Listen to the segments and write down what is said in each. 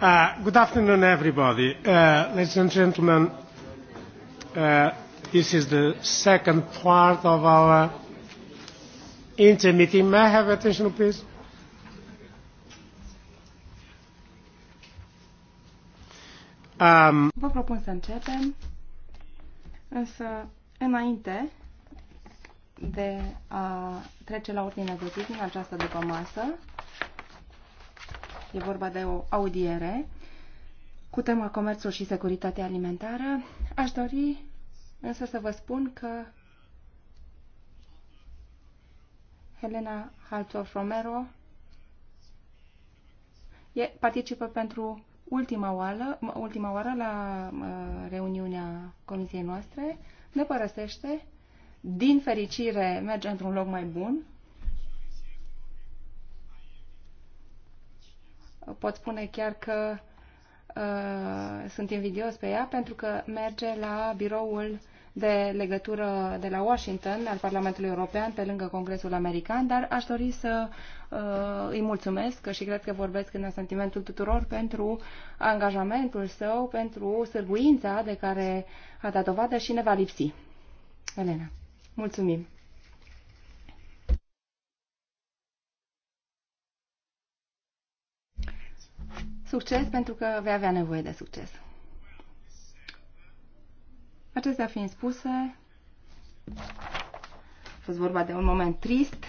Uh, good afternoon, everybody. Uh, ladies and gentlemen, uh, this is the second part of our intermeeting. May I have attention, please? Um, Vă propun să începem, însă, înainte, de a trece la ordinea de zi din această după masă. E vorba de o audiere cu tema comerțul și securitatea alimentară. Aș dori însă să vă spun că Helena Haltor Romero e, participă pentru ultima oară, ultima oară la uh, reuniunea comisiei noastre, ne părăsește din fericire, merge într-un loc mai bun. Pot spune chiar că uh, sunt invidios pe ea pentru că merge la biroul de legătură de la Washington al Parlamentului European pe lângă Congresul American, dar aș dori să uh, îi mulțumesc și cred că vorbesc în asentimentul tuturor pentru angajamentul său, pentru sârguința de care a dat dovadă și ne va lipsi. Elena. Mulțumim! Succes pentru că vei avea nevoie de succes. Acestea fiind spuse, a fost vorba de un moment trist.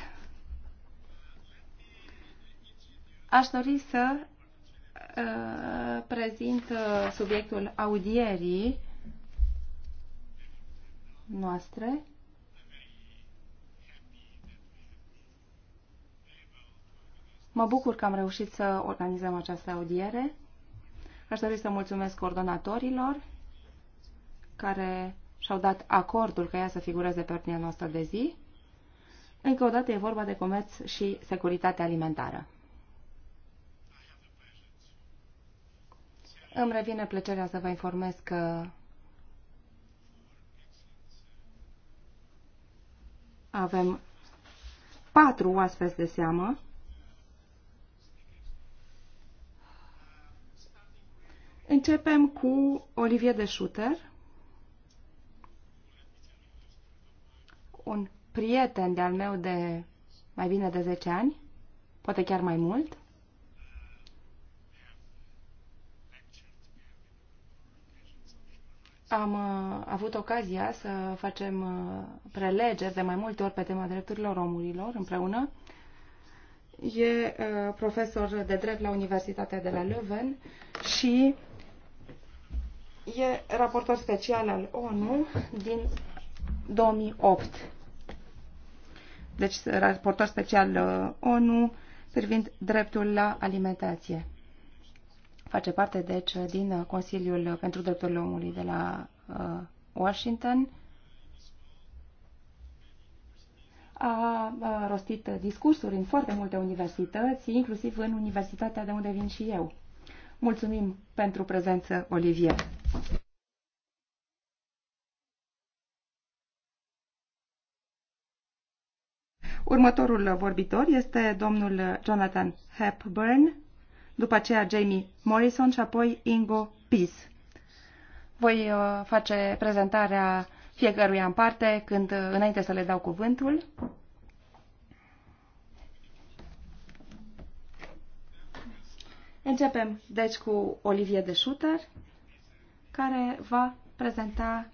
Aș dori să uh, prezint uh, subiectul audierii noastre. Mă bucur că am reușit să organizăm această audiere. Aș dori să mulțumesc coordonatorilor care și-au dat acordul că ea să figureze pe ordinea noastră de zi. Încă o dată e vorba de comerț și securitate alimentară. Îmi revine plăcerea să vă informez că avem patru oaspeți de seamă Începem cu Olivier de Schutter, un prieten de-al meu de mai bine de 10 ani, poate chiar mai mult. Am uh, avut ocazia să facem uh, prelegeri de mai multe ori pe tema drepturilor omurilor împreună. E uh, profesor de drept la Universitatea de la Leuven și e raportor special al ONU din 2008. Deci raportor special uh, ONU privind dreptul la alimentație. Face parte, deci, din uh, Consiliul pentru Drepturile Omului de la uh, Washington. A, a rostit discursuri în foarte multe universități, inclusiv în universitatea de unde vin și eu. Mulțumim pentru prezență, Olivier. Următorul vorbitor este domnul Jonathan Hepburn, după aceea Jamie Morrison și apoi Ingo Peace. Voi uh, face prezentarea fiecăruia în parte când uh, înainte să le dau cuvântul. Începem, deci, cu Olivier de Schutter, care va prezenta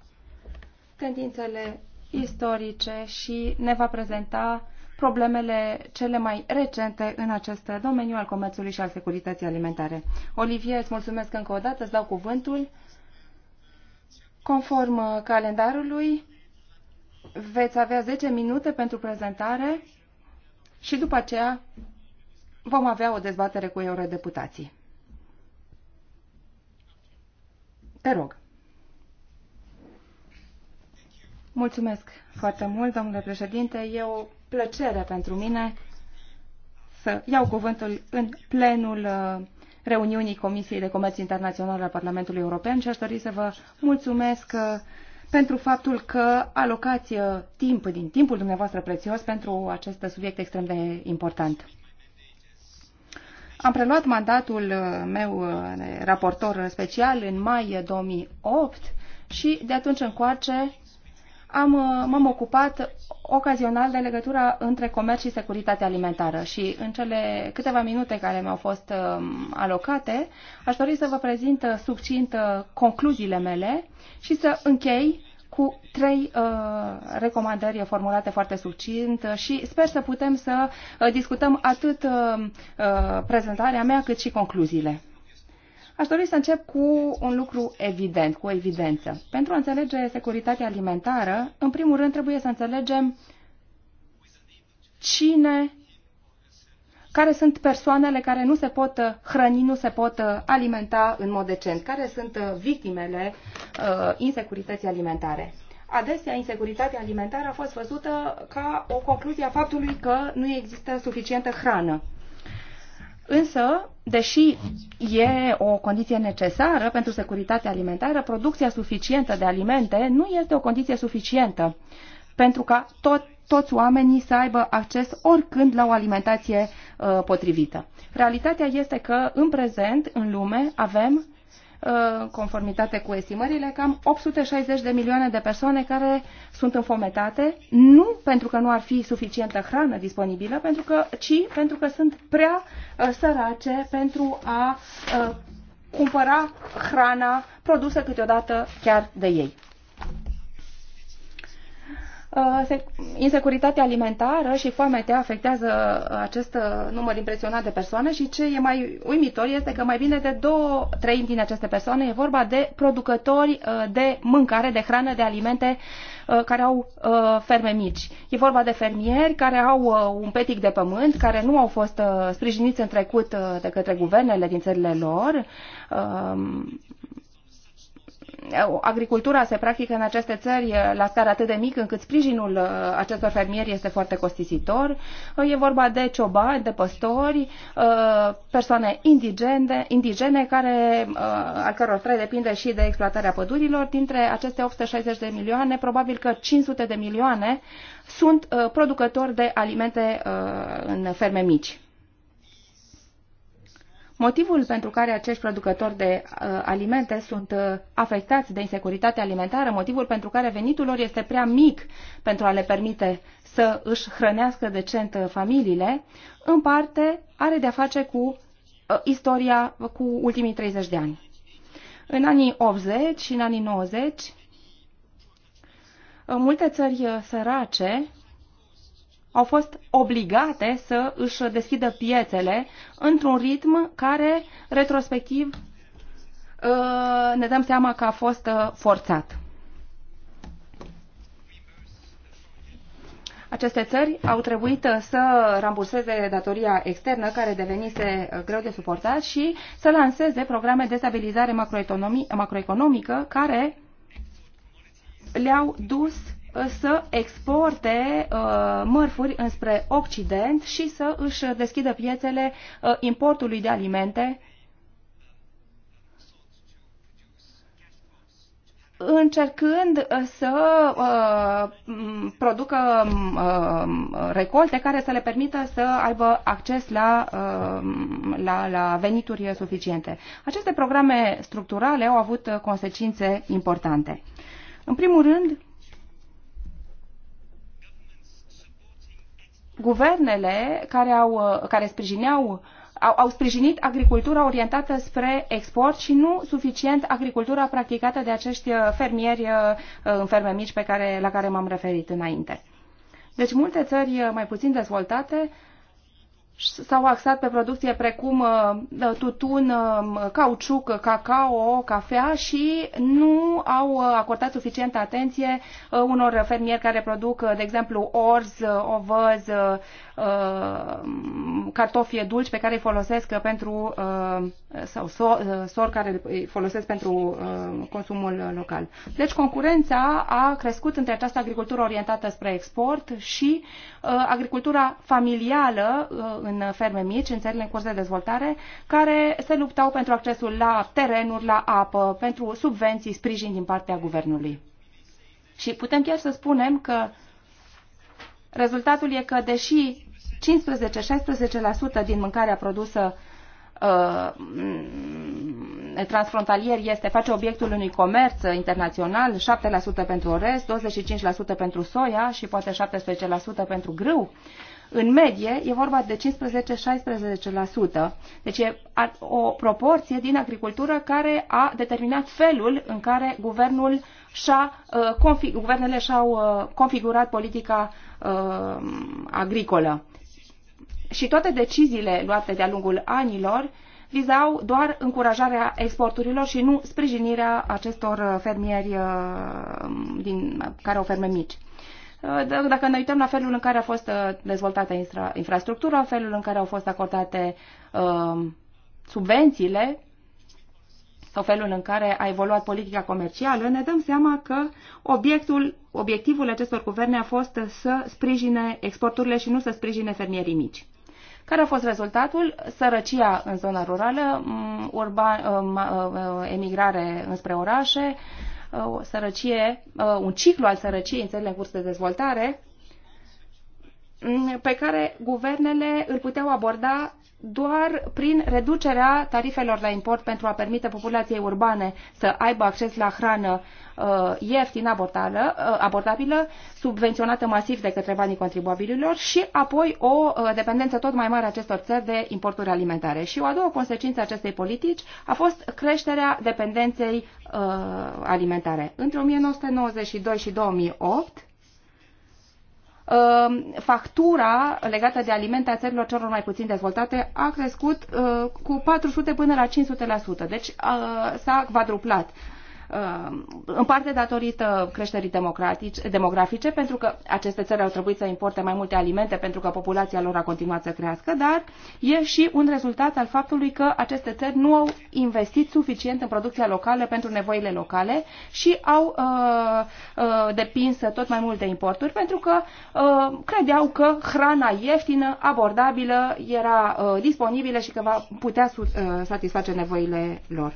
tendințele istorice și ne va prezenta problemele cele mai recente în acest domeniu al comerțului și al securității alimentare. Olivier, îți mulțumesc încă o dată, îți dau cuvântul. Conform uh, calendarului, veți avea 10 minute pentru prezentare și după aceea vom avea o dezbatere cu eurodeputații. Te rog. Mulțumesc foarte mult, domnule președinte. E o plăcere pentru mine să iau cuvântul în plenul uh, reuniunii Comisiei de Comerț Internațional al Parlamentului European și aș dori să vă mulțumesc uh, pentru faptul că alocați uh, timp din timpul dumneavoastră prețios pentru acest subiect extrem de important. Am preluat mandatul uh, meu uh, raportor special în mai 2008 uh, și de atunci încoace am, m-am ocupat ocazional de legătura între comerț și securitate alimentară și în cele câteva minute care mi-au fost alocate, aș dori să vă prezint succint concluziile mele și să închei cu trei uh, recomandări formulate foarte succint uh, și sper să putem să uh, discutăm atât uh, uh, prezentarea mea cât și concluziile. Aș dori să încep cu un lucru evident, cu o evidență. Pentru a înțelege securitatea alimentară, în primul rând trebuie să înțelegem cine care sunt persoanele care nu se pot uh, hrăni, nu se pot uh, alimenta în mod decent, care sunt uh, victimele insecurității alimentare. Adesea, insecuritatea alimentară a fost văzută ca o concluzie a faptului că nu există suficientă hrană. Însă, deși e o condiție necesară pentru securitatea alimentară, producția suficientă de alimente nu este o condiție suficientă pentru ca tot, toți oamenii să aibă acces oricând la o alimentație Uh, potrivită. Realitatea este că în prezent, în lume, avem uh, conformitate cu estimările, cam 860 de milioane de persoane care sunt înfometate, nu pentru că nu ar fi suficientă hrană disponibilă, pentru că, ci pentru că sunt prea uh, sărace pentru a cumpăra hrana produsă câteodată chiar de ei. Uh, insecuritatea alimentară și foamea afectează uh, acest uh, număr impresionant de persoane și ce e mai uimitor este că mai bine de două treimi din aceste persoane e vorba de producători de mâncare, de hrană, de alimente care au ferme mici. E vorba de fermieri care au un petic de pământ, care nu au fost sprijiniți în trecut de către guvernele din țările lor um, agricultura se practică în aceste țări uh, la scară atât de mică încât sprijinul uh, acestor fermieri este foarte costisitor. Uh, e vorba de ciobani, de păstori, persoane indigene, indigene care, al căror trai depinde și de exploatarea pădurilor. Dintre aceste 860 de milioane, probabil că 500 de milioane sunt producători de alimente în ferme mici. Motivul pentru care acești producători de uh, alimente sunt uh, afectați de insecuritate alimentară, motivul pentru care venitul lor este prea mic pentru a le permite să își hrănească decent uh, familiile, în parte are de-a face cu uh, istoria cu ultimii 30 de ani. În anii 80 și în anii 90, uh, multe țări uh, sărace au fost obligate să își deschidă piețele într-un ritm care, retrospectiv, uh, ne dăm seama că a fost uh, forțat. Aceste țări au trebuit uh, să ramburseze datoria externă care devenise greu de suportat și să lanseze programe de stabilizare macroeconomică care le-au dus să exporte uh, mărfuri înspre Occident și să își deschidă piețele uh, importului de alimente încercând uh, să uh, producă uh, recolte care să le permită să aibă acces la, uh, la, la venituri suficiente. Aceste programe structurale au avut uh, consecințe importante. În primul rând, guvernele care, au, uh, care sprijineau au, au sprijinit agricultura orientată spre export și nu suficient agricultura practicată de acești uh, fermieri uh, în ferme mici pe care, la care m-am referit înainte. Deci multe țări mai puțin dezvoltate s-au axat pe producție precum uh, uh, tutun, um, cauciuc, cacao, cafea și nu au uh, acordat suficientă atenție unor fermieri care produc, de exemplu, orz, ovăz, um, cartofi dulci pe care îi folosesc pentru Eh, sau eh, sor care îi folosesc pentru eh, consumul local. Deci concurența a crescut între această agricultură orientată spre export și agricultura familială în ferme mici, în țările în curs de dezvoltare, care se luptau pentru accesul la terenuri, la apă, pentru subvenții, sprijin din partea guvernului. Și putem chiar să spunem că rezultatul e că, deși 15-16% din mâncarea produsă uh, Uh, transfrontalier este, face obiectul unui comerț internațional, 7% pentru orez, 25% pentru soia și poate 17% pentru grâu. În medie e vorba de 15-16%. Deci e o proporție din agricultură care a determinat felul în care guvernul și-a, uh, config, guvernele și-au uh, configurat politica agricolă și toate deciziile luate de-a lungul anilor vizau doar încurajarea exporturilor și nu sprijinirea acestor uh, fermieri uh, din, care au ferme mici. Uh, dacă ne uităm la felul în care a fost dezvoltată infrastructura, felul în care au fost acordate subvențiile sau felul în care a evoluat politica comercială, ne dăm seama că obiectul, obiectivul acestor guverne a fost să sprijine exporturile și nu să sprijine fermierii mici. Care a fost rezultatul? Sărăcia în zona rurală, urban, uh, uh, uh, emigrare înspre orașe, o sărăcie, un ciclu al sărăciei în țările în curs de dezvoltare, mm, pe care guvernele îl puteau aborda doar prin reducerea tarifelor la import pentru a permite populației urbane să aibă acces la hrană uh, ieftin abordabilă, uh, abordabilă, subvenționată masiv de către banii contribuabililor și apoi o uh, dependență tot mai mare a acestor țări de importuri alimentare. Și o a doua consecință a acestei politici a fost creșterea dependenței uh, alimentare. Între 1992 și 2008, uh, factura legată de alimente a țărilor celor mai puțin dezvoltate a crescut uh, cu 400 până la 500%, deci uh, s-a quadruplat Uh, în parte datorită creșterii demografice, pentru că aceste țări au trebuit să importe mai multe alimente pentru că populația lor a continuat să crească, dar e și un rezultat al faptului că aceste țări nu au investit suficient în producția locală pentru nevoile locale și au uh, uh, depins tot mai mult de importuri pentru că uh, credeau că hrana ieftină, abordabilă, era uh, disponibilă și că va putea uh, satisface nevoile lor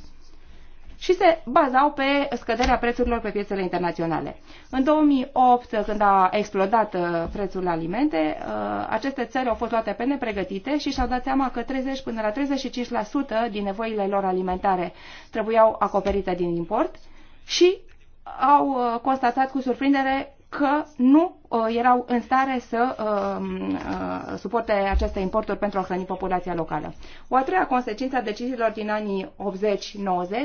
și se bazau pe scăderea prețurilor pe piețele internaționale. În 2008, când a explodat uh, prețul la alimente, uh, aceste țări au fost luate pe nepregătite și și-au dat seama că 30 până la 35% din nevoile lor alimentare trebuiau acoperite din import și au uh, constatat cu surprindere că nu uh, erau în stare să uh, uh, suporte aceste importuri pentru a hrăni populația locală. O a treia consecință a deciziilor din anii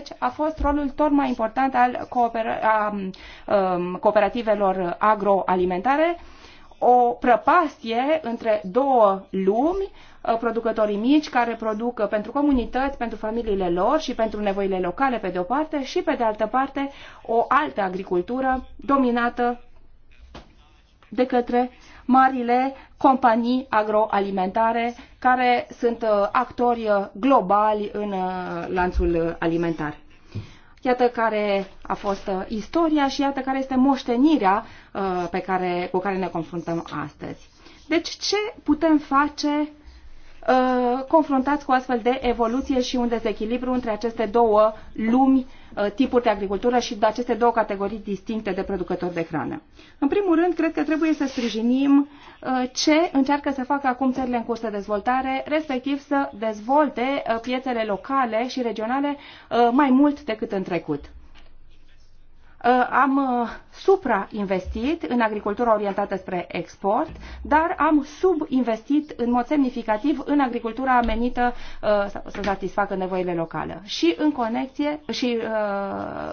80-90 a fost rolul tot mai important al cooper- a, um, cooperativelor agroalimentare, o prăpastie între două lumi, uh, producătorii mici care produc uh, pentru comunități, pentru familiile lor și pentru nevoile locale pe de o parte și pe de altă parte o altă agricultură dominată de către marile companii agroalimentare care sunt uh, actori uh, globali în uh, lanțul alimentar. Iată care a fost istoria și iată care este moștenirea pe care, cu care ne confruntăm astăzi. Deci ce putem face confruntați cu astfel de evoluție și un dezechilibru între aceste două lumi Uh, tipuri de agricultură și de aceste două categorii distincte de producători de hrană. În primul rând, cred că trebuie să sprijinim uh, ce încearcă să facă acum țările în curs de dezvoltare, respectiv să dezvolte uh, piețele locale și regionale mai mult decât în trecut. Uh, am uh, suprainvestit în agricultura orientată spre export, dar am subinvestit în mod semnificativ în agricultura amenită uh, să satisfacă nevoile locale și în conexie și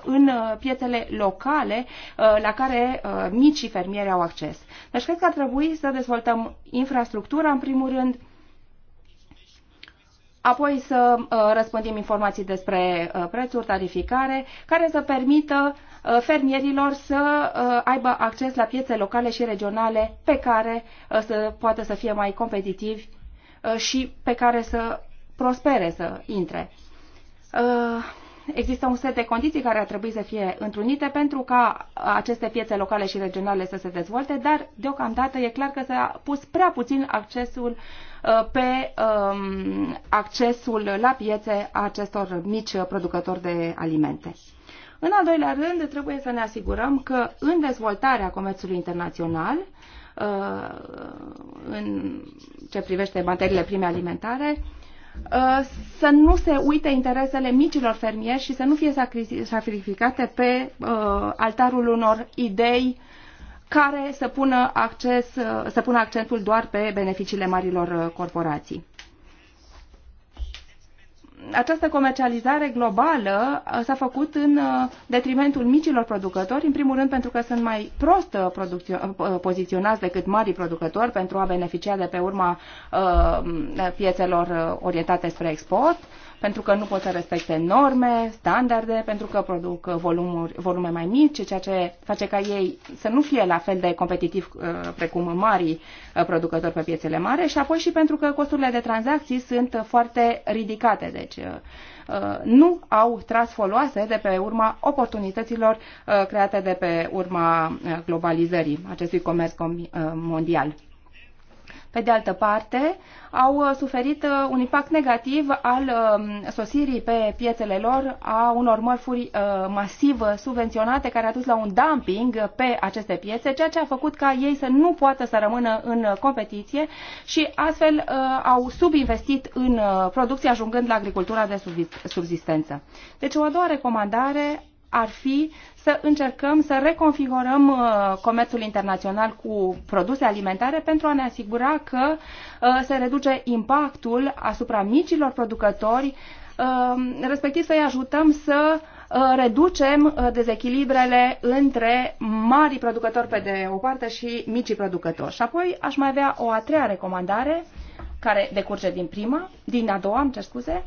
în piețele locale la care micii fermieri au acces. Deci cred că ar trebui să dezvoltăm infrastructura în primul rând, apoi să răspândim informații despre prețuri, tarificare, care să permită Uh, fermierilor să uh, aibă acces la piețe locale și regionale pe care uh, să poată să fie mai competitivi și pe care să prospere, să intre. Există un set de condiții care ar trebui să fie întrunite pentru ca aceste piețe locale și regionale să se dezvolte, dar deocamdată e clar că s-a pus prea puțin accesul pe um, accesul la piețe a acestor mici producători de alimente. În al doilea rând, trebuie să ne asigurăm că în dezvoltarea comerțului internațional, uh, în ce privește materiile prime alimentare, uh, să nu se uite interesele micilor fermieri și să nu fie sacrificate pe uh, altarul unor idei care să pună, acces, să pună accentul doar pe beneficiile marilor corporații această comercializare globală uh, s-a făcut în uh, detrimentul micilor producători, în primul rând pentru că sunt mai prost uh, poziționați decât marii producători pentru a beneficia de pe urma piețelor orientate spre export pentru că nu pot să respecte norme, standarde, pentru că produc volumuri, volume mai mici, ceea ce face ca ei să nu fie la fel de competitiv uh, precum marii uh, producători pe piețele mari și apoi și pentru că costurile de tranzacții sunt foarte ridicate. Deci uh, nu au tras foloase de pe urma oportunităților create de pe urma globalizării acestui comerț mondial pe de altă parte, au uh, suferit uh, un impact negativ al um, sosirii pe piețele lor a unor mărfuri uh, masiv subvenționate care a dus la un dumping pe aceste piețe, ceea ce a făcut ca ei să nu poată să rămână în competiție și astfel au subinvestit în producție ajungând la agricultura de subsistență. Deci o a doua recomandare ar fi să încercăm să reconfigurăm uh, comerțul internațional cu produse alimentare pentru a ne asigura că uh, se reduce impactul asupra micilor producători, uh, respectiv să-i ajutăm să reducem dezechilibrele între mari producători pe de o parte și micii producători. Și apoi aș mai avea o a treia recomandare care decurge din prima, din a doua, îmi cer scuze,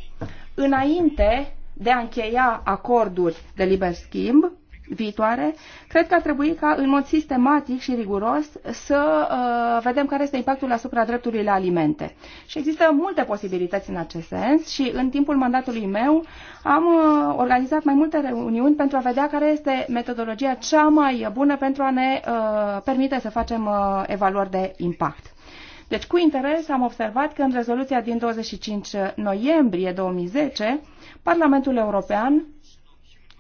înainte de a încheia acorduri de liber schimb viitoare, cred că ar trebui ca în mod sistematic și riguros să uh, vedem care este impactul asupra dreptului la alimente. Și există multe posibilități în acest sens și în timpul mandatului meu am uh, organizat mai multe reuniuni pentru a vedea care este metodologia cea mai bună pentru a ne uh, permite să facem uh, evaluări de impact. Deci, cu interes am observat că în rezoluția din 25 noiembrie 2010, Parlamentul European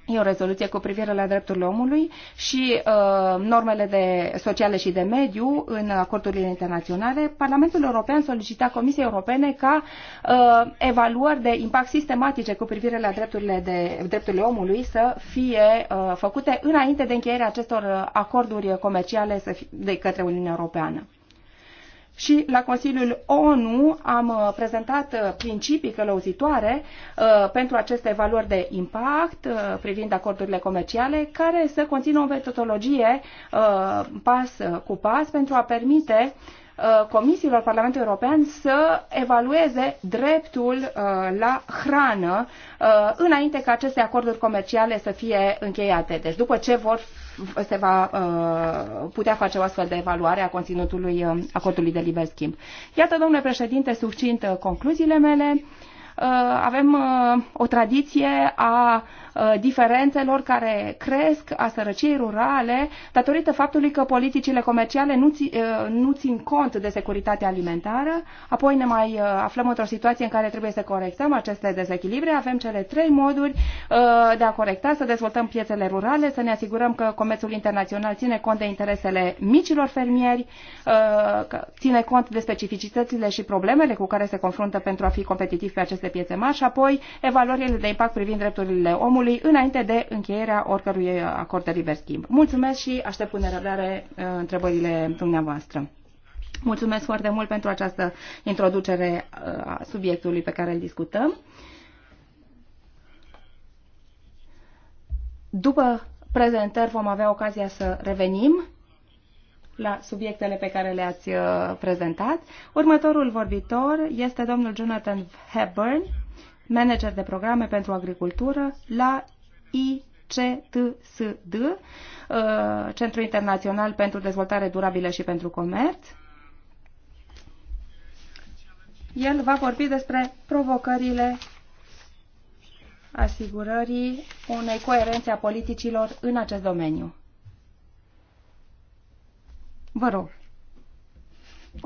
E o rezoluție cu privire la drepturile omului și uh, normele de sociale și de mediu în acordurile internaționale. Parlamentul European solicita Comisiei Europene ca uh, evaluări de impact sistematice cu privire la drepturile, de, drepturile omului să fie uh, făcute înainte de încheierea acestor uh, acorduri comerciale să fie, de către Uniunea Europeană și la Consiliul ONU am uh, prezentat uh, principii călăuzitoare uh, pentru aceste valori de impact privind acordurile comerciale care să conțină o metodologie pas cu pas pentru a permite Uh, comisiilor Parlamentului European să evalueze dreptul uh, la hrană uh, înainte ca aceste acorduri comerciale să fie încheiate. Deci după ce vor se va putea face o astfel de evaluare a conținutului acordului de liber schimb. Iată, domnule președinte, succint concluziile mele. avem o tradiție a Uh, diferențelor care cresc a sărăciei rurale datorită faptului că politicile comerciale nu, ți, uh, nu țin cont de securitatea alimentară. Apoi ne mai uh, aflăm într-o situație în care trebuie să corectăm aceste dezechilibre. Avem cele trei moduri de a corecta, să dezvoltăm piețele rurale, să ne asigurăm că comerțul internațional ține cont de interesele micilor fermieri, ține cont de specificitățile și problemele cu care se confruntă pentru a fi competitiv pe aceste piețe mari și apoi evaluările de impact privind drepturile omului Consiliului înainte de încheierea oricărui acord de liber schimb. Mulțumesc și aștept cu nerăbdare uh, întrebările dumneavoastră. Mulțumesc foarte mult pentru această introducere uh, a subiectului pe care îl discutăm. După prezentări vom avea ocazia să revenim la subiectele pe care le-ați uh, prezentat. Următorul vorbitor este domnul Jonathan Hepburn, manager de programe pentru agricultură la ICTSD, uh, Centrul Internațional pentru Dezvoltare Durabilă și pentru Comerț. El va vorbi despre provocările asigurării unei coerențe a politicilor în acest domeniu. Vă rog.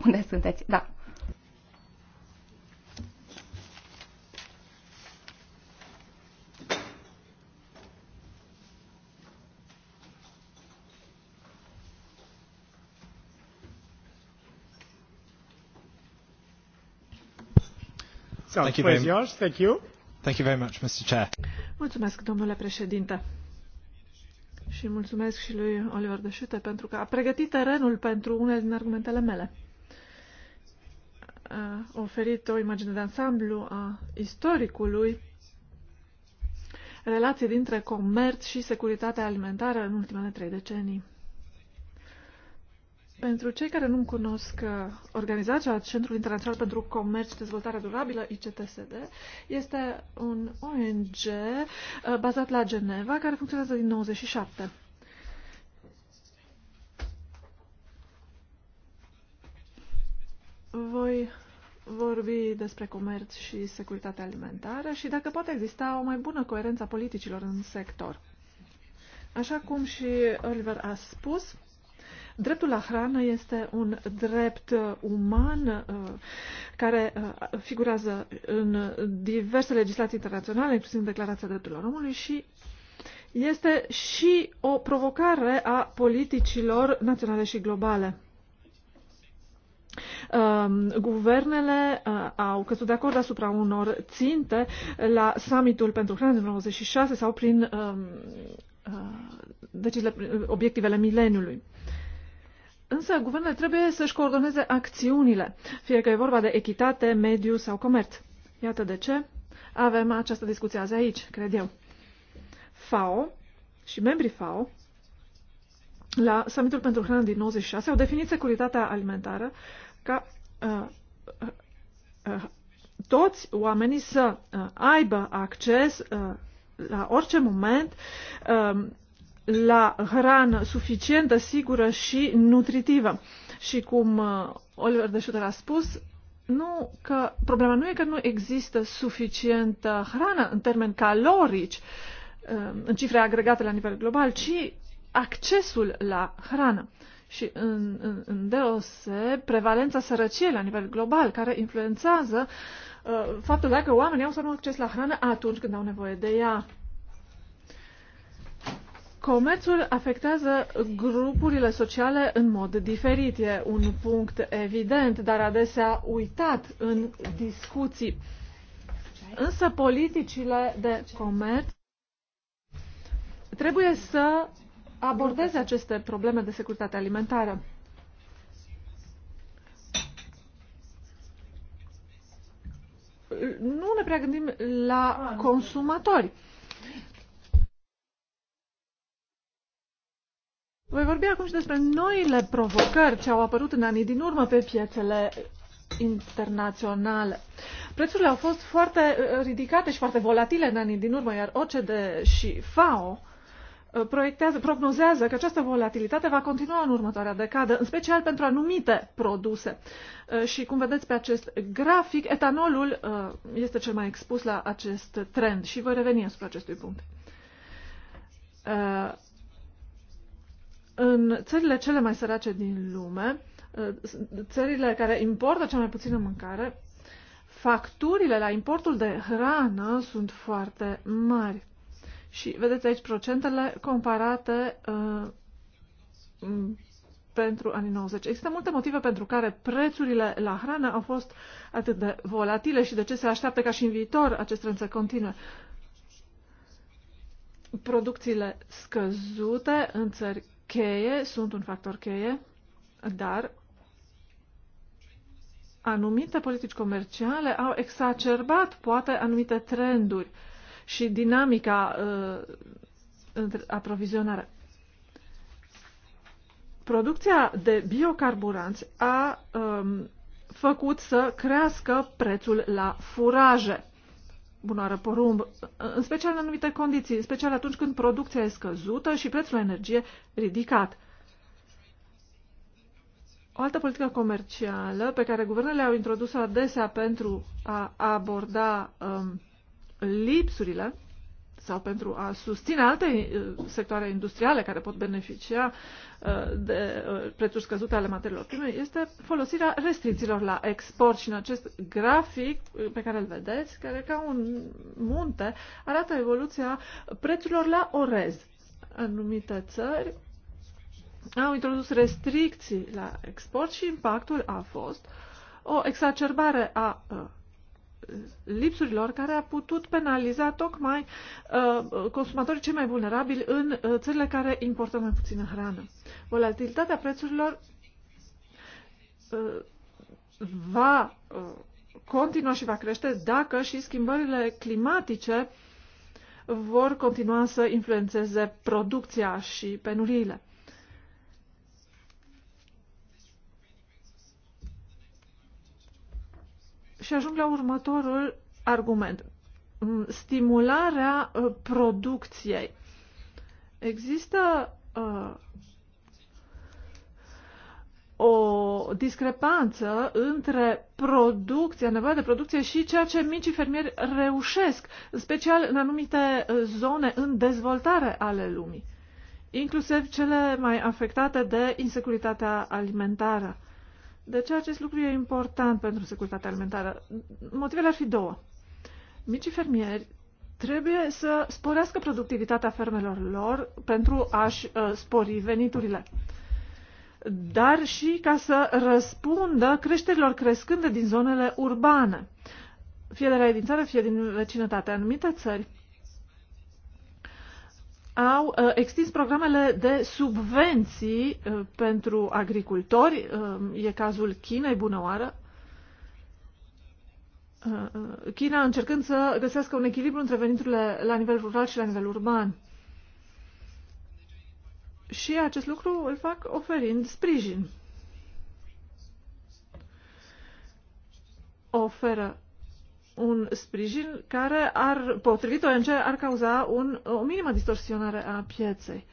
Unde sunteți? Da. Thank you very yours. Thank you. Thank you very much, Mr. Chair. Mulțumesc, domnule președinte. Și mulțumesc și lui Oliver de Șute pentru că a pregătit terenul pentru unele din argumentele mele. A oferit o imagine de ansamblu a istoricului relației dintre comerț și securitatea alimentară în ultimele trei decenii. Pentru cei care nu cunosc uh, organizația Centrul Internațional pentru Comerț și Dezvoltare Durabilă, ICTSD, este un ONG uh, bazat la Geneva, care funcționează din 97. Voi vorbi despre comerț și securitate alimentară și dacă poate exista o mai bună coerență a politicilor în sector. Așa cum și Oliver a spus, Dreptul la hrană este un drept uh, uman uh, care uh, figurează în diverse legislații internaționale, inclusiv în Declarația Drepturilor Omului și este și o provocare a politicilor naționale și globale. Um, guvernele au căzut de acord asupra unor ținte la summitul pentru hrană din 96 sau prin um, deciziile, obiectivele mileniului. Însă, guvernele trebuie să-și coordoneze acțiunile, fie că e vorba de echitate, mediu sau comerț. Iată de ce avem această discuție azi aici, cred eu. FAO și membrii FAO la summitul pentru hrană din 96 au definit securitatea alimentară ca uh, uh, uh, toți oamenii să uh, aibă acces uh, la orice moment uh, la hrană suficientă, sigură și nutritivă. Și cum uh, Oliver de Schutter a spus, nu că problema nu e că nu există suficientă hrană în termeni calorici, uh, în cifre agregate la nivel global, ci accesul la hrană și în, în, în deose prevalența sărăciei la nivel global, care influențează uh, faptul dacă oamenii au să nu acces la hrană atunci când au nevoie de ea. Comerțul afectează grupurile sociale în mod diferit. E un punct evident, dar adesea uitat în discuții. Însă politicile de comerț trebuie să abordeze aceste probleme de securitate alimentară. Nu ne prea gândim la consumatori. Voi vorbi acum și despre noile provocări ce au apărut în anii din urmă pe piețele internaționale. Prețurile au fost foarte uh, uh, ridicate și foarte volatile în anii din urmă, iar OCDE și FAO uh, proiectează, prognozează că această volatilitate va continua în următoarea decadă, în special pentru anumite produse. Și cum vedeți pe acest grafic, etanolul este cel mai expus la acest trend și voi reveni asupra acestui punct în țările cele mai sărace din lume, uh, țările care importă cea mai puțină mâncare, facturile la importul de hrană sunt foarte mari. Și vedeți aici procentele comparate uh, pentru anii 90. Există multe motive pentru care prețurile la hrană au fost atât de volatile și de ce se așteaptă ca și în viitor acest trend să continue. Producțiile scăzute în țări cheie, sunt un factor cheie, dar anumite politici comerciale au exacerbat poate anumite trenduri și dinamica uh, aprovizionare. Producția de biocarburanți a um, făcut să crească prețul la furaje bunoară porumb, în special în anumite condiții, în special atunci când producția e scăzută și prețul la energie ridicat. O altă politică comercială pe care guvernele au introdus-o adesea pentru a aborda um, lipsurile sau pentru a susține alte uh, sectoare industriale care pot beneficia uh, de uh, prețuri scăzute ale materiilor prime, este folosirea restricțiilor la export. Și în acest grafic pe care îl vedeți, care ca un munte, arată evoluția prețurilor la orez. Anumite țări au introdus restricții la export și impactul a fost o exacerbare a lipsurilor care a putut penaliza tocmai uh, consumatorii cei mai vulnerabili în uh, țările care importă mai puțină hrană. Volatilitatea prețurilor uh, va uh, continua și va crește dacă și schimbările climatice vor continua să influențeze producția și penuriile. Și ajung la următorul argument. Mm, stimularea uh, producției. Există uh, o discrepanță între producția, nevoia de producție și ceea ce micii fermieri reușesc, în special în anumite uh, zone în dezvoltare ale lumii, inclusiv cele mai afectate de insecuritatea alimentară. De ce acest lucru e important pentru securitatea alimentară? Motivele ar fi două. Micii fermieri trebuie să sporească productivitatea fermelor lor pentru a-și uh, spori veniturile, dar și ca să răspundă creșterilor crescânde din zonele urbane, fie de la din țară, fie din vecinătate. Anumite țări au uh, extins programele de subvenții uh, pentru agricultori. Uh, e cazul Chinei, bună oară. Uh, uh, China încercând să găsească un echilibru între veniturile la nivel rural și la nivel urban. Și acest lucru îl fac oferind sprijin. Oferă un sprijin care, ar, potrivit ONG, ar cauza un, o minimă distorsionare a pieței.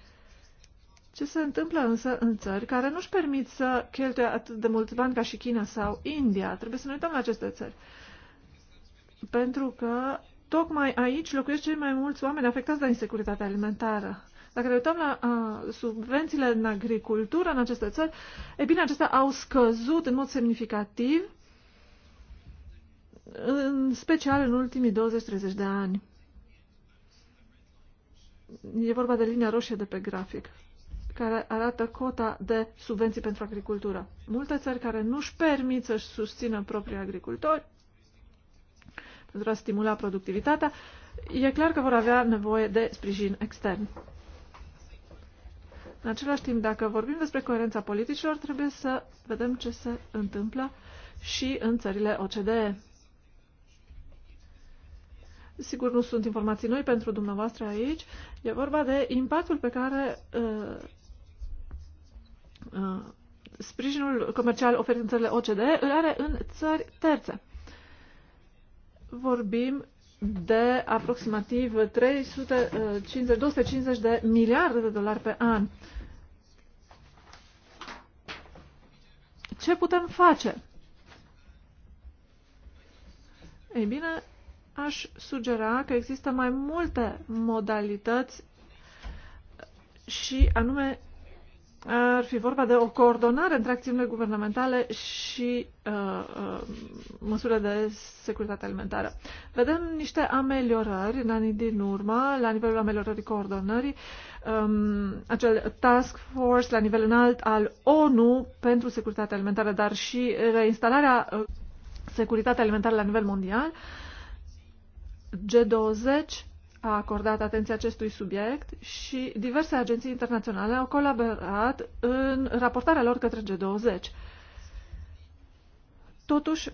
Ce se întâmplă însă în țări care nu-și permit să cheltuie atât de mulți bani ca și China sau India? Trebuie să ne uităm la aceste țări. Pentru că tocmai aici locuiesc cei mai mulți oameni afectați de insecuritatea alimentară. Dacă ne uităm la a, subvențiile în agricultură în aceste țări, e bine, acestea au scăzut în mod semnificativ în special în ultimii 20-30 de ani. E vorba de linia roșie de pe grafic, care arată cota de subvenții pentru agricultură. Multe țări care nu își permit să-și susțină proprii agricultori pentru a stimula productivitatea, e clar că vor avea nevoie de sprijin extern. În același timp, dacă vorbim despre coerența politicilor, trebuie să vedem ce se întâmplă și în țările OCDE. Sigur, nu sunt informații noi pentru dumneavoastră aici. E vorba de impactul pe care uh, uh, sprijinul comercial oferit în țările OCDE îl are în țări terțe. Vorbim de aproximativ 350-250 uh, de miliarde de dolari pe an. Ce putem face? Ei bine, aș sugera că există mai multe modalități și anume ar fi vorba de o coordonare între acțiunile guvernamentale și uh, uh, măsurile de securitate alimentară. Vedem niște ameliorări în anii din urmă, la nivelul ameliorării coordonării, um, acel task force la nivel înalt al ONU pentru securitatea alimentară, dar și reinstalarea uh, securitatea alimentară la nivel mondial. Uh, G20 a acordat atenție acestui subiect și diverse agenții internaționale au colaborat în raportarea lor către G20. Totuși,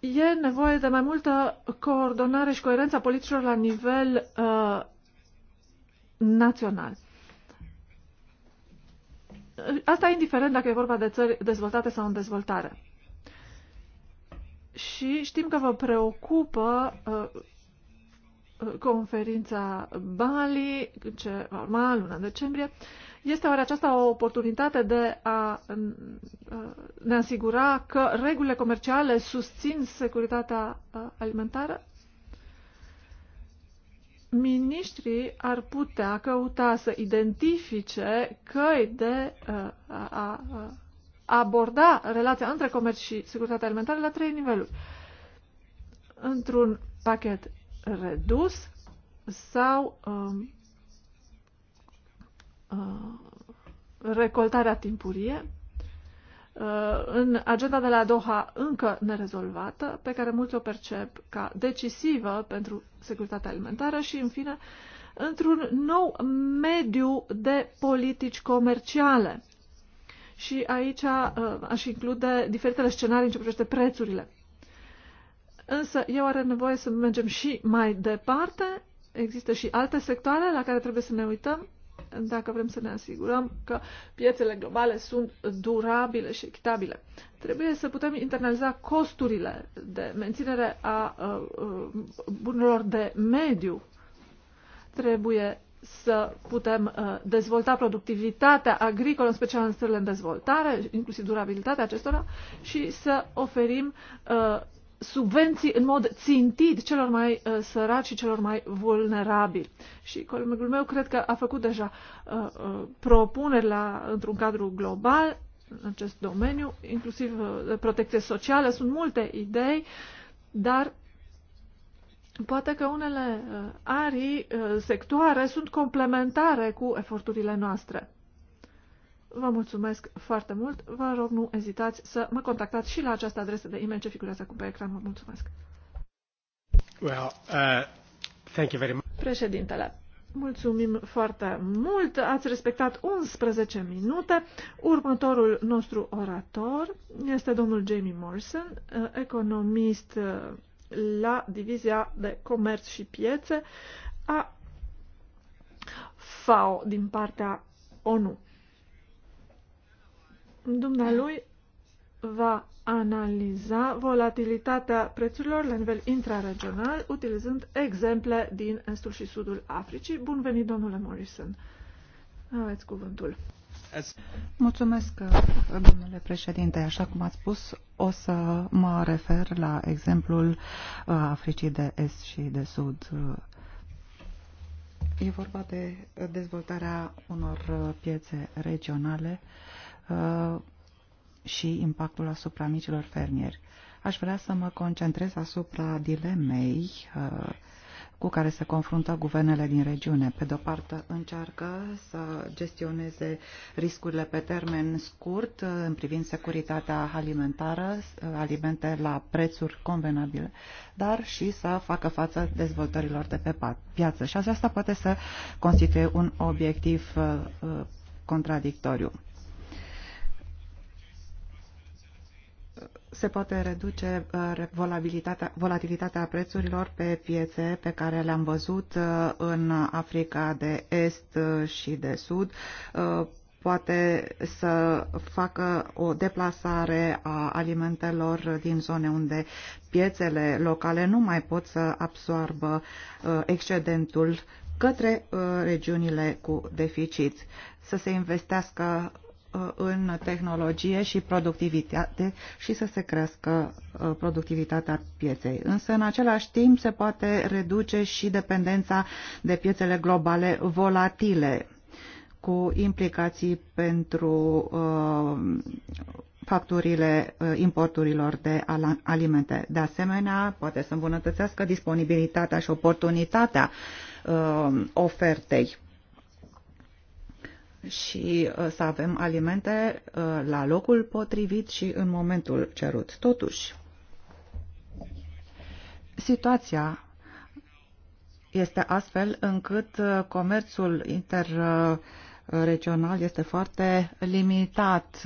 e nevoie de mai multă coordonare și coerența politicilor la nivel uh, național. Asta indiferent dacă e vorba de țări dezvoltate sau în dezvoltare și știm că vă preocupă uh, conferința Bali, ce va urma luna decembrie. Este oare aceasta o oportunitate de a uh, ne asigura că regulile comerciale susțin securitatea uh, alimentară? Ministrii ar putea căuta să identifice căi de a, a, a aborda relația între comerț și securitate alimentară la trei niveluri. Într-un pachet redus sau uh, uh, recoltarea timpurie, uh, în agenda de la Doha încă nerezolvată, pe care mulți o percep ca decisivă pentru securitatea alimentară și, în fine, într-un nou mediu de politici comerciale și aici uh, aș include diferitele scenarii în ce privește prețurile. Însă eu are nevoie să mergem și mai departe. Există și alte sectoare la care trebuie să ne uităm dacă vrem să ne asigurăm că piețele globale sunt durabile și echitabile. Trebuie să putem internaliza costurile de menținere a uh, uh, bunurilor de mediu. Trebuie să putem uh, dezvolta productivitatea agricolă, în special în țările în dezvoltare, inclusiv durabilitatea acestora, și să oferim uh, subvenții în mod țintit celor mai uh, săraci și celor mai vulnerabili. Și colegul meu cred că a făcut deja uh, uh, propuneri la, într-un cadru global în acest domeniu, inclusiv uh, de protecție socială. Sunt multe idei, dar Poate că unele uh, arii, uh, sectoare, sunt complementare cu eforturile noastre. Vă mulțumesc foarte mult. Vă rog, nu ezitați să mă contactați și la această adresă de e-mail ce figurează acum pe ecran. Vă mulțumesc. Well, uh, thank you very much. Președintele, mulțumim foarte mult. Ați respectat 11 minute. Următorul nostru orator este domnul Jamie Morrison, uh, economist la Divizia de Comerț și Piețe a FAO din partea ONU. Dumnealui va analiza volatilitatea prețurilor la nivel intraregional, utilizând exemple din estul și sudul Africii. Bun venit, domnule Morrison! Aveți cuvântul. Mulțumesc, domnule președinte. Așa cum ați spus, o să mă refer la exemplul uh, Africii de Est și de Sud. E vorba de dezvoltarea unor uh, piețe regionale uh, și impactul asupra micilor fermieri. Aș vrea să mă concentrez asupra dilemei cu care se confruntă guvernele din regiune. Pe de-o parte, încearcă să gestioneze riscurile pe termen scurt uh, în privind securitatea alimentară, uh, alimente la prețuri convenabile, dar și să facă față dezvoltărilor de pe piață. Și aceasta poate să constituie un obiectiv uh, contradictoriu. se poate reduce uh, volatilitatea, prețurilor pe piețe pe care le-am văzut uh, în Africa de Est uh, și de Sud, poate să facă o deplasare a alimentelor din zone unde piețele locale nu mai pot să absoarbă excedentul către regiunile cu deficit, să se investească Uh, în tehnologie și productivitate și să se crească uh, productivitatea pieței. Însă, în același timp, se poate reduce și dependența de piețele globale volatile, cu implicații pentru uh, facturile importurilor de alimente. De asemenea, poate să îmbunătățească disponibilitatea și oportunitatea ofertei și uh, să avem alimente uh, la locul potrivit și în momentul cerut. Totuși, situația este astfel încât uh, comerțul interregional este foarte limitat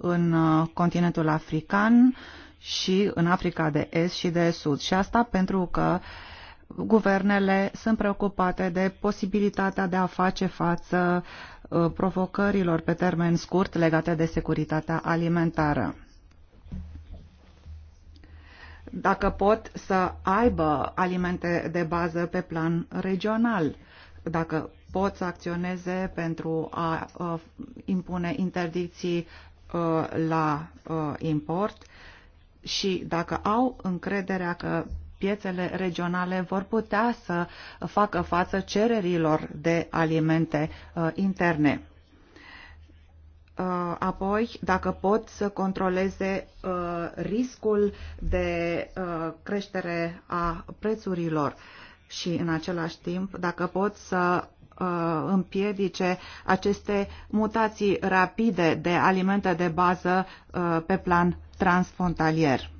în continentul african și în Africa de Est și de Sud. Și asta pentru că uh, guvernele sunt preocupate de posibilitatea de a face față uh, provocărilor pe termen scurt legate de securitatea alimentară. Dacă pot să aibă alimente de bază pe plan regional, dacă pot să acționeze pentru a uh, impune interdicții uh, la import și dacă au încrederea că piețele regionale vor putea să facă față cererilor de alimente uh, interne uh, apoi dacă pot să controleze uh, riscul de creștere a prețurilor și în același timp dacă pot să împiedice aceste mutații rapide de alimente de bază pe plan transfrontalier.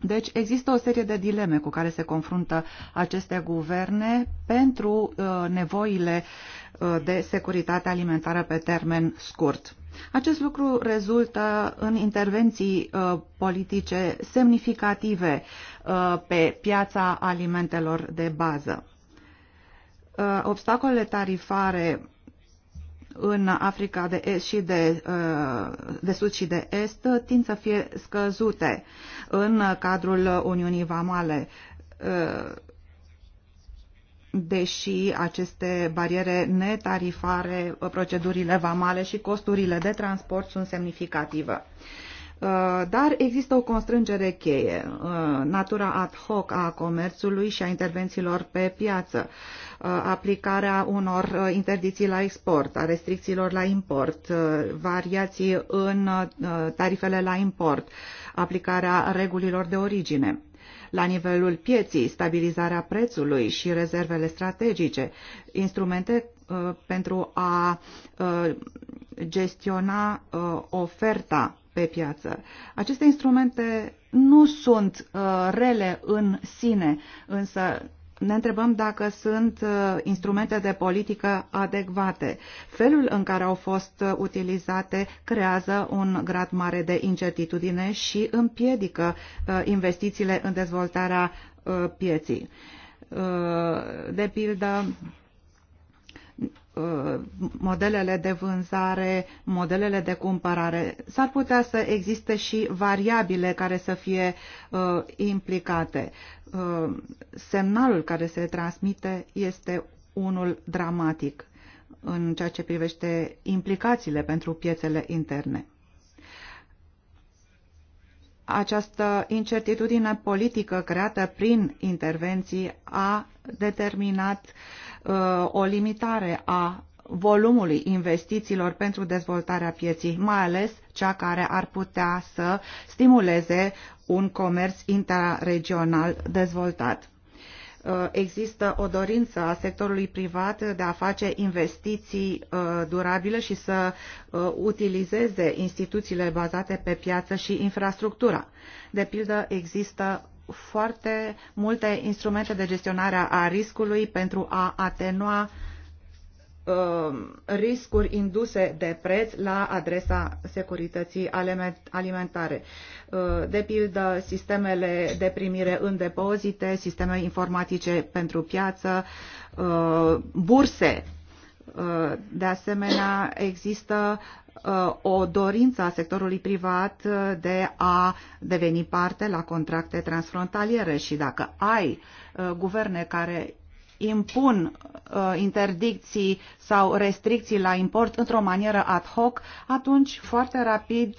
Deci există o serie de dileme cu care se confruntă aceste guverne pentru uh, nevoile uh, de securitate alimentară pe termen scurt. Acest lucru rezultă în intervenții uh, politice semnificative uh, pe piața alimentelor de bază. Uh, obstacolele tarifare în Africa de Est și de, uh, de Sud și de Est tind să fie scăzute în cadrul Uniunii Vamale uh, deși aceste bariere netarifare, uh, procedurile vamale și costurile de transport sunt semnificative. Uh, dar există o constrângere cheie, uh, natura ad hoc a comerțului și a intervențiilor pe piață, uh, aplicarea unor interdicții la export, a restricțiilor la import, variații în tarifele la import, aplicarea regulilor de origine la nivelul pieții, stabilizarea prețului și rezervele strategice, instrumente pentru a gestiona oferta pe piață. Aceste instrumente nu sunt uh, rele în sine, însă ne întrebăm dacă sunt uh, instrumente de politică adecvate. Felul în care au fost uh, utilizate creează un grad mare de incertitudine și împiedică uh, investițiile în dezvoltarea pieții. De pildă, Uh, modelele de vânzare, modelele de cumpărare. S-ar putea să existe și variabile care să fie uh, implicate. Uh, semnalul care se transmite este unul dramatic în ceea ce privește implicațiile pentru piețele interne. Această incertitudine politică creată prin intervenții a determinat uh, Uh, o limitare a volumului investițiilor pentru dezvoltarea pieții, mai ales cea care ar putea să stimuleze un comerț interregional dezvoltat. Uh, există o dorință a sectorului privat de a face investiții uh, durabile și să utilizeze instituțiile bazate pe piață și infrastructura. De pildă, există foarte multe instrumente de gestionare a riscului pentru a atenua uh, riscuri induse de preț la adresa securității alimentare. Uh, de pildă, sistemele de primire în depozite, sisteme informatice pentru piață, uh, burse de asemenea, există uh, o dorință a sectorului privat uh, de a deveni parte la contracte transfrontaliere și dacă ai uh, guverne care impun interdicții sau restricții la import într-o manieră ad hoc, atunci foarte rapid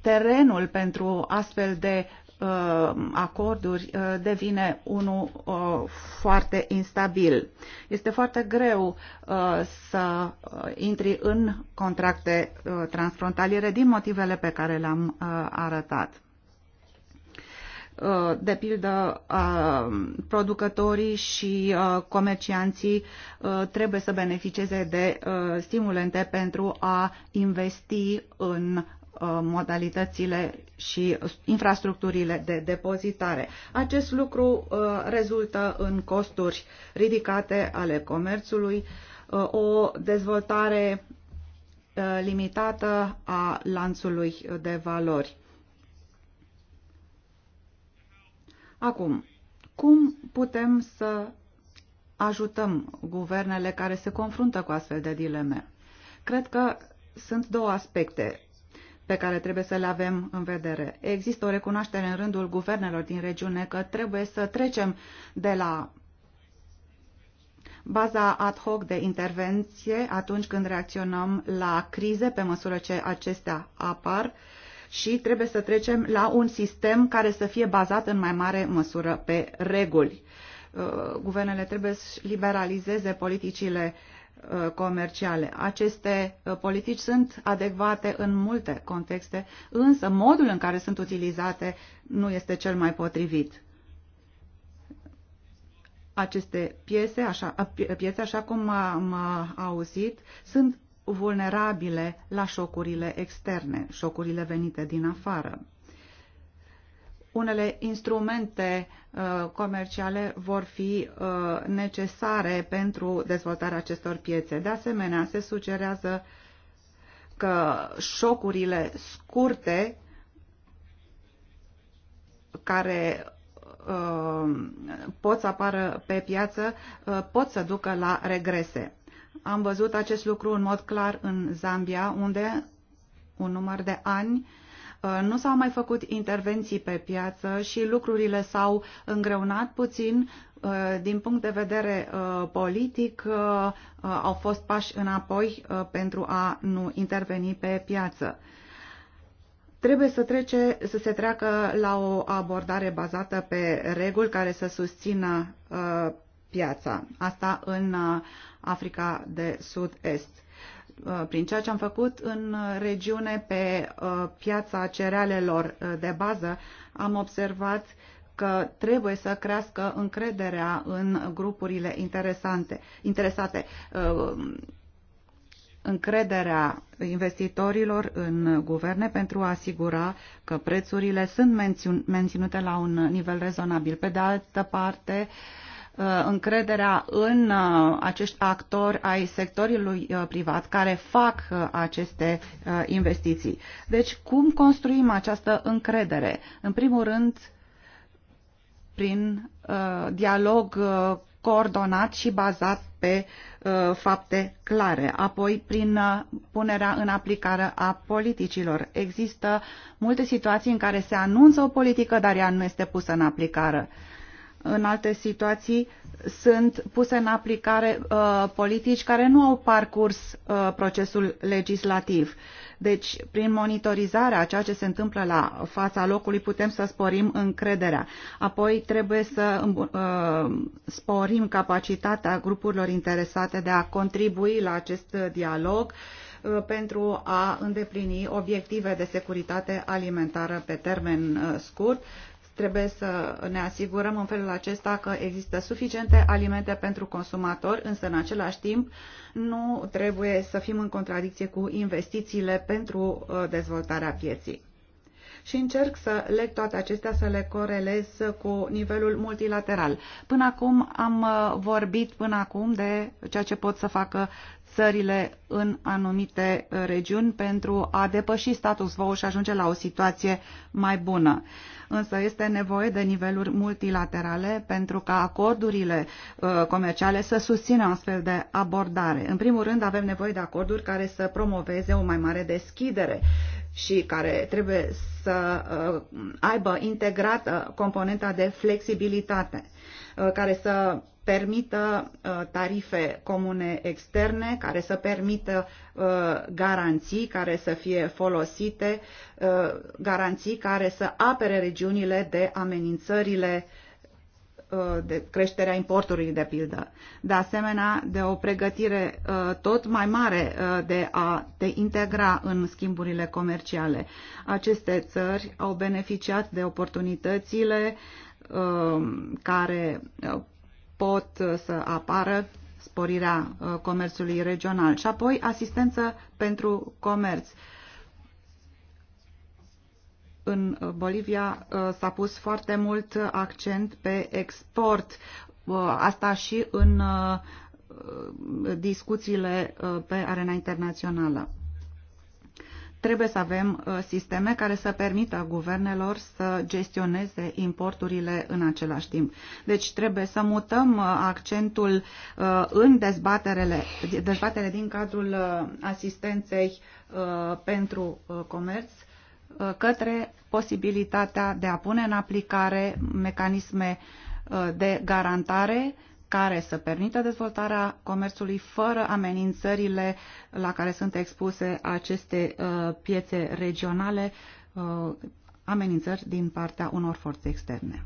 terenul pentru astfel de Uh, acorduri uh, devine unul uh, foarte instabil. Este foarte greu să intri în contracte transfrontaliere din motivele pe care le-am arătat de pildă producătorii și comercianții trebuie să beneficieze de stimulente pentru a investi în Uh, modalitățile și infrastructurile de depozitare. Acest lucru uh, rezultă în costuri ridicate ale comerțului, uh, o dezvoltare limitată a lanțului de valori. Acum, cum putem să ajutăm guvernele care se confruntă cu astfel de dileme? Cred că sunt două aspecte pe care trebuie să le avem în vedere. Există o recunoaștere în rândul guvernelor din regiune că trebuie să trecem de la baza ad hoc de intervenție atunci când reacționăm la crize pe măsură ce acestea apar și trebuie să trecem la un sistem care să fie bazat în mai mare măsură pe reguli. Uh, guvernele trebuie să liberalizeze politicile Uh, comerciale. Aceste uh, politici sunt adecvate în multe contexte, însă modul în care sunt utilizate nu este cel mai potrivit. Aceste piese, așa, uh, piețe, așa cum am auzit, sunt vulnerabile la șocurile externe, șocurile venite din afară unele instrumente uh, comerciale vor fi uh, necesare pentru dezvoltarea acestor piețe. De asemenea, se sugerează că șocurile scurte care uh, pot să apară pe piață pot să ducă la regrese. Am văzut acest lucru în mod clar în Zambia, unde un număr de ani Uh, nu s-au mai făcut intervenții pe piață și lucrurile s-au îngreunat puțin uh, din punct de vedere uh, politic, au fost pași înapoi pentru a nu interveni pe piață. Trebuie să, trece, să se treacă la o abordare bazată pe reguli care să susțină piața. Asta în Africa de Sud-Est. Uh, prin ceea ce am făcut în regiune pe uh, piața cerealelor uh, de bază, am observat că trebuie să crească încrederea în grupurile interesante, interesate. Încrederea investitorilor în guverne pentru a asigura că prețurile sunt menținute la un nivel rezonabil. Pe de altă parte, uh, Uh, încrederea în uh, acești actori ai sectorului uh, privat care fac aceste investiții. Deci, cum construim această încredere? În primul rând, prin dialog coordonat și bazat pe fapte clare. Apoi, prin punerea în aplicare a politicilor. Există multe situații în care se anunță o politică, dar ea nu este pusă în aplicare în alte situații sunt puse în aplicare uh, politici care nu au parcurs uh, procesul legislativ. Deci, prin monitorizarea a ceea ce se întâmplă la fața locului, putem să sporim încrederea. Apoi, trebuie să uh, sporim capacitatea grupurilor interesate de a contribui la acest dialog uh, pentru a îndeplini obiective de securitate alimentară pe termen uh, scurt, Trebuie să ne asigurăm în felul acesta că există suficiente alimente pentru consumator, însă în același timp nu trebuie să fim în contradicție cu investițiile pentru uh, dezvoltarea pieții și încerc să leg toate acestea, să le corelez cu nivelul multilateral. Până acum am uh, vorbit până acum de ceea ce pot să facă țările în anumite uh, regiuni pentru a depăși status quo și ajunge la o situație mai bună. Însă este nevoie de niveluri multilaterale pentru ca acordurile uh, comerciale să susțină astfel de abordare. În primul rând avem nevoie de acorduri care să promoveze o mai mare deschidere și care trebuie să uh, aibă integrată componenta de flexibilitate care să permită uh, tarife comune externe, care să permită uh, garanții care să fie folosite, uh, garanții care să apere regiunile de amenințările de creșterea importului, de pildă. De asemenea, de o pregătire tot mai mare de a te integra în schimburile comerciale. Aceste țări au beneficiat de oportunitățile care pot uh, să apară sporirea uh, comerțului regional și apoi asistență pentru comerț. În Bolivia uh, s-a pus foarte mult accent pe export, asta și în discuțiile pe arena internațională. Trebuie să avem uh, sisteme care să permită guvernelor să gestioneze importurile în același timp. Deci trebuie să mutăm uh, accentul uh, în dezbaterele, dezbatere din cadrul asistenței pentru comerț către posibilitatea de a pune în aplicare mecanisme de garantare care să permită dezvoltarea comerțului fără amenințările la care sunt expuse aceste uh, piețe regionale, uh, amenințări din partea unor forțe externe.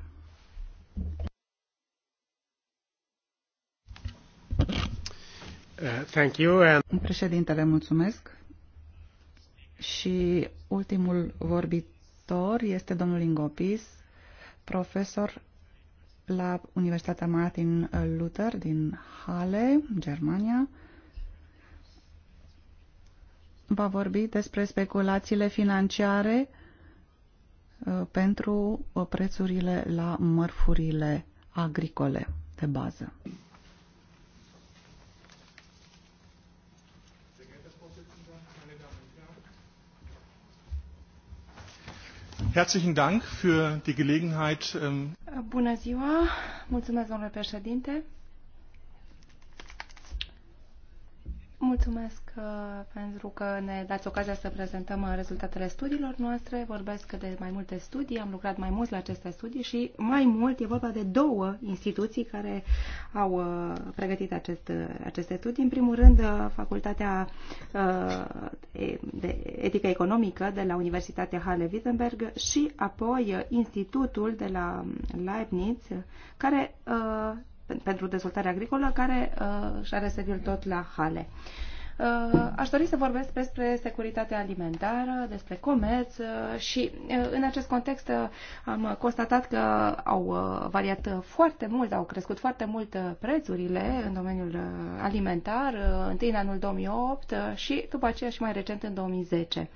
Uh, thank you and... Președintele, mulțumesc. Și ultimul vorbitor este domnul Ingopis, profesor la Universitatea Martin Luther din Halle, Germania. Va vorbi despre speculațiile financiare uh, pentru uh, prețurile la mărfurile agricole de bază. Herzlichen Dank für die Gelegenheit. Ähm, Bună ziua, mulțumesc domnule președinte. Mulțumesc uh, pentru că ne dați ocazia să prezentăm uh, rezultatele studiilor noastre. Vorbesc de mai multe studii, am lucrat mai mult la aceste studii și mai mult e vorba de două instituții care au uh, pregătit acest, aceste studii. În primul rând, Facultatea de Etică Economică de la Universitatea Halle-Wittenberg și apoi Institutul de la Leibniz, care pentru dezvoltare agricolă, care uh, și are sediul tot la Hale. Uh, aș dori să vorbesc despre securitatea alimentară, despre comerț uh, și uh, în acest context uh, am constatat că au uh, variat foarte mult, au crescut foarte mult uh, prețurile în domeniul alimentar, întâi în anul 2008 și după aceea și mai recent în 2010.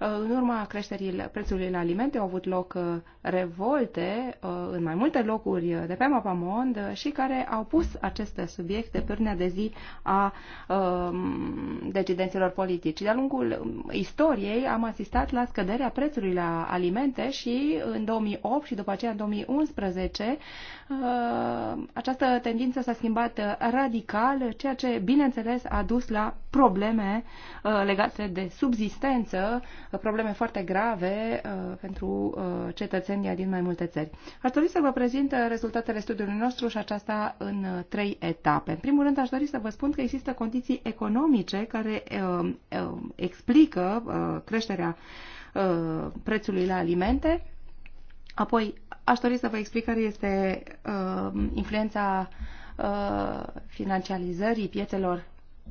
Uh, în urma creșterii prețului la alimente au avut loc uh, revolte uh, în mai multe locuri de pe Mapamond și care au pus acest subiect de pârnea de zi a um, decidenților politici. De-a lungul um, istoriei am asistat la scăderea prețului la alimente și în 2008 și după aceea în 2011 această tendință s-a schimbat radical, ceea ce, bineînțeles, a dus la probleme legate de subzistență probleme foarte grave uh, pentru uh, cetățenii din mai multe țări. Aș dori să vă prezint uh, rezultatele studiului nostru și aceasta în trei etape. În primul rând, aș dori să vă spun că există condiții economice care explică creșterea prețului la alimente. Apoi, aș dori să vă explic care este influența financializării piețelor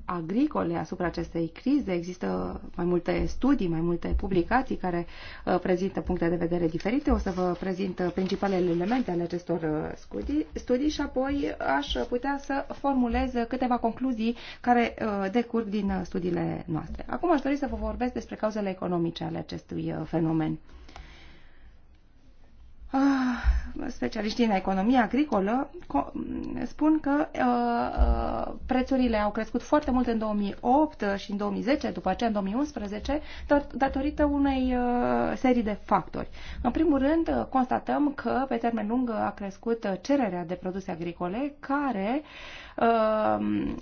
agricole asupra acestei crize. Există mai multe studii, mai multe publicații care uh, prezintă puncte de vedere diferite. O să vă prezint uh, principalele elemente ale acestor uh, studii, studii și apoi aș putea să formulez câteva concluzii care decurg din studiile noastre. Acum aș dori să vă vorbesc despre cauzele economice ale acestui fenomen. Ah, specialiștii în economie agricolă spun că uh, uh, prețurile au crescut foarte mult în 2008 și în 2010, după aceea în 2011, datorită unei uh, serii de factori. În primul rând, constatăm că pe termen lung a crescut cererea de produse agricole, care Um,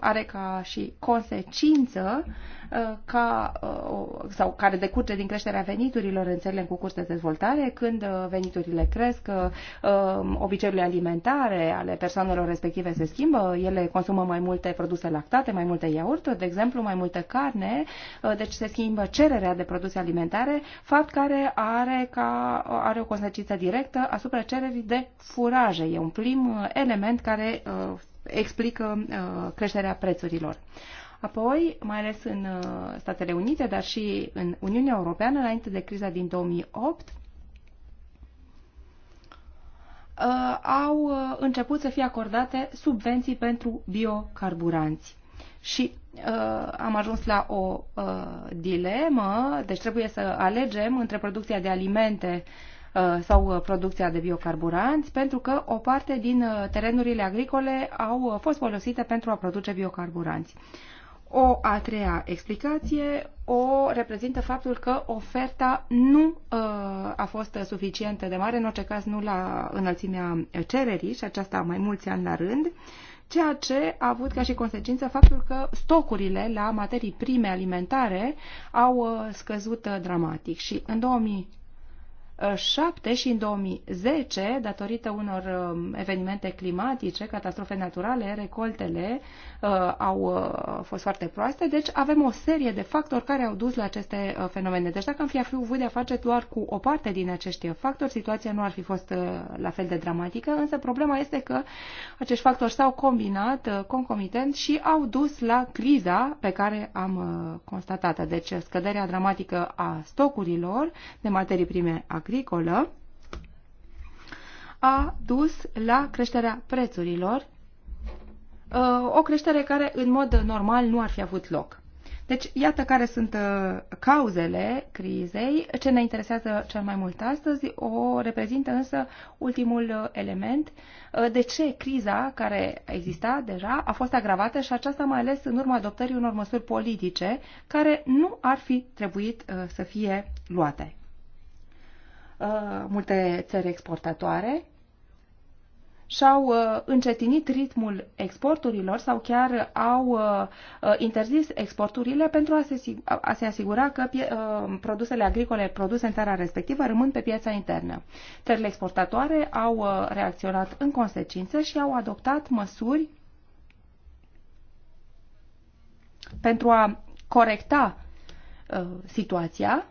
are ca și consecință uh, ca, uh, sau care decurge din creșterea veniturilor în țările cu curs de dezvoltare, când uh, veniturile cresc, um, obiceiurile alimentare ale persoanelor respective se schimbă, ele consumă mai multe produse lactate, mai multe iaurturi, de exemplu, mai multă carne, deci se schimbă cererea de produse alimentare, fapt care are, ca, are o consecință directă asupra cererii de furaje. E un prim element care explică uh, creșterea prețurilor. Apoi, mai ales în uh, Statele Unite, dar și în Uniunea Europeană, înainte de criza din 2008, uh, au început să fie acordate subvenții pentru biocarburanți. Și uh, am ajuns la o uh, dilemă, deci trebuie să alegem între producția de alimente Uh, sau uh, producția de biocarburanți, pentru că o parte din uh, terenurile agricole au fost folosite pentru a produce biocarburanți. O a treia explicație o reprezintă faptul că oferta nu a fost suficientă de mare, în orice caz nu la înălțimea cererii și aceasta mai mulți ani la rând, ceea ce a avut ca și consecință faptul că stocurile la materii prime alimentare au scăzut dramatic și în 2000 2007 și în 2010, datorită unor um, evenimente climatice, catastrofe naturale, recoltele uh, au uh, fost foarte proaste, deci avem o serie de factori care au dus la aceste uh, fenomene. Deci dacă am fi avut de-a face doar cu o parte din acești factori, situația nu ar fi fost la fel de dramatică, însă problema este că acești factori s-au combinat concomitent și au dus la criza pe care am constatat-o. Deci scăderea dramatică a stocurilor de materii prime agricolă a dus la creșterea prețurilor, uh, o creștere care în mod normal nu ar fi avut loc. Deci, iată care sunt uh, cauzele crizei. Ce ne interesează cel mai mult astăzi o reprezintă însă ultimul uh, element. De ce criza care exista deja a fost agravată și aceasta mai ales în urma adoptării unor măsuri politice care nu ar fi trebuit să fie luate. Uh, multe țări exportatoare și-au uh, încetinit ritmul exporturilor sau chiar au uh, interzis exporturile pentru a se, asigura că produsele agricole produse în țara respectivă rămân pe piața internă. Țările exportatoare au reacționat în consecință și au adoptat măsuri pentru a corecta situația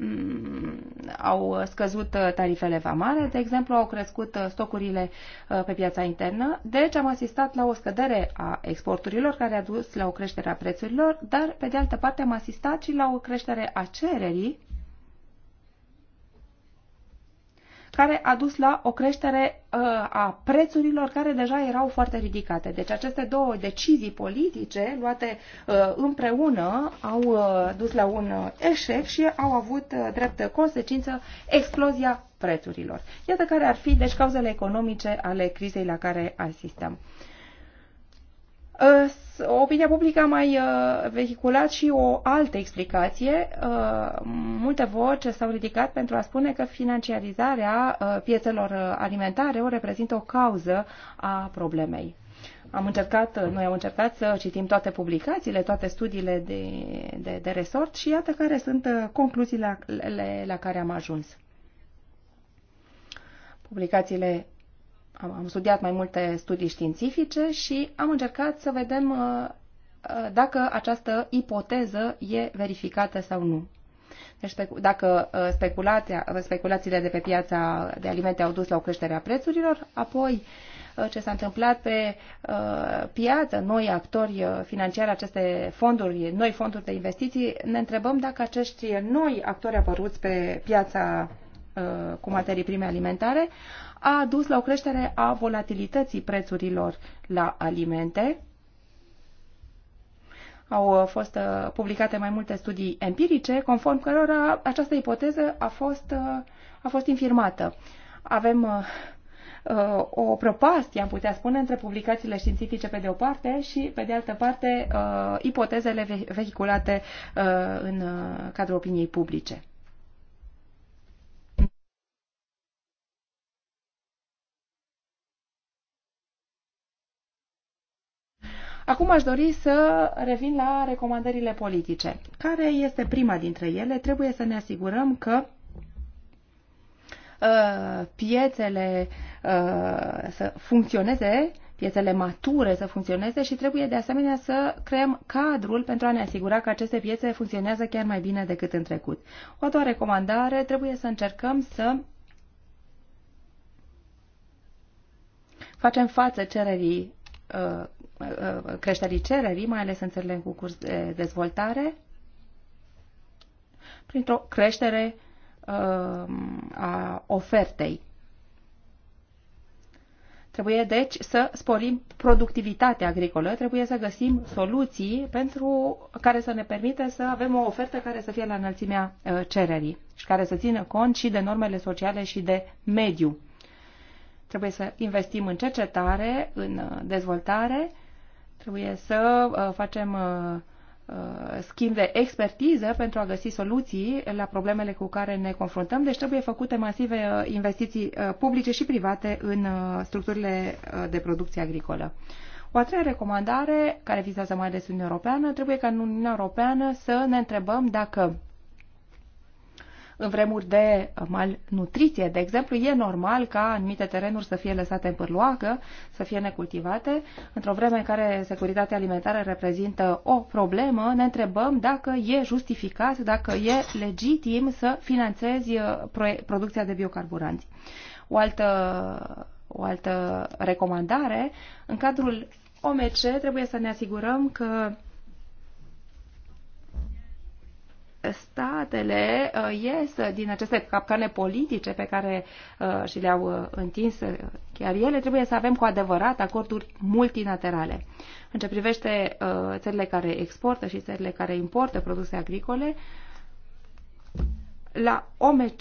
Mm, au scăzut uh, tarifele vamale, de exemplu, au crescut uh, stocurile uh, pe piața internă, deci am asistat la o scădere a exporturilor care a dus la o creștere a prețurilor, dar pe de altă parte am asistat și la o creștere a cererii care a dus la o creștere uh, a prețurilor care deja erau foarte ridicate. Deci aceste două decizii politice luate uh, împreună au uh, dus la un eșec și au avut drept consecință explozia prețurilor. Iată care ar fi deci cauzele economice ale crizei la care asistăm. Opinia publică a mai uh, vehiculat și o altă explicație. Uh, multe voci s-au ridicat pentru a spune că financiarizarea uh, piețelor alimentare o reprezintă o cauză a problemei. Am încercat, noi am încercat să citim toate publicațiile, toate studiile de, de, de resort și iată care sunt concluziile la, la care am ajuns. Publicațiile am studiat mai multe studii științifice și am încercat să vedem uh, uh, dacă această ipoteză e verificată sau nu. Deci dacă uh, speculațiile de pe piața de alimente au dus la o creștere a prețurilor, apoi ce s-a întâmplat pe piață, noi actori financiari, aceste fonduri, noi fonduri de investiții, ne întrebăm dacă acești noi actori apăruți pe piața Uh, cu materii prime alimentare a dus la o creștere a volatilității prețurilor la alimente. Au uh, fost uh, publicate mai multe studii empirice, conform cărora această ipoteză a fost, a fost infirmată. Avem o propastie, am putea spune, între publicațiile științifice pe de o parte și, pe de altă parte, ipotezele vehiculate în cadrul opiniei publice. Acum aș dori să revin la recomandările politice. Care este prima dintre ele? Trebuie să ne asigurăm că uh, piețele uh, să funcționeze piețele mature să funcționeze și trebuie de asemenea să creăm cadrul pentru a ne asigura că aceste piețe funcționează chiar mai bine decât în trecut. O a doua recomandare trebuie să încercăm să facem față cererii uh, Uh, creșterii cererii, mai ales în țările cu curs de dezvoltare, printr-o creștere uh, a ofertei. Trebuie, deci, să sporim productivitatea agricolă, trebuie să găsim soluții pentru care să ne permită să avem o ofertă care să fie la înălțimea uh, cererii și care să țină cont și de normele sociale și de mediu. Trebuie să investim în cercetare, în dezvoltare Trebuie să uh, facem uh, uh, schimb de expertiză pentru a găsi soluții la problemele cu care ne confruntăm. Deci trebuie făcute masive investiții publice și private în structurile de producție agricolă. O a treia recomandare, care vizează mai des Uniunea Europeană, trebuie ca în Uniunea Europeană să ne întrebăm dacă în vremuri de malnutriție, de exemplu, e normal ca anumite terenuri să fie lăsate în pârloacă, să fie necultivate. Într-o vreme în care securitatea alimentară reprezintă o problemă, ne întrebăm dacă e justificat, dacă e legitim să finanțezi uh, producția de biocarburanți. O altă, o altă recomandare, în cadrul OMC trebuie să ne asigurăm că statele uh, ies din aceste capcane politice pe care uh, și le-au uh, întins chiar ele, trebuie să avem cu adevărat acorduri multilaterale. În ce privește țările care exportă și țările care importă produse agricole, la OMC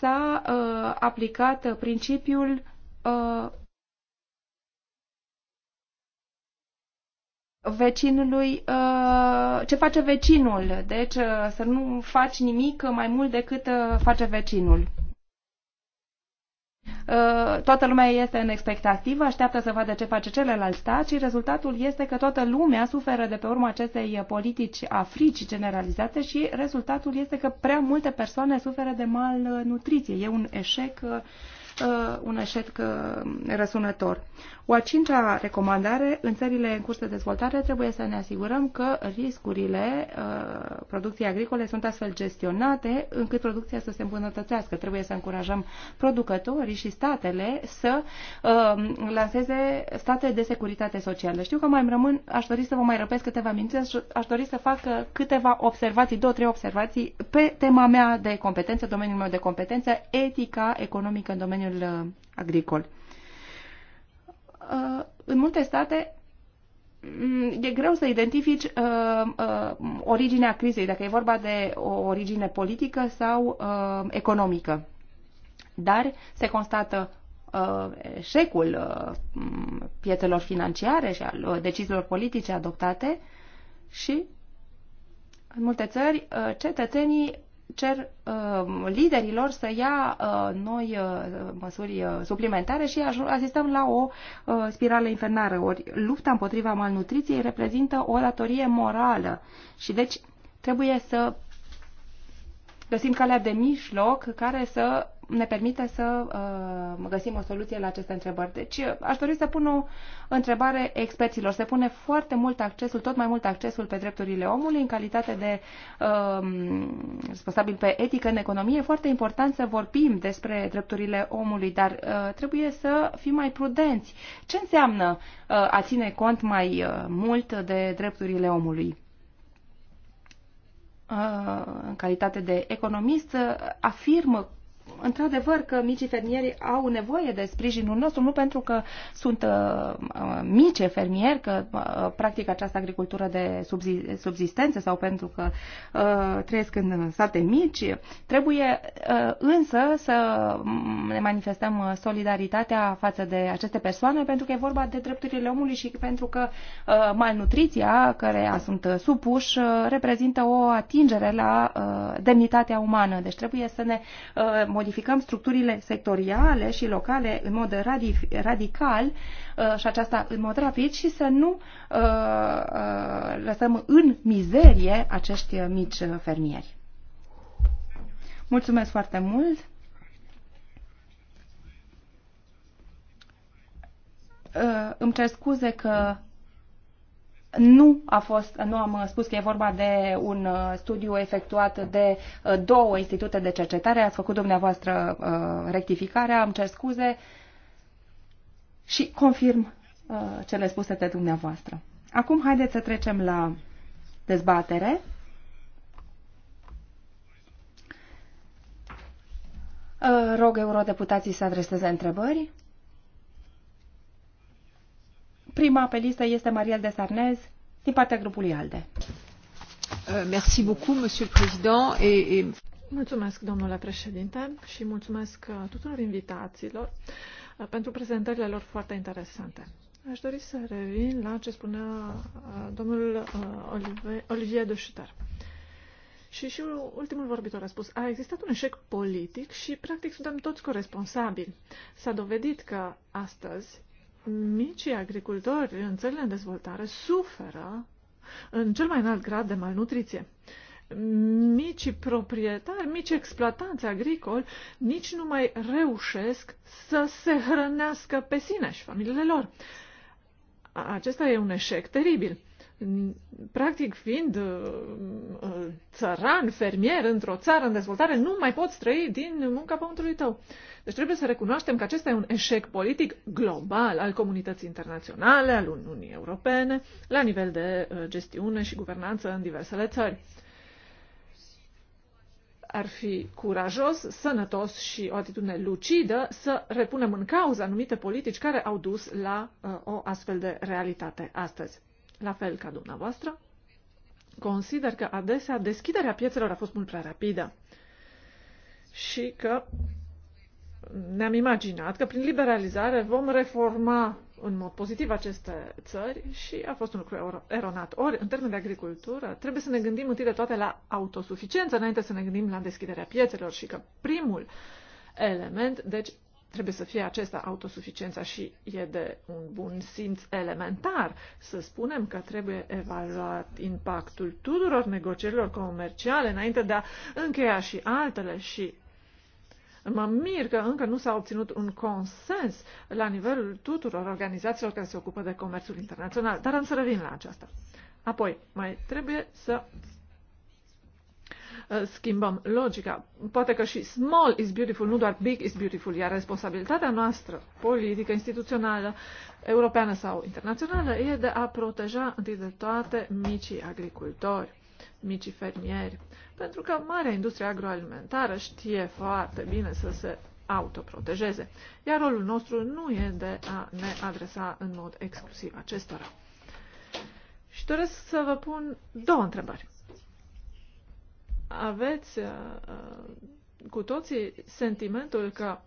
s-a aplicat principiul vecinului, uh, ce face vecinul. Deci uh, să nu faci nimic mai mult decât uh, face vecinul. Toată lumea este în expectativă, așteaptă să vadă ce face celălalt stat și rezultatul este că toată lumea suferă de pe urma acestei politici africi generalizate și rezultatul este că prea multe persoane suferă de malnutriție. E un eșec Uh, un eșec uh, răsunător. O a cincea recomandare, în țările în curs de dezvoltare trebuie să ne asigurăm că riscurile uh, producției agricole sunt astfel gestionate încât producția să se îmbunătățească. Trebuie să încurajăm producătorii și statele să lanseze state de securitate socială. Știu că mai îmi rămân, aș dori să vă mai răpesc câteva minute, aș dori să fac câteva observații, două, trei observații pe tema mea de competență, domeniul meu de competență, etica economică în domeniul domeniul uh, agricol. Uh, în multe state mm, e greu să identifici uh, uh, originea crizei, dacă e vorba de o origine politică sau uh, economică. Dar se constată uh, eșecul uh, piețelor financiare și al uh, deciziilor politice adoptate și, în multe țări, uh, cetățenii cer uh, liderilor să ia uh, noi uh, măsuri uh, suplimentare și asistăm la o uh, spirală infernară. Ori lupta împotriva malnutriției reprezintă o datorie morală și deci trebuie să găsim calea de mijloc care să ne permite să uh, găsim o soluție la aceste întrebări. Deci aș dori să pun o întrebare experților. Se pune foarte mult accesul, tot mai mult accesul pe drepturile omului în calitate de uh, responsabil pe etică în economie. E foarte important să vorbim despre drepturile omului, dar uh, trebuie să fim mai prudenți. Ce înseamnă uh, a ține cont mai uh, mult de drepturile omului? Uh, în calitate de economist, uh, afirmă într-adevăr că micii fermieri au nevoie de sprijinul nostru, nu pentru că sunt uh, uh mici fermieri, că uh, practică această agricultură de subzistență sau pentru că uh, trăiesc în sate mici. Trebuie uh, însă să mm, ne manifestăm solidaritatea față de aceste persoane pentru că e vorba de drepturile omului și pentru că uh, malnutriția, care sunt supuși, uh, reprezintă o atingere la uh, demnitatea umană. Deci trebuie să ne uh, modificăm structurile sectoriale și locale în mod radical uh, și aceasta în mod rapid și să nu uh, uh, lăsăm în mizerie acești mici fermieri. Mulțumesc foarte mult! Îmi cer scuze că nu, a fost, nu am uh, spus că e vorba de un uh, studiu efectuat de uh, două institute de cercetare. Ați făcut dumneavoastră rectificarea, am cer scuze și confirm cele spuse de dumneavoastră. Acum haideți să trecem la dezbatere. Rog eurodeputații să adreseze întrebări. Prima pe listă este Mariel de Sarnez din partea grupului ALDE. Uh, merci beaucoup, monsieur le président. Et, et... Mulțumesc, domnule președinte, și mulțumesc uh, tuturor invitațiilor uh, pentru prezentările lor foarte interesante. Aș dori să revin la ce spunea domnul Olivier de Schutter. Și și ultimul vorbitor a spus, a existat un eșec politic și practic suntem toți corresponsabili. S-a dovedit că astăzi micii agricultori în țările în dezvoltare suferă în cel mai înalt grad de malnutriție. Micii proprietari, mici exploatanți agricoli nici nu mai reușesc să se hrănească pe sine și familiile lor. Acesta e un eșec teribil practic fiind uh, uh, țăran, fermier într-o țară în dezvoltare, nu mai poți trăi din munca pământului tău. Deci trebuie să recunoaștem că acesta e un eșec politic global al comunității internaționale, al Uniunii Europene, la nivel de uh, gestiune și guvernanță în diversele țări. Ar fi curajos, sănătos și o atitudine lucidă să repunem în cauză anumite politici care au dus la uh, o astfel de realitate astăzi la fel ca dumneavoastră, consider că adesea deschiderea piețelor a fost mult prea rapidă și că ne-am imaginat că prin liberalizare vom reforma în mod pozitiv aceste țări și a fost un lucru eronat. Ori, în termen de agricultură, trebuie să ne gândim întâi de toate la autosuficiență, înainte să ne gândim la deschiderea piețelor și că primul element, deci, Trebuie să fie acesta autosuficiența și e de un bun simț elementar să spunem că trebuie evaluat impactul tuturor negocierilor comerciale înainte de a încheia și altele și Mă mir că încă nu s-a obținut un consens la nivelul tuturor organizațiilor care se ocupă de comerțul internațional, dar am să revin la aceasta. Apoi, mai trebuie să Uh, schimbăm logica. Poate că și small is beautiful, nu doar big is beautiful, iar responsabilitatea noastră politică, instituțională, europeană sau internațională e de a proteja întâi de toate micii agricultori micii fermieri, pentru că marea industrie agroalimentară știe foarte bine să se autoprotejeze, iar rolul nostru nu e de a ne adresa în mod exclusiv acestora. Și doresc să vă pun două întrebări aveți uh, cu toții sentimentul că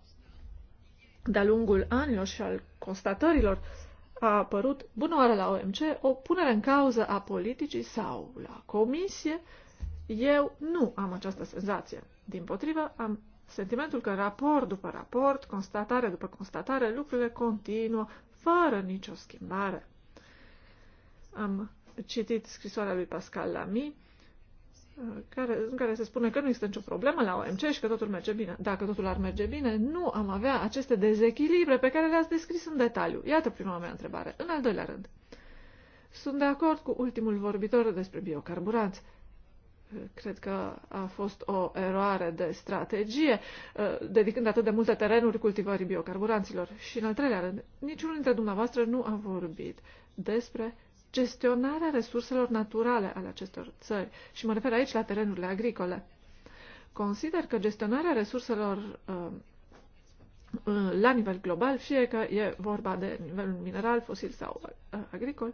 de-a lungul anilor și al constatărilor a apărut, bună oară la OMC, o punere în cauză a politicii sau la comisie, eu nu am această senzație. Din potrivă, am sentimentul că raport după raport, constatare după constatare, lucrurile continuă fără nicio schimbare. Am citit scrisoarea lui Pascal Lamy, care, în care se spune că nu există nicio problemă la OMC și că totul merge bine. Dacă totul ar merge bine, nu am avea aceste dezechilibre pe care le-ați descris în detaliu. Iată prima mea întrebare. În al doilea rând, sunt de acord cu ultimul vorbitor despre biocarburanți. Cred că a fost o eroare de strategie, dedicând atât de multe terenuri cultivării biocarburanților. Și în al treilea rând, niciunul dintre dumneavoastră nu a vorbit despre gestionarea resurselor naturale ale acestor țări și mă refer aici la terenurile agricole. Consider că gestionarea resurselor uh, uh, la nivel global, fie că e vorba de nivelul mineral, fosil sau uh, agricol,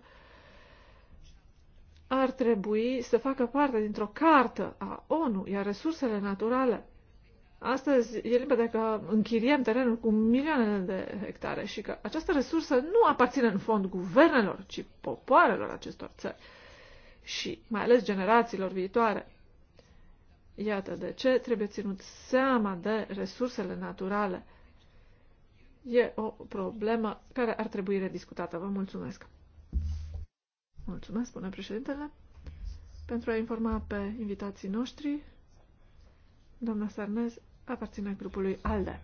ar trebui să facă parte dintr-o cartă a ONU, iar resursele naturale Astăzi e limpede că închiriem terenul cu milioane de hectare și că această resursă nu aparține în fond guvernelor, ci popoarelor acestor țări și mai ales generațiilor viitoare. Iată de ce trebuie ținut seama de resursele naturale. E o problemă care ar trebui rediscutată. Vă mulțumesc. Mulțumesc, spune președintele, pentru a informa pe invitații noștri. Doamna Sarnez aparține grupului ALDE.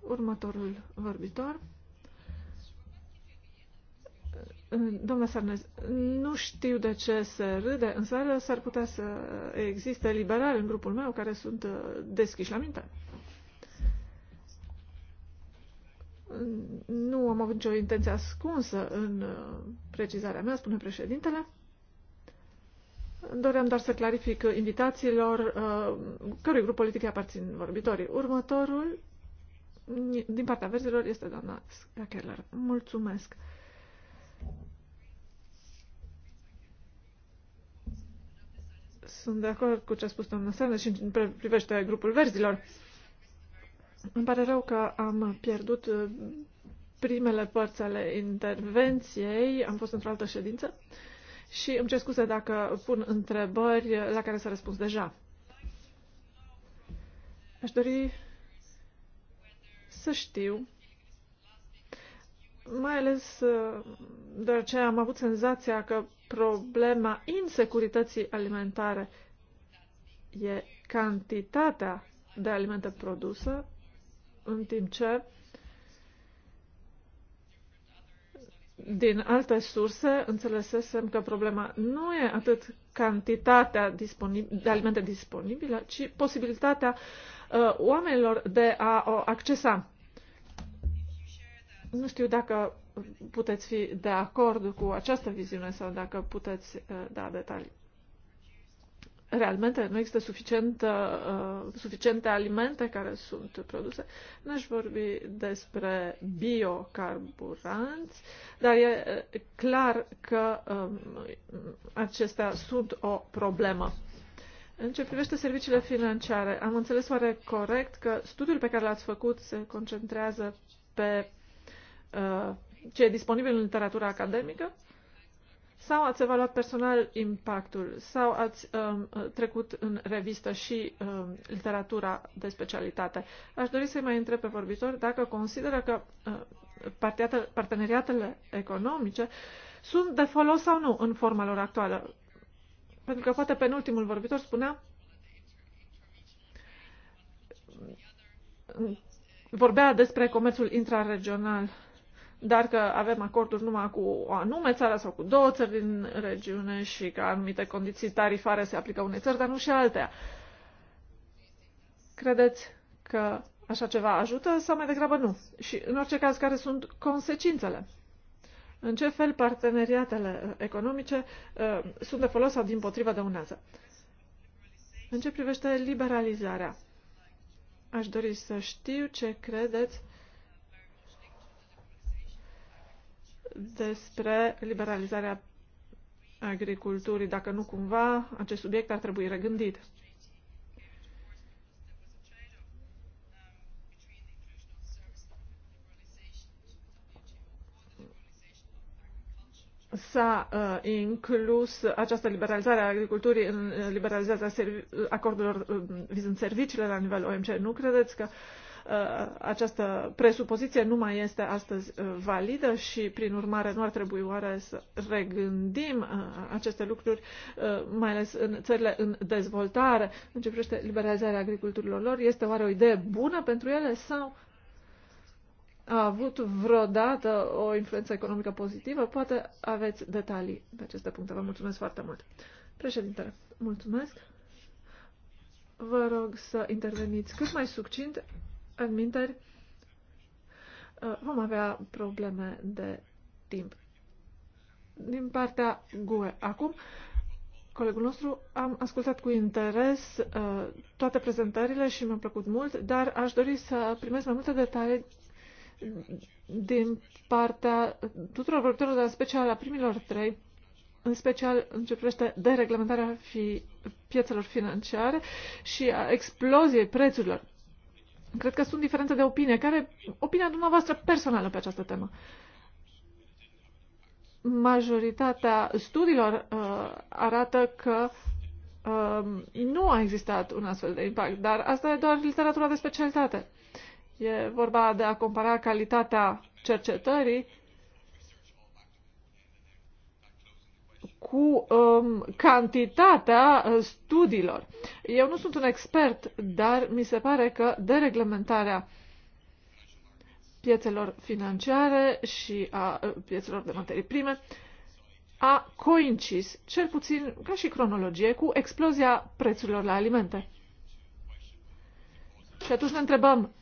Următorul vorbitor. Domnule Sarnez, nu știu de ce se râde, însă s-ar putea să existe liberali în grupul meu care sunt uh, deschiși la minte. Nu am avut nicio intenție ascunsă în uh, precizarea mea, spune președintele. Doream doar să clarific invitațiilor uh, cărui grup politic aparțin vorbitorii. Următorul, din partea verzilor, este doamna Keller. Mulțumesc! Sunt de acord cu ce a spus doamna Sernă și privește grupul verzilor. Îmi pare rău că am pierdut uh, primele părți ale intervenției. Am fost într-o altă ședință. Uh, și îmi cer scuze dacă pun întrebări la care s-a răspuns deja. Aș dori să știu, mai ales uh, ce am avut senzația că problema insecurității alimentare e cantitatea de alimente produsă, în timp ce din alte surse înțelesesem că problema nu e atât cantitatea disponib- de alimente disponibile, ci posibilitatea uh, oamenilor de a o accesa. Nu știu dacă puteți fi de acord cu această viziune sau dacă puteți uh, da detalii realmente nu există suficient, uh, suficiente alimente care sunt produse. N-aș vorbi despre biocarburanți, dar e uh, clar că um, acestea sunt o problemă. În ce privește serviciile financiare, am înțeles oare corect că studiul pe care l-ați făcut se concentrează pe uh, ce e disponibil în literatura academică? Sau ați evaluat personal impactul? Sau ați um, trecut în revistă și um, literatura de specialitate? Aș dori să-i mai întreb pe vorbitor dacă consideră că uh, parteneriatele economice sunt de folos sau nu în forma lor actuală. Pentru că poate penultimul vorbitor spunea vorbea despre comerțul intraregional dar că avem acorduri numai cu o anume țară sau cu două țări din regiune și că anumite condiții tarifare se aplică unei țări, dar nu și altea. Credeți că așa ceva ajută sau mai degrabă nu? Și în orice caz, care sunt consecințele? În ce fel parteneriatele uh, economice uh, sunt de folos sau din potriva dăunează? În ce privește liberalizarea? Aș dori să știu ce credeți despre liberalizarea agriculturii, dacă nu cumva acest subiect ar trebui regândit. s-a uh, inclus această liberalizare a agriculturii în uh, liberalizarea acordurilor uh, vizând serviciile la nivel OMC. Nu credeți că Uh, această presupoziție nu mai este astăzi uh, validă și, prin urmare, nu ar trebui oare să regândim uh, aceste lucruri, mai ales în țările în dezvoltare, în ce privește liberalizarea agriculturilor lor? Este oare o idee bună pentru ele sau a avut vreodată o influență economică pozitivă? Poate aveți detalii pe aceste puncte. Vă mulțumesc foarte mult. Președintele, mulțumesc. Vă rog să interveniți cât mai succint, Adminteri, uh, vom avea probleme de timp. Din partea GUE. Acum, colegul nostru, am ascultat cu interes uh, toate prezentările și mi-a plăcut mult, dar aș dori să primesc mai multe detalii din partea tuturor vorbitorilor, dar special a primilor trei, în special în ce privește dereglementarea fi piețelor financiare și a exploziei prețurilor. Cred că sunt diferențe de opinie. Care opinia dumneavoastră personală pe această temă? Majoritatea studiilor uh, arată că uh, nu a existat un astfel de impact, dar asta e doar literatura de specialitate. E vorba de a compara calitatea cercetării cu um, cantitatea uh, studiilor. Eu nu sunt un expert, dar mi se pare că dereglementarea piețelor financiare și a uh, piețelor de materii prime a coincis, cel puțin ca și cronologie, cu explozia prețurilor la alimente. Și atunci ne întrebăm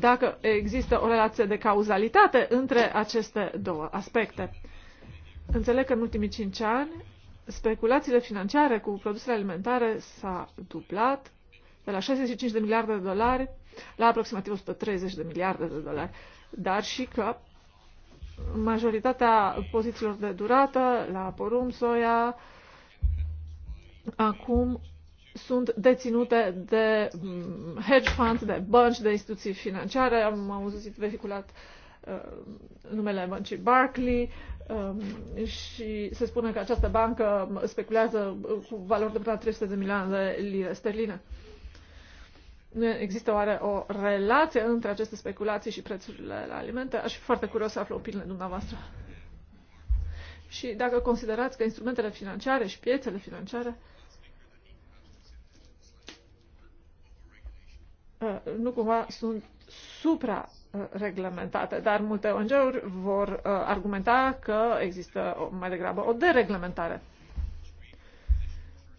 dacă există o relație de cauzalitate între aceste două aspecte. Înțeleg că în ultimii 5 ani speculațiile financiare cu produsele alimentare s-a dublat de la 65 de miliarde de dolari la aproximativ 130 de miliarde de dolari, dar și că majoritatea pozițiilor de durată la porum, soia, acum sunt deținute de mm, hedge funds, de bănci, de instituții financiare. Am auzit vehiculat Uh, numele băncii Barclay um, și se spune că această bancă speculează uh, cu valori de până la 300 de milioane de lire sterline. Nu există oare o relație între aceste speculații și prețurile la alimente? Aș fi foarte curios să aflu opiniile dumneavoastră. Și dacă considerați că instrumentele financiare și piețele financiare uh, nu cumva sunt supra reglementate, dar multe ONG-uri vor uh, argumenta că există mai degrabă o dereglementare.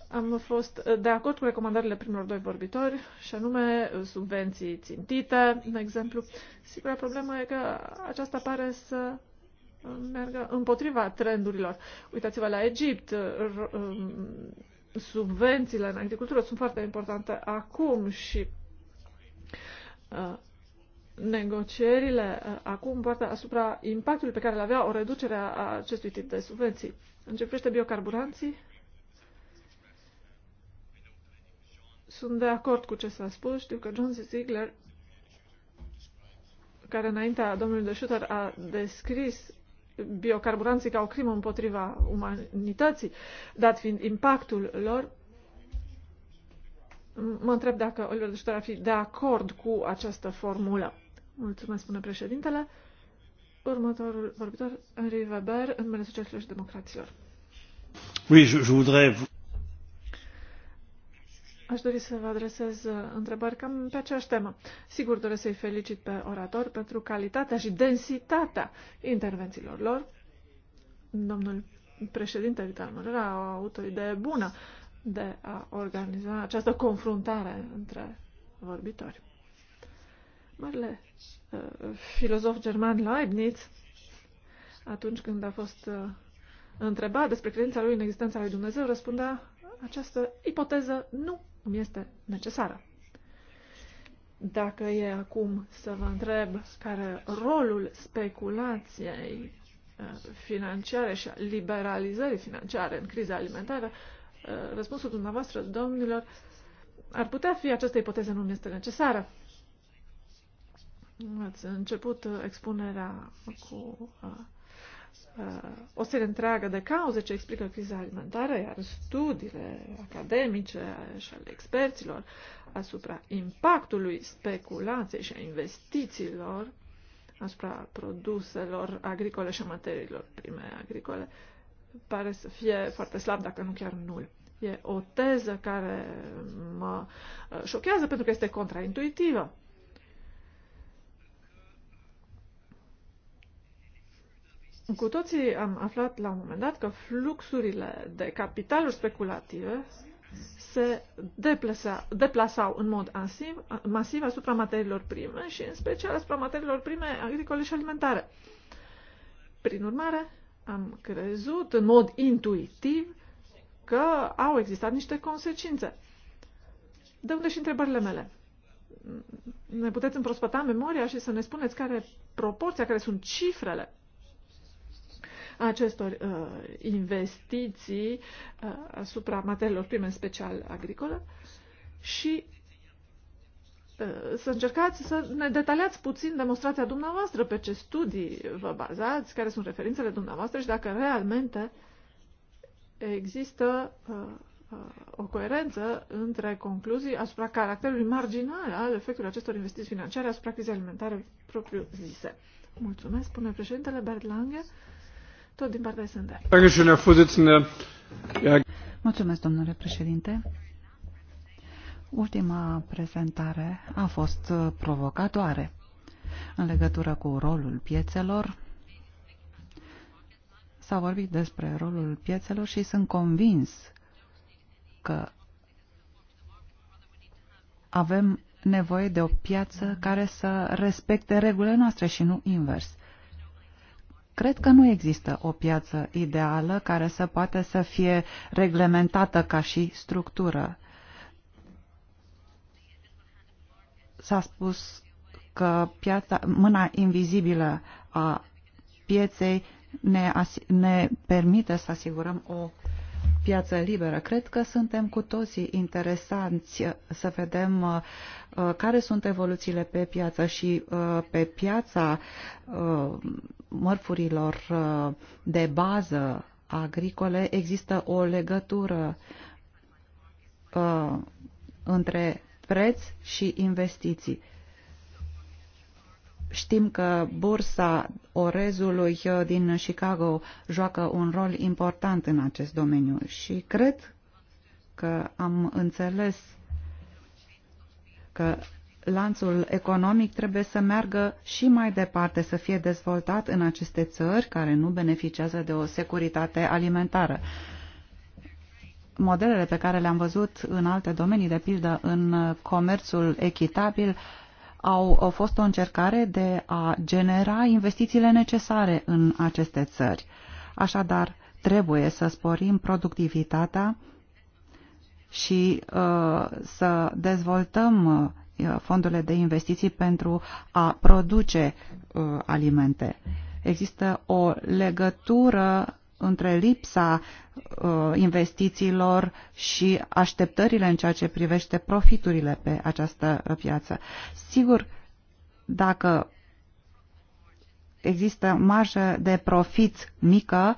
Am fost de acord cu recomandările primilor doi vorbitori, și anume subvenții țintite, de exemplu. Sigura problemă e că aceasta pare să meargă împotriva trendurilor. Uitați-vă la Egipt, um, subvențiile în agricultură sunt foarte importante acum și uh, negocierile uh, acum poartă asupra impactului pe care îl avea o reducere a acestui tip de subvenții. Începește biocarburanții. Sunt de acord cu ce s-a spus. Știu că John Ziegler, care înaintea domnului de Schutter a descris biocarburanții ca o crimă împotriva umanității, dat fiind impactul lor, mă întreb dacă Oliver de Schutter ar fi de acord cu această formulă. Mulțumesc, spune președintele. Următorul vorbitor, Henri Weber, în numele Societăților și Democraților. Oui, je, je voudrais... Aș dori să vă adresez uh, întrebări cam pe aceeași temă. Sigur doresc să-i felicit pe orator pentru calitatea și densitatea intervențiilor lor. Domnul președinte Vital Mărăra a avut o idee bună de a organiza această confruntare între vorbitori. Marele uh, filozof german Leibniz, atunci când a fost uh, întrebat despre credința lui în existența lui Dumnezeu, răspundea această ipoteză nu îmi este necesară. Dacă e acum să vă întreb care rolul speculației uh, financiare și a liberalizării financiare în criza alimentară, uh, răspunsul dumneavoastră, domnilor, ar putea fi această ipoteză nu este necesară. Ați început uh, expunerea cu uh, uh, o serie întreagă de cauze ce explică criza alimentară, iar studiile academice și ale experților asupra impactului speculației și a investițiilor asupra produselor agricole și a materiilor prime agricole pare să fie foarte slab, dacă nu chiar nul. E o teză care mă șochează pentru că este contraintuitivă. Cu toții am aflat la un moment dat că fluxurile de capitaluri speculative se deplasa, deplasau în mod ansiv, masiv asupra materiilor prime și în special asupra materiilor prime agricole și alimentare. Prin urmare, am crezut în mod intuitiv că au existat niște consecințe. De unde și întrebările mele? Ne puteți împrospăta memoria și să ne spuneți care proporția, care sunt cifrele acestor uh, investiții uh, asupra materiilor prime, în special agricole, și uh, să încercați să ne detaliați puțin demonstrația dumneavoastră, pe ce studii vă bazați, care sunt referințele dumneavoastră și dacă realmente există uh, uh, o coerență între concluzii asupra caracterului marginal al efectului acestor investiții financiare asupra crizei alimentare propriu-zise. Mulțumesc, spune președintele Bert Lange tot din partea SND. Mulțumesc, domnule președinte. Ultima prezentare a fost provocatoare în legătură cu rolul piețelor. S-a vorbit despre rolul piețelor și sunt convins că avem nevoie de o piață care să respecte regulile noastre și nu invers. Cred că nu există o piață ideală care să poate să fie reglementată ca și structură. S-a spus că piața, mâna invizibilă a pieței ne, ne permite să asigurăm o piață liberă. Cred că suntem cu toții interesanți uh, să vedem uh, uh, care sunt evoluțiile pe piață și pe piața mărfurilor de bază agricole există o legătură între preț și investiții. Știm că bursa orezului uh, din Chicago joacă un rol important în acest domeniu și cred că am înțeles că lanțul economic trebuie să meargă și mai departe, să fie dezvoltat în aceste țări care nu beneficiază de o securitate alimentară. Modelele pe care le-am văzut în alte domenii, de pildă în comerțul echitabil, uh, au fost o încercare de a genera investițiile necesare în aceste țări. Așadar, trebuie să sporim productivitatea și uh, să dezvoltăm uh, fondurile de investiții pentru a produce uh, alimente. Există o legătură între lipsa uh, investițiilor și așteptările în ceea ce privește profiturile pe această uh, piață. Sigur, dacă există marjă de profit mică,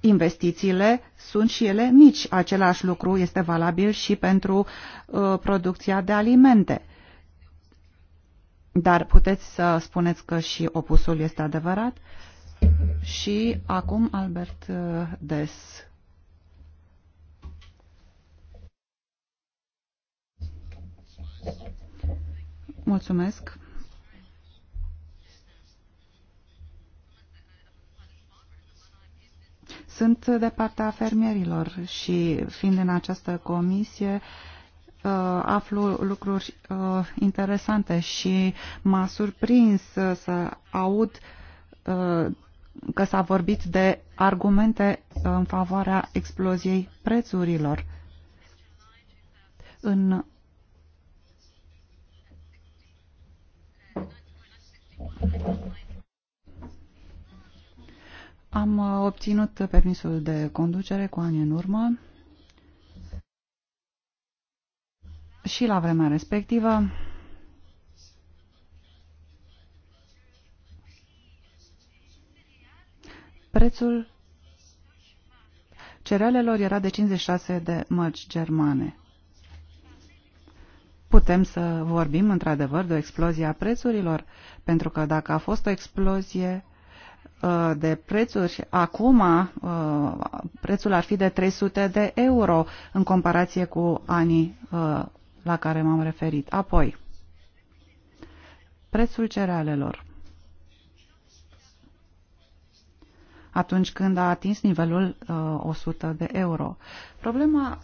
investițiile sunt și ele mici. Același lucru este valabil și pentru uh, producția de alimente. Dar puteți să spuneți că și opusul este adevărat? Uh, și acum Albert uh, Des. Mulțumesc. Sunt de partea fermierilor și fiind în această comisie uh, aflu lucruri uh, interesante și m-a surprins să aud că s-a vorbit de argumente în favoarea exploziei prețurilor. În Am obținut permisul de conducere cu ani în urmă și la vremea respectivă Prețul cerealelor era de 56 de mărci germane. Putem să vorbim într-adevăr de o explozie a prețurilor, pentru că dacă a fost o explozie uh, de prețuri, acum uh, prețul ar fi de 300 de euro în comparație cu anii uh, la care m-am referit. Apoi, prețul cerealelor. atunci când a atins nivelul 100 uh, de euro. Problema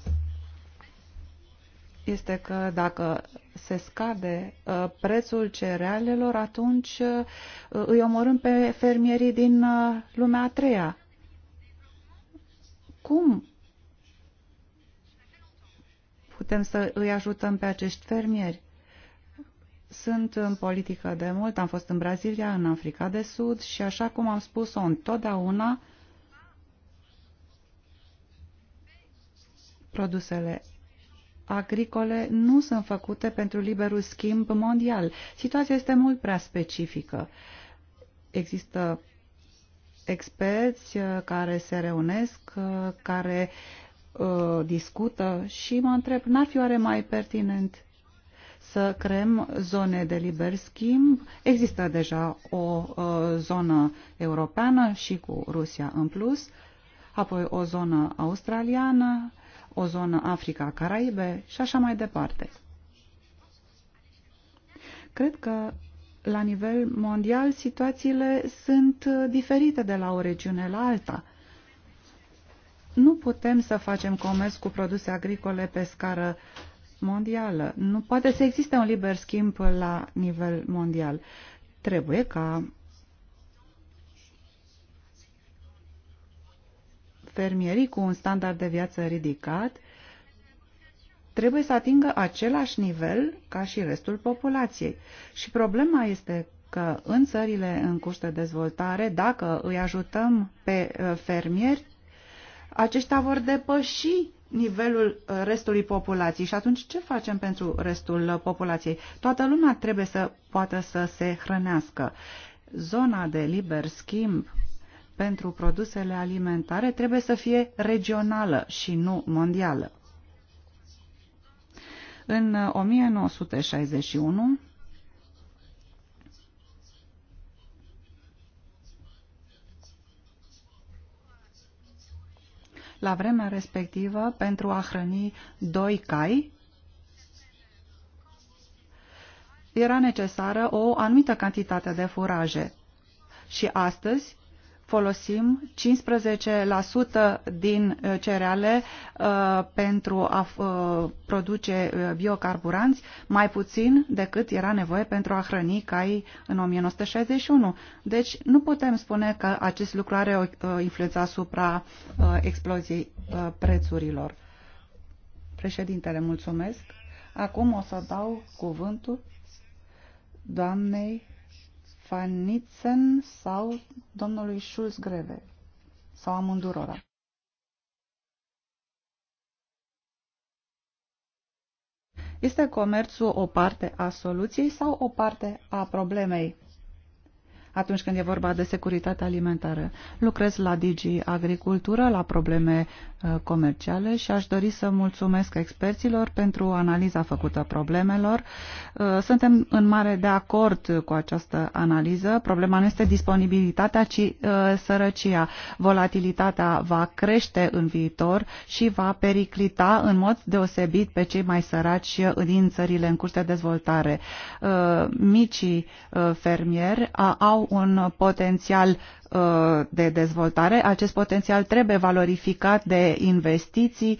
este că dacă se scade uh, prețul cerealelor, atunci uh, îi omorâm pe fermierii din lumea a treia. Cum putem să îi ajutăm pe acești fermieri? Sunt în politică de mult, am fost în Brazilia, în Africa de Sud și așa cum am spus-o întotdeauna, produsele agricole nu sunt făcute pentru liberul schimb mondial. Situația este mult prea specifică. Există experți uh, care se reunesc, uh, care uh, discută și mă întreb, n-ar fi oare mai pertinent să creăm zone de liber schimb. Există deja o uh, zonă europeană și cu Rusia în plus, apoi o zonă australiană, o zonă Africa-Caraibe și așa mai departe. Cred că la nivel mondial situațiile sunt uh, diferite de la o regiune la alta. Nu putem să facem comerț cu produse agricole pe scară mondială. Nu poate să existe un liber schimb la nivel mondial. Trebuie ca fermierii cu un standard de viață ridicat trebuie să atingă același nivel ca și restul populației. Și problema este că în țările în curs de dezvoltare, dacă îi ajutăm pe uh, fermieri, aceștia vor depăși nivelul uh, restului populației. Și atunci ce facem pentru restul uh, populației? Toată lumea trebuie să poată să se hrănească. Zona de liber schimb pentru produsele alimentare trebuie să fie regională și nu mondială. În 1961, uh, la vremea respectivă pentru a hrăni doi cai, era necesară o anumită cantitate de furaje. Și astăzi folosim 15% din uh, cereale uh, pentru a uh, produce biocarburanți, mai puțin decât era nevoie pentru a hrăni cai în 1961. Deci nu putem spune că acest lucru are o influență asupra exploziei prețurilor. Președintele, mulțumesc. Acum o să dau cuvântul doamnei Fanitzen sau domnului Schulz Greve sau amândurora. Este comerțul o parte a soluției sau o parte a problemei? atunci când e vorba de securitate alimentară. Lucrez la Digi Agricultură, la probleme Uh, comerciale și aș dori să mulțumesc experților pentru analiza făcută problemelor. Uh, suntem în mare de acord cu această analiză. Problema nu este disponibilitatea, ci uh, sărăcia. Volatilitatea va crește în viitor și va periclita în mod deosebit pe cei mai săraci din țările în curs de dezvoltare. Micii fermieri au un potențial Uh, de dezvoltare. Acest potențial trebuie valorificat de investiții,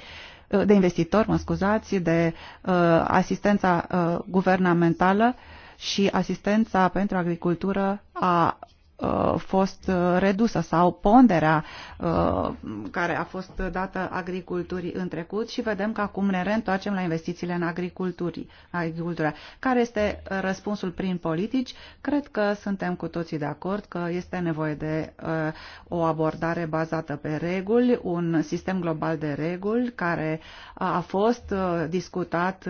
uh, de investitori, mă scuzați, de uh, asistența guvernamentală și asistența pentru agricultură a Uh, fost uh, redusă sau ponderea uh, care a fost dată agriculturii în trecut și vedem că acum ne reîntoarcem la investițiile în agricultură. Care este răspunsul prin politici? Cred că suntem cu toții de acord că este nevoie de o abordare bazată pe reguli, un sistem global de reguli care a fost discutat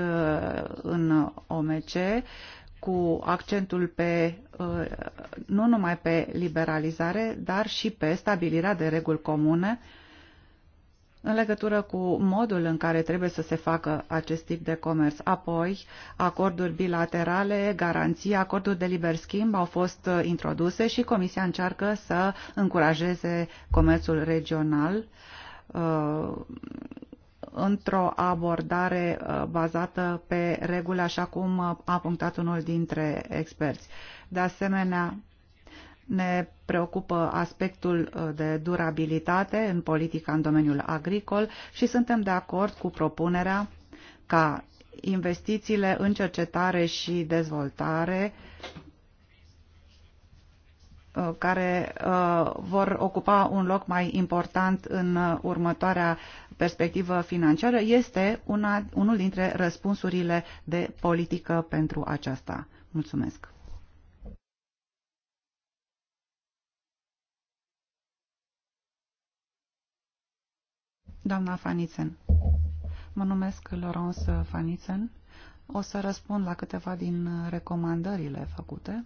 în OMC cu accentul pe, uh, nu numai pe liberalizare, dar și pe stabilirea de reguli comune în legătură cu modul în care trebuie să se facă acest tip de comerț. Apoi, acorduri bilaterale, garanții, acorduri de liber schimb au fost uh, introduse și Comisia încearcă să încurajeze comerțul regional uh, într-o abordare uh, bazată pe reguli, așa cum uh, a punctat unul dintre experți. De asemenea, ne preocupă aspectul uh, de durabilitate în politica în domeniul agricol și suntem de acord cu propunerea ca investițiile în cercetare și dezvoltare care vor ocupa un loc mai important în următoarea perspectivă financiară este una, unul dintre răspunsurile de politică pentru aceasta. Mulțumesc! Doamna Fanițen, mă numesc Laurence Fanițen. O să răspund la câteva din recomandările făcute.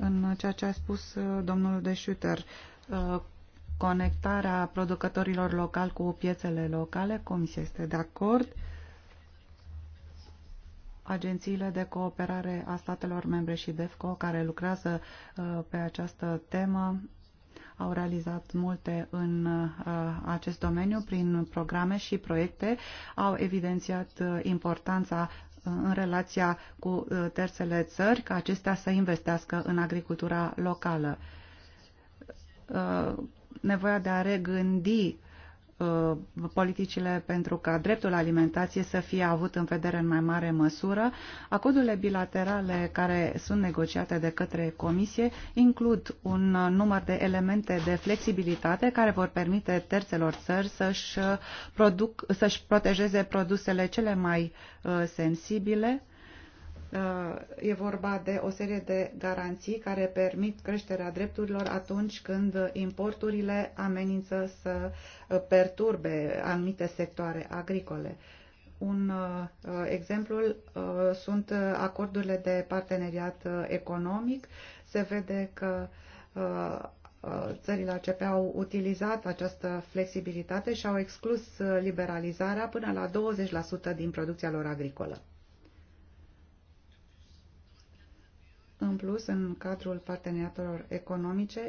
în ceea ce a spus uh, domnul de Schutter, uh, conectarea producătorilor locali cu piețele locale, Comisia este de acord. Agențiile de cooperare a statelor membre și DEFCO care lucrează uh, pe această temă au realizat multe în acest domeniu prin programe și proiecte, au evidențiat importanța în relația cu uh, terțele țări ca acestea să investească în agricultura locală. Uh, nevoia de a regândi Uh, politicile pentru ca dreptul la alimentație să fie avut în vedere în mai mare măsură. Acordurile bilaterale care sunt negociate de către Comisie includ un număr de elemente de flexibilitate care vor permite terțelor țări să-și, produc, să-și protejeze produsele cele mai uh, sensibile Uh, e vorba de o serie de garanții care permit creșterea drepturilor atunci când importurile amenință să uh, perturbe anumite sectoare agricole. Un uh, exemplu sunt acordurile de parteneriat economic. Se vede că țările ACP au utilizat această flexibilitate și au exclus liberalizarea până la 20% din producția lor agricolă. În plus, în cadrul parteneriatelor economice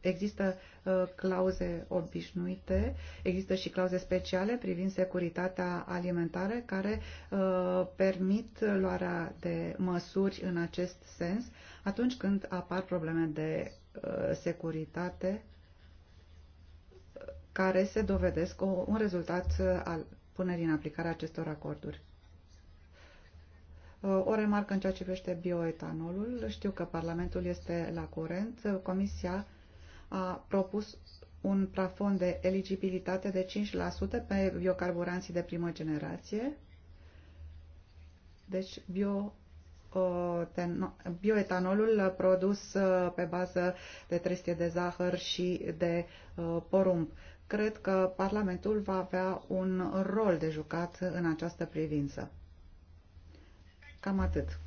există uh, clauze obișnuite, există și clauze speciale privind securitatea alimentară care uh, permit luarea de măsuri în acest sens atunci când apar probleme de uh, securitate care se dovedesc un rezultat al punerii în aplicare acestor acorduri. Uh, o remarcă în ceea ce privește bioetanolul. Știu că Parlamentul este la curent. Comisia a propus un plafon de eligibilitate de 5% pe biocarburanții de primă generație. Deci bio, uh, bioetanolul produs uh, pe bază de trestie de zahăr și de porumb. Cred că Parlamentul va avea un rol de jucat în această privință. Cam atât.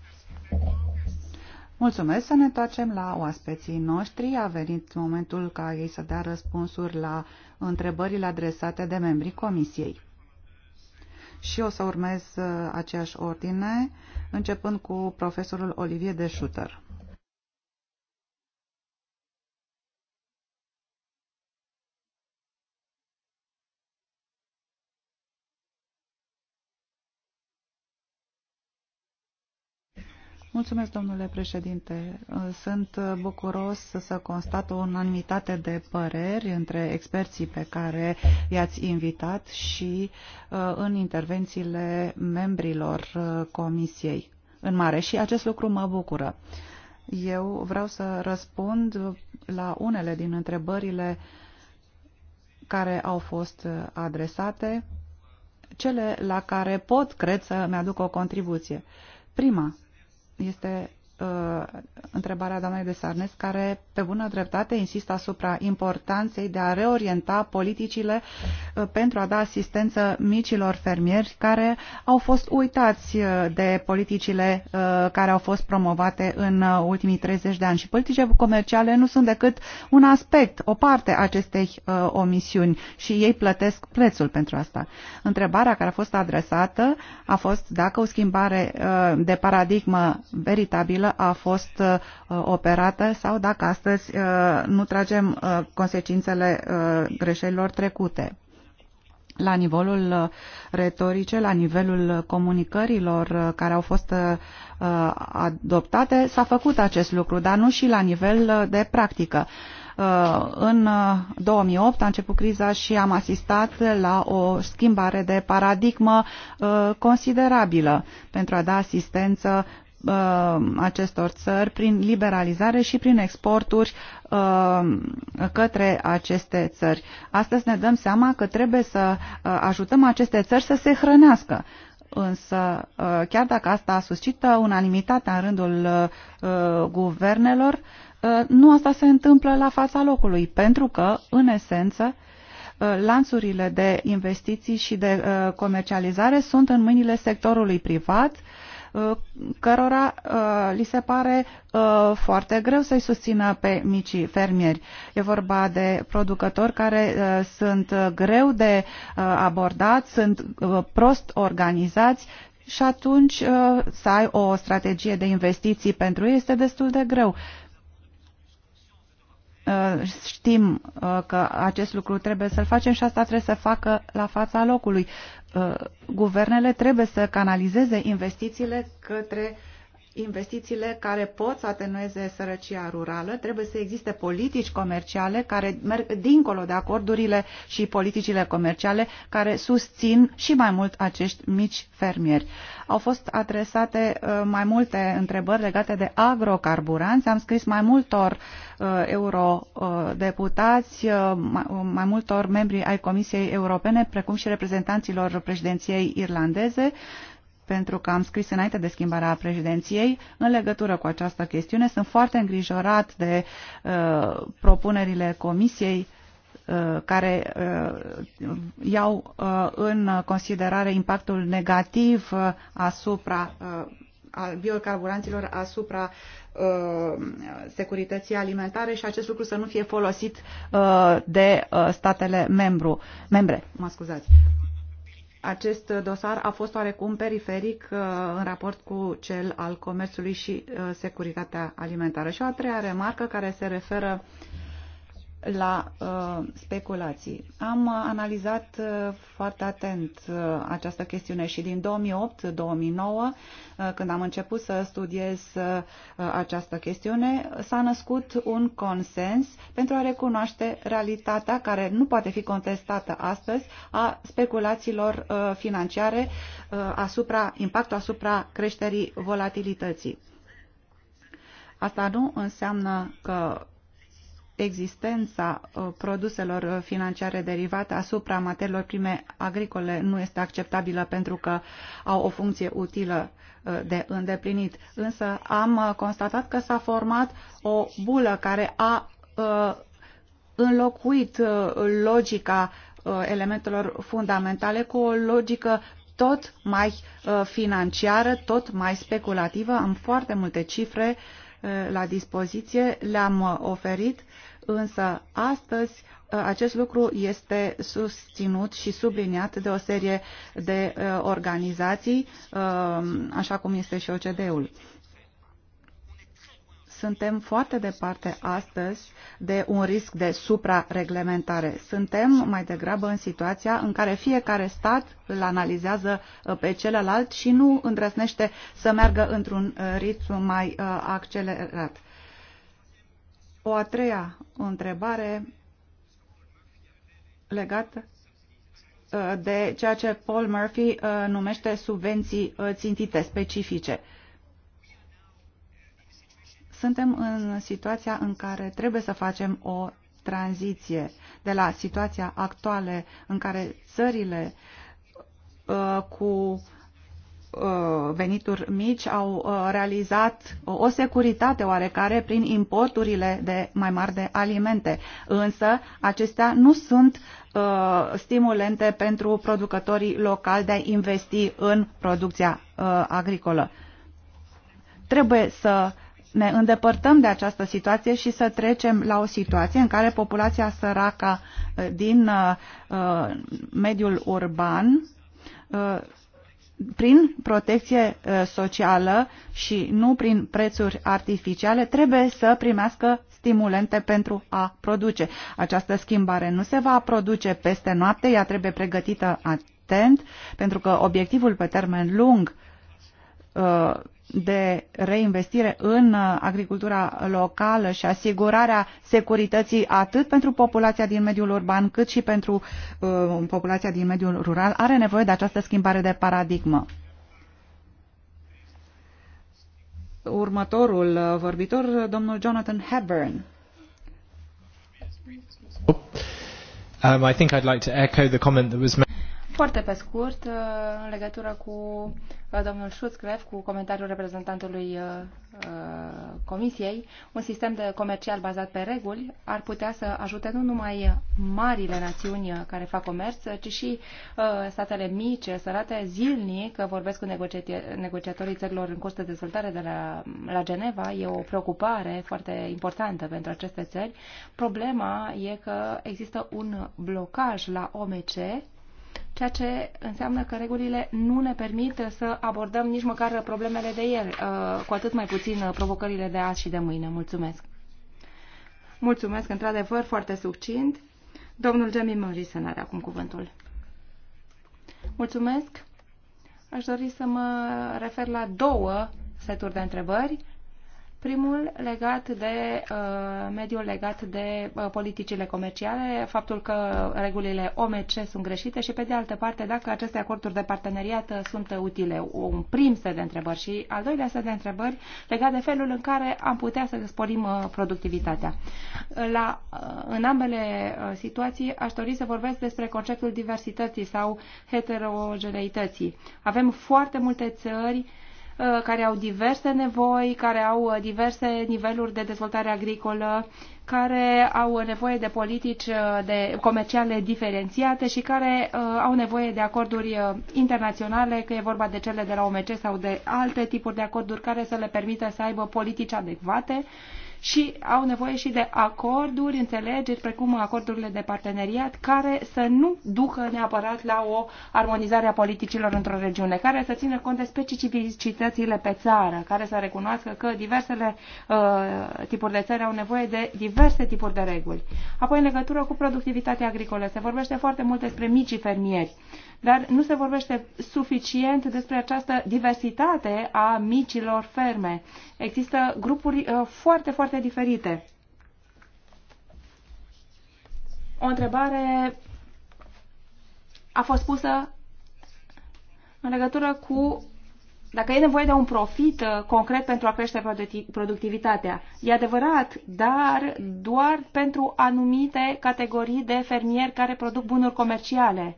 Mulțumesc să ne întoarcem la oaspeții noștri. A venit momentul ca ei să dea răspunsuri la întrebările adresate de membrii comisiei. Și o să urmez uh, aceeași ordine, începând cu profesorul Olivier de Schutter. Mulțumesc, domnule președinte. Sunt bucuros să constat o unanimitate de păreri între experții pe care i-ați invitat și uh, în intervențiile membrilor uh, comisiei în mare și acest lucru mă bucură. Eu vreau să răspund la unele din întrebările care au fost adresate, cele la care pot, cred, să mi-aduc o contribuție. Prima, este Uh, întrebarea doamnei de Sarnes, care pe bună dreptate insistă asupra importanței de a reorienta politicile uh, pentru a da asistență micilor fermieri care au fost uitați uh, de politicile care au fost promovate în ultimii 30 de ani. Și politicile comerciale nu sunt decât un aspect, o parte a acestei omisiuni și ei plătesc prețul pentru asta. Întrebarea care a fost adresată a fost dacă o schimbare de paradigmă veritabilă greșeală a fost uh, operată sau dacă astăzi uh, nu tragem uh, consecințele greșelilor trecute. La nivelul retorice, la nivelul comunicărilor care au fost adoptate, s-a făcut acest lucru, dar nu și la nivel de practică. În 2008 a început criza și am asistat la o schimbare de paradigmă considerabilă pentru a da asistență Uh, acestor țări prin liberalizare și prin exporturi uh, către aceste țări. Astăzi ne dăm seama că trebuie să uh, ajutăm aceste țări să se hrănească. Însă, chiar dacă asta suscită unanimitatea în rândul guvernelor, nu asta se întâmplă la fața locului, pentru că, în esență, lanțurile de investiții și de comercializare sunt în mâinile sectorului privat, Uh, cărora uh, li se pare uh, foarte greu să-i susțină pe micii fermieri. E vorba de producători care sunt greu de abordat, sunt prost organizați și atunci să ai o strategie de investiții pentru ei este destul de greu. Uh, știm uh, că acest lucru trebuie să-l facem și asta trebuie să facă la fața locului. Uh, guvernele trebuie să canalizeze investițiile către uh, investițiile care pot să atenueze sărăcia rurală, trebuie să existe politici comerciale care merg dincolo de acordurile și politicile comerciale care susțin și mai mult acești mici fermieri. Au fost adresate uh, mai multe întrebări legate de agrocarburanți. Am scris mai multor uh, eurodeputați, uh, mai multor membri ai Comisiei Europene, precum și reprezentanților președinției irlandeze pentru că am scris înainte de schimbarea președinției în legătură cu această chestiune. Sunt foarte îngrijorat de uh, propunerile Comisiei uh, care uh, iau uh, în considerare impactul negativ uh, asupra uh, al biocarburanților asupra uh, securității alimentare și acest lucru să nu fie folosit uh, de uh, statele membru, membre. Mă scuzați acest dosar a fost oarecum periferic uh, în raport cu cel al comerțului și uh, securitatea alimentară. Și o a treia remarcă care se referă uh, la uh, speculații. Am uh, analizat uh, foarte atent uh, această chestiune și din 2008-2009, uh, când am început să studiez uh, această chestiune, s-a născut un consens pentru a recunoaște realitatea care nu poate fi contestată astăzi a speculațiilor uh, financiare uh, asupra impactul asupra creșterii volatilității. Asta nu înseamnă că existența uh, produselor uh, financiare derivate asupra materiilor prime agricole nu este acceptabilă pentru că au o funcție utilă uh, de îndeplinit. Însă am constatat că s-a format o bulă care a înlocuit logica elementelor fundamentale cu o logică tot mai financiară, tot mai speculativă. Am foarte multe cifre uh, Eh, la dispoziție, le-am eh, oferit, însă astăzi eh, acest lucru este susținut și subliniat de o serie de organizații, așa cum este și OCD-ul. Suntem foarte departe astăzi de un risc de suprareglementare. Suntem mai degrabă în situația în care fiecare stat îl analizează uh, pe celălalt și nu îndrăznește să meargă într-un uh, ritm mai uh, accelerat. O a treia întrebare legată de ceea ce Paul Murphy numește subvenții țintite specifice. Suntem în situația în care trebuie să facem o tranziție de la situația actuală în care țările uh, cu uh, venituri mici au uh, realizat o, securitate oarecare prin importurile de mai mari de alimente. Însă acestea nu sunt uh, stimulente pentru producătorii locali de a investi în producția agricolă. Trebuie să ne îndepărtăm de această situație și să trecem la o situație în care populația săracă uh, din uh, uh, mediul urban prin protecție socială și nu prin prețuri artificiale, trebuie să primească stimulente pentru a produce. Această schimbare nu se va produce peste noapte, ea trebuie pregătită atent, pentru că obiectivul pe termen lung de reinvestire în uh, agricultura locală și asigurarea securității atât pentru populația din mediul urban cât și pentru uh, populația din mediul rural are nevoie de această schimbare de paradigmă. Următorul uh, vorbitor, uh, domnul Jonathan Hepburn. Um, I think I'd like to echo the comment that was made. Foarte pe scurt, uh, în legătură cu uh, domnul Schutzgref, cu comentariul reprezentantului uh, Comisiei, un sistem de comercial bazat pe reguli ar putea să ajute nu numai marile națiuni care fac comerț, ci și statele mici, sărate, zilnic vorbesc cu negociatorii țărilor în curs de dezvoltare de la, la Geneva. E o preocupare foarte importantă pentru aceste țări. Problema e că există un blocaj la OMC ceea ce înseamnă că regulile nu ne permit să abordăm nici măcar problemele de ieri, uh, cu atât mai puțin uh, provocările de azi și de mâine. Mulțumesc! Mulțumesc, într-adevăr, foarte succint. Domnul Jamie Morrison are acum cuvântul. Mulțumesc! Aș dori să mă refer la două seturi de întrebări. Primul legat de uh, mediul legat de uh, politicile comerciale, faptul că regulile OMC sunt greșite și, pe de altă parte, dacă aceste acorduri de parteneriat uh, sunt utile. Un prim set de întrebări și al doilea set de întrebări legat de felul în care am putea să sporim uh, productivitatea. La, uh, în ambele uh, situații aș dori să vorbesc despre conceptul diversității sau heterogeneității. Avem foarte multe țări uh, Uh, care au diverse nevoi, care au uh, diverse niveluri de dezvoltare agricolă, care au nevoie de politici uh, de comerciale diferențiate și care au nevoie de acorduri internaționale, că e vorba de cele de la OMC sau de alte tipuri de acorduri care să le permită să aibă politici adecvate și au nevoie și de acorduri, înțelegeri, precum acordurile de parteneriat, care să nu ducă neapărat la o armonizare a politicilor într-o regiune, care să țină cont de specificitățile pe țară, care să recunoască că diversele uh, tipuri de țări au nevoie de diverse tipuri de reguli. Apoi, în legătură cu productivitatea agricolă, se vorbește foarte mult despre micii fermieri dar nu se vorbește suficient despre această diversitate a micilor ferme. Există grupuri uh, foarte, foarte diferite. O întrebare a fost pusă în legătură cu dacă e nevoie de un profit uh, concret pentru a crește productivitatea. E adevărat, dar doar pentru anumite categorii de fermieri care produc bunuri comerciale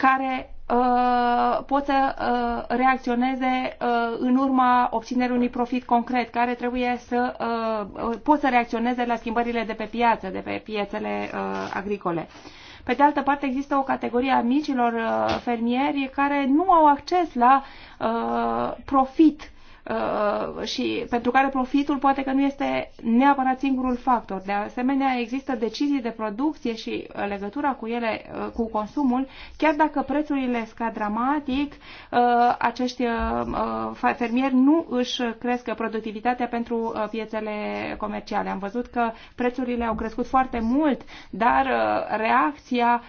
care uh, pot să uh, reacționeze uh, în urma obținerii unui profit concret, care trebuie să uh, uh, pot să reacționeze la schimbările de pe piață, de pe piețele uh, agricole. Pe de altă parte, există o categorie a micilor uh, fermieri care nu au acces la uh, profit Uh, și pentru care profitul poate că nu este neapărat singurul factor. De asemenea, există decizii de producție și uh, legătura cu ele, uh, cu consumul, chiar dacă prețurile scad dramatic, acești fermieri nu își cresc productivitatea pentru piețele comerciale. Am văzut că prețurile au crescut foarte mult, dar reacția,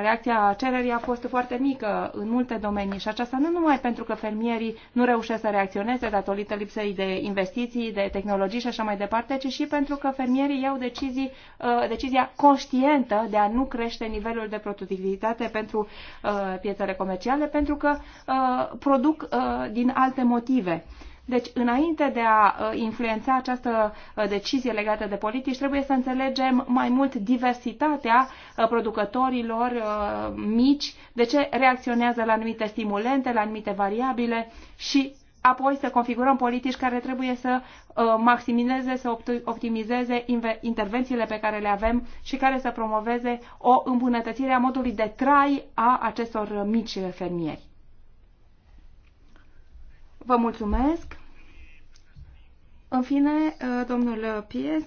reacția cererii a fost foarte mică în multe domenii și aceasta nu numai pentru că fermierii nu reușesc să reacționeze, funcționeze datorită lipsei de investiții, de tehnologii și așa mai departe, ci și pentru că fermierii iau decizii, uh, decizia conștientă de a nu crește nivelul de productivitate pentru uh, piețele comerciale, pentru că uh, produc din alte motive. Deci, înainte de a influența această decizie legată de politici, trebuie să înțelegem mai mult diversitatea producătorilor mici, de ce reacționează la anumite stimulente, la anumite variabile și apoi să configurăm politici care trebuie să uh, maximizeze, să optimizeze intervențiile pe care le avem și care să promoveze o îmbunătățire a modului de trai a acestor mici fermieri. Vă mulțumesc! În fine, uh, domnul Pies,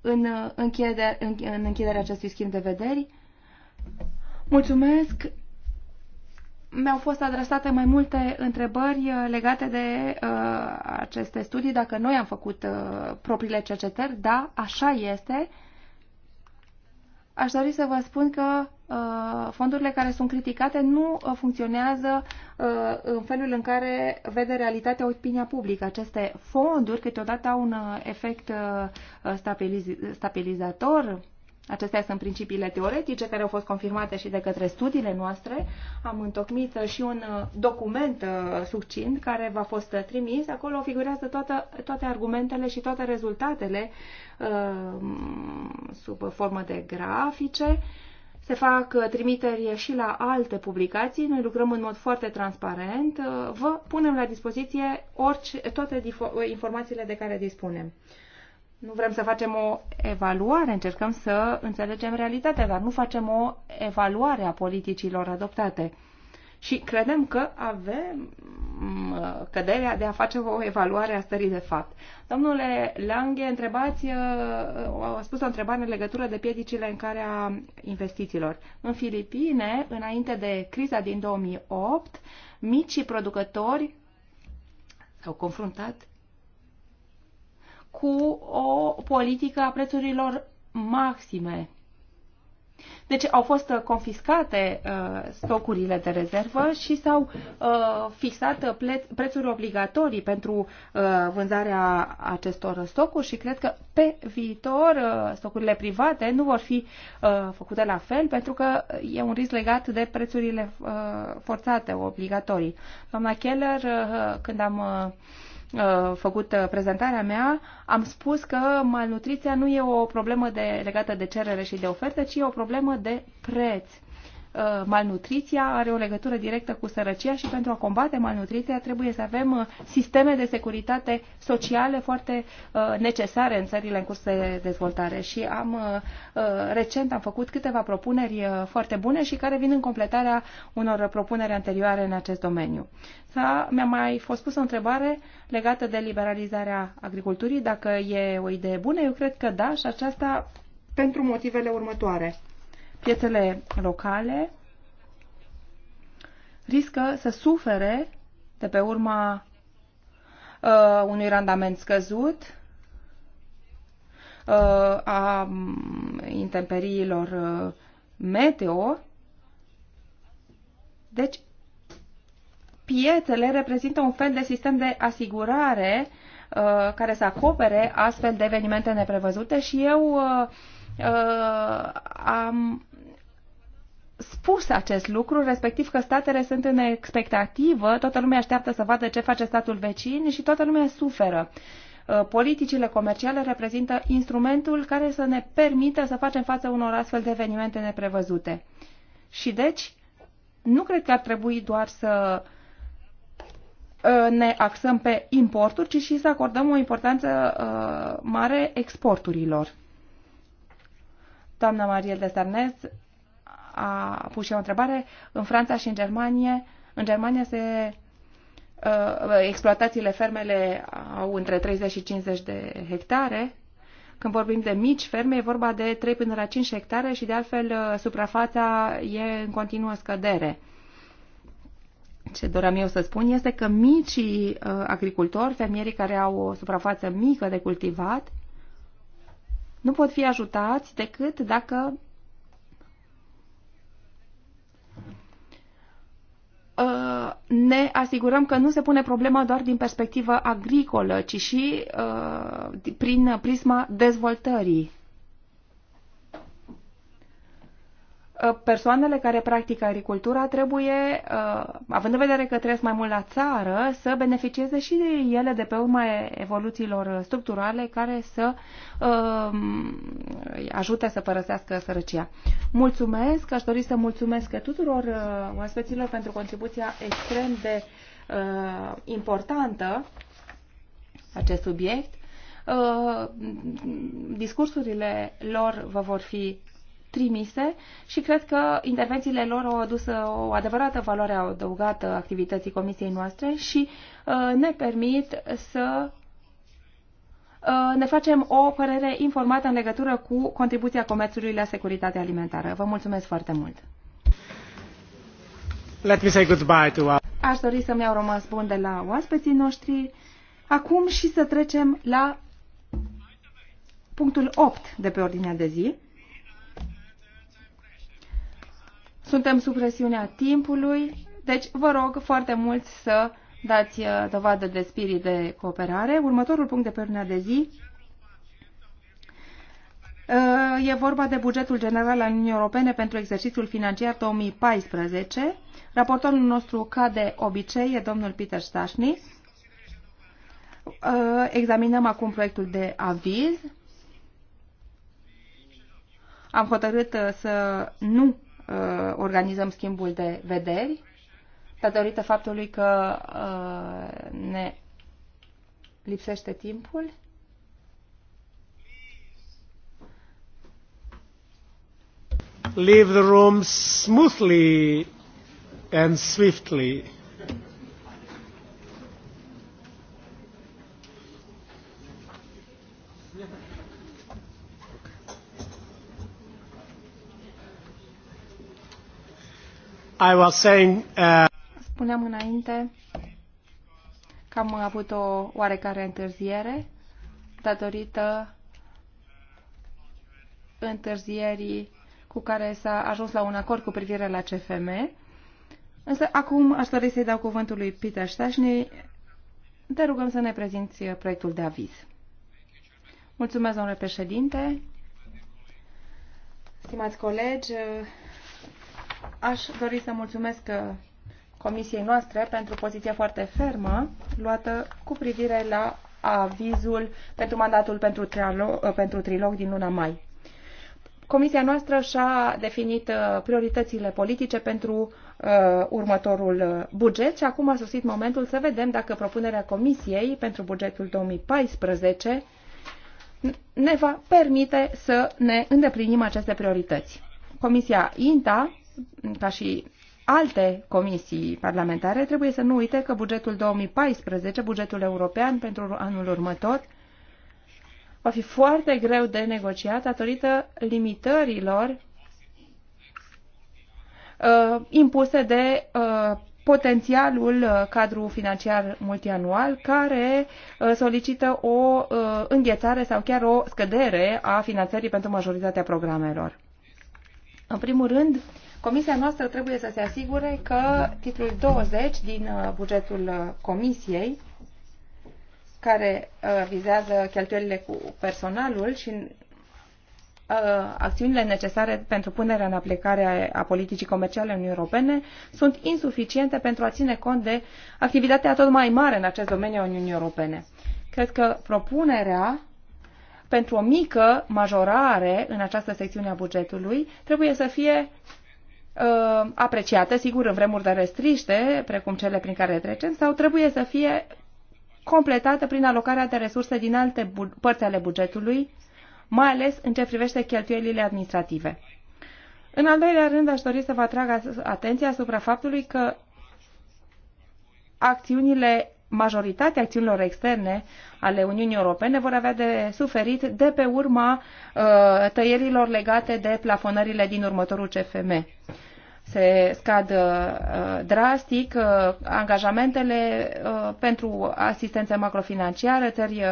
în, uh, închide, în, în acestui schimb de vederi, mulțumesc! mi-au fost adresate mai multe întrebări uh, legate de uh, aceste studii, dacă noi am făcut uh, propriile cercetări. Da, așa este. Aș dori să vă spun că uh, fondurile care sunt criticate nu uh, funcționează uh, în felul în care vede realitatea opinia publică. Aceste fonduri câteodată au un uh, efect uh, stabiliz stabilizator, Acestea sunt principiile teoretice care au fost confirmate și de către studiile noastre. Am întocmit uh, și un uh, document uh, succint care v-a fost trimis. Acolo figurează toată, toate argumentele și toate rezultatele sub formă de grafice. Se fac trimiteri și la alte publicații. Noi lucrăm în mod foarte transparent. Vă punem la dispoziție orice, toate informațiile de care dispunem nu vrem să facem o evaluare, încercăm să înțelegem realitatea, dar nu facem o evaluare a politicilor adoptate. Și credem că avem mm, căderea de a face o evaluare a stării de fapt. Domnule Lange, întrebați, uh, a spus o întrebare în legătură de piedicile în care a investițiilor. În Filipine, înainte de criza din 2008, micii producători s-au confruntat cu o politică a prețurilor maxime. Deci au fost uh, confiscate uh, stocurile de rezervă și s-au uh, fixat uh, prețuri obligatorii pentru uh, vânzarea acestor stocuri și cred că pe viitor uh, stocurile private nu vor fi uh, făcute la fel pentru că e un risc legat de prețurile uh, forțate obligatorii. Doamna Keller, uh, când am uh, Uh, făcut uh, prezentarea mea, am spus că malnutriția nu e o problemă de, legată de cerere și de ofertă, ci e o problemă de preț. Uh, malnutriția are o legătură directă cu sărăcia și pentru a combate malnutriția trebuie să avem uh, sisteme de securitate sociale foarte uh, necesare în țările în curs de dezvoltare. Și am recent am făcut câteva propuneri foarte bune și care vin în completarea unor propuneri anterioare în acest domeniu. Mi-a mai fost pusă o întrebare legată de liberalizarea agriculturii, dacă e o idee bună. Eu cred că da și aceasta pentru motivele următoare piețele locale riscă să sufere de pe urma uh, unui randament scăzut, uh, a mm, intemperiilor uh, meteo. Deci, piețele reprezintă un fel de sistem de asigurare uh, care să acopere astfel de evenimente neprevăzute și eu uh, uh, am spus acest lucru, respectiv că statele sunt în expectativă, toată lumea așteaptă să vadă ce face statul vecin și toată lumea suferă. Uh, politicile comerciale reprezintă instrumentul care să ne permită să facem față unor astfel de evenimente neprevăzute. Și deci, nu cred că ar trebui doar să uh, ne axăm pe importuri, ci și să acordăm o importanță uh, mare exporturilor. Doamna Marie de Sarnez a pus și o întrebare. În Franța și în Germania, în Germania se uh, exploatațiile fermele au între 30 și 50 de hectare. Când vorbim de mici ferme, e vorba de 3 până la 5 hectare și de altfel uh, suprafața e în continuă scădere. Ce doream eu să spun este că micii uh, agricultori, fermierii care au o suprafață mică de cultivat, nu pot fi ajutați decât dacă Uh, ne asigurăm că nu se pune problema doar din perspectivă agricolă, ci și uh, prin prisma dezvoltării Ă, persoanele care practică agricultura trebuie, ă, având în vedere că trăiesc mai mult la țară, să beneficieze și de ele de pe urma evoluțiilor structurale care să ă, ajute să părăsească sărăcia. Mulțumesc, aș dori să mulțumesc tuturor oaspeților pentru contribuția extrem de importantă acest subiect discursurile lor vă vor fi trimise și cred că intervențiile lor au adus uh, o adevărată valoare adăugată activității comisiei noastre și uh, ne permit să uh, ne facem o părere informată în legătură cu contribuția comerțului la securitatea alimentară. Vă mulțumesc foarte mult! Let me say goodbye to our... Aș dori să-mi iau rămas bun de la oaspeții noștri acum și să trecem la punctul 8 de pe ordinea de zi. Suntem sub presiunea timpului, deci vă rog foarte mult să dați uh, dovadă de spirit de cooperare. Următorul punct de pe urmea de zi uh, e vorba de bugetul general al Uniunii Europene pentru exercițiul financiar 2014. Raportorul nostru, ca de obicei, e domnul Peter Stașni. Uh, examinăm acum proiectul de aviz. Am hotărât să nu uh, organizăm schimbul de vederi, datorită faptului că uh, ne lipsește timpul. Leave the room smoothly and swiftly. I was saying, uh... Spuneam înainte că am avut o oarecare întârziere datorită întârzierii cu care s-a ajuns la un acord cu privire la CFM. Însă acum aș dori să-i dau cuvântul lui Peter Stașni. Te rugăm să ne prezinți proiectul de aviz. Mulțumesc, domnule președinte. Stimați colegi, Aș dori să mulțumesc uh, comisiei noastre pentru poziția foarte fermă luată cu privire la avizul pentru mandatul pentru trilog, uh, pentru trilog din luna mai. Comisia noastră și-a definit uh, prioritățile politice pentru uh, următorul buget și acum a sosit momentul să vedem dacă propunerea Comisiei pentru bugetul 2014 ne va permite să ne îndeplinim aceste priorități. Comisia INTA ca și alte comisii parlamentare, trebuie să nu uite că bugetul 2014, bugetul european pentru anul următor, va fi foarte greu de negociat datorită limitărilor uh, impuse de uh, potențialul uh, cadru financiar multianual care uh, solicită o uh, înghețare sau chiar o scădere a finanțării pentru majoritatea programelor. În primul rând, Comisia noastră trebuie să se asigure că titlul 20 din uh, bugetul uh, Comisiei, care uh, vizează cheltuielile cu personalul și acțiunile necesare pentru punerea în aplicare a politicii comerciale Uniunii Europene sunt insuficiente pentru a ține cont de activitatea tot mai mare în acest domeniu a Uniunii Europene. Cred că propunerea pentru o mică majorare în această secțiune a bugetului trebuie să fie Uh, apreciate, sigur, în vremuri de restriște, precum cele prin care trecem, sau trebuie să fie completată prin alocarea de resurse din alte părți ale bugetului, mai ales în ce privește cheltuielile administrative. În al doilea rând, aș dori să vă atrag atenția asupra faptului că acțiunile, majoritatea acțiunilor externe ale Uniunii Europene vor avea de suferit de pe urma uh, tăierilor legate de plafonările din următorul CFM se scad uh, drastic uh, angajamentele uh, pentru asistență macrofinanciară, țări,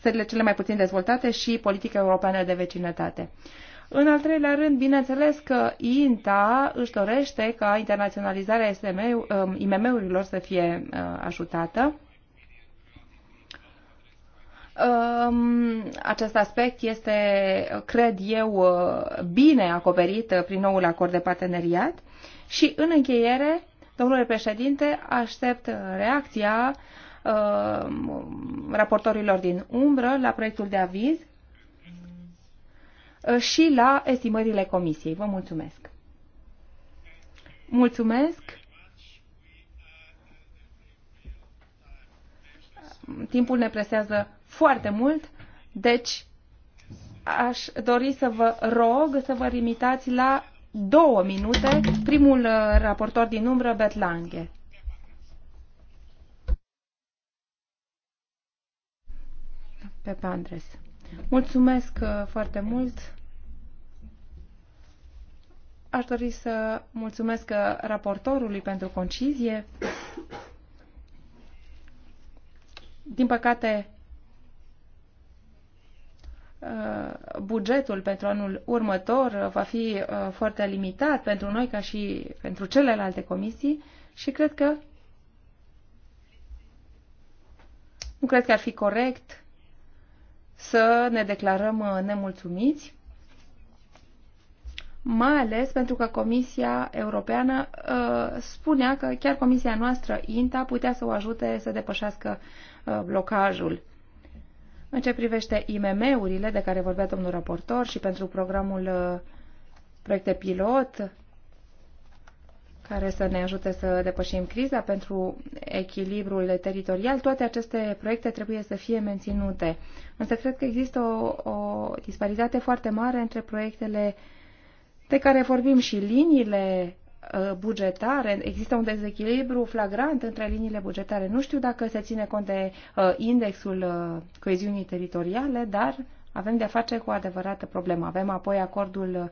țările cele mai puțin dezvoltate și politica europeană de vecinătate. În al treilea rând, bineînțeles că INTA își dorește ca internaționalizarea IMM-urilor să fie ajutată acest aspect este, cred eu, bine acoperit prin noul acord de parteneriat. Și în încheiere, domnule președinte, aștept reacția um, raportorilor din umbră la proiectul de aviz uh, și la estimările comisiei. Vă mulțumesc! Mulțumesc! Timpul ne presează foarte mult, deci aș dori să vă rog să vă limitați la două minute, primul uh, raportor din umbră, Betlange. Pe Pandres. Mulțumesc uh, foarte mult. Aș dori să mulțumesc uh, raportorului pentru concizie. Din păcate, Uh, bugetul pentru anul următor uh, va fi uh, foarte limitat pentru noi ca și pentru celelalte comisii și cred că nu cred că ar fi corect să ne declarăm nemulțumiți, mai ales pentru că Comisia Europeană spunea că chiar Comisia noastră, INTA, putea să o ajute să depășească blocajul în ce privește IMM-urile de care vorbea domnul raportor și pentru programul uh, proiecte pilot care să ne ajute să depășim criza pentru echilibrul teritorial, toate aceste proiecte trebuie să fie menținute. Însă cred că există o, o disparitate foarte mare între proiectele de care vorbim și liniile Uh, bugetare, există un dezechilibru flagrant între liniile bugetare. Nu știu dacă se ține cont de uh, indexul uh, coeziunii teritoriale, dar avem de-a face cu o adevărată problemă. Avem apoi acordul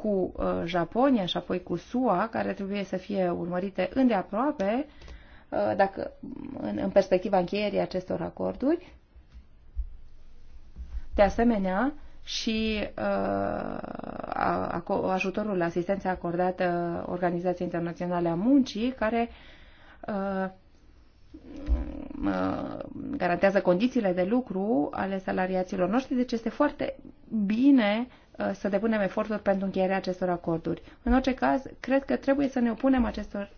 cu Japonia și apoi cu SUA, care trebuie să fie urmărite îndeaproape dacă, în, în perspectiva încheierii acestor acorduri. De asemenea, și uh, ajutorul, asistența acordată Organizației Internaționale a Muncii, care uh, uh, garantează condițiile de lucru ale salariaților noștri, deci este foarte bine uh, să depunem eforturi pentru încheierea acestor acorduri. În orice caz, cred că trebuie să ne opunem acestor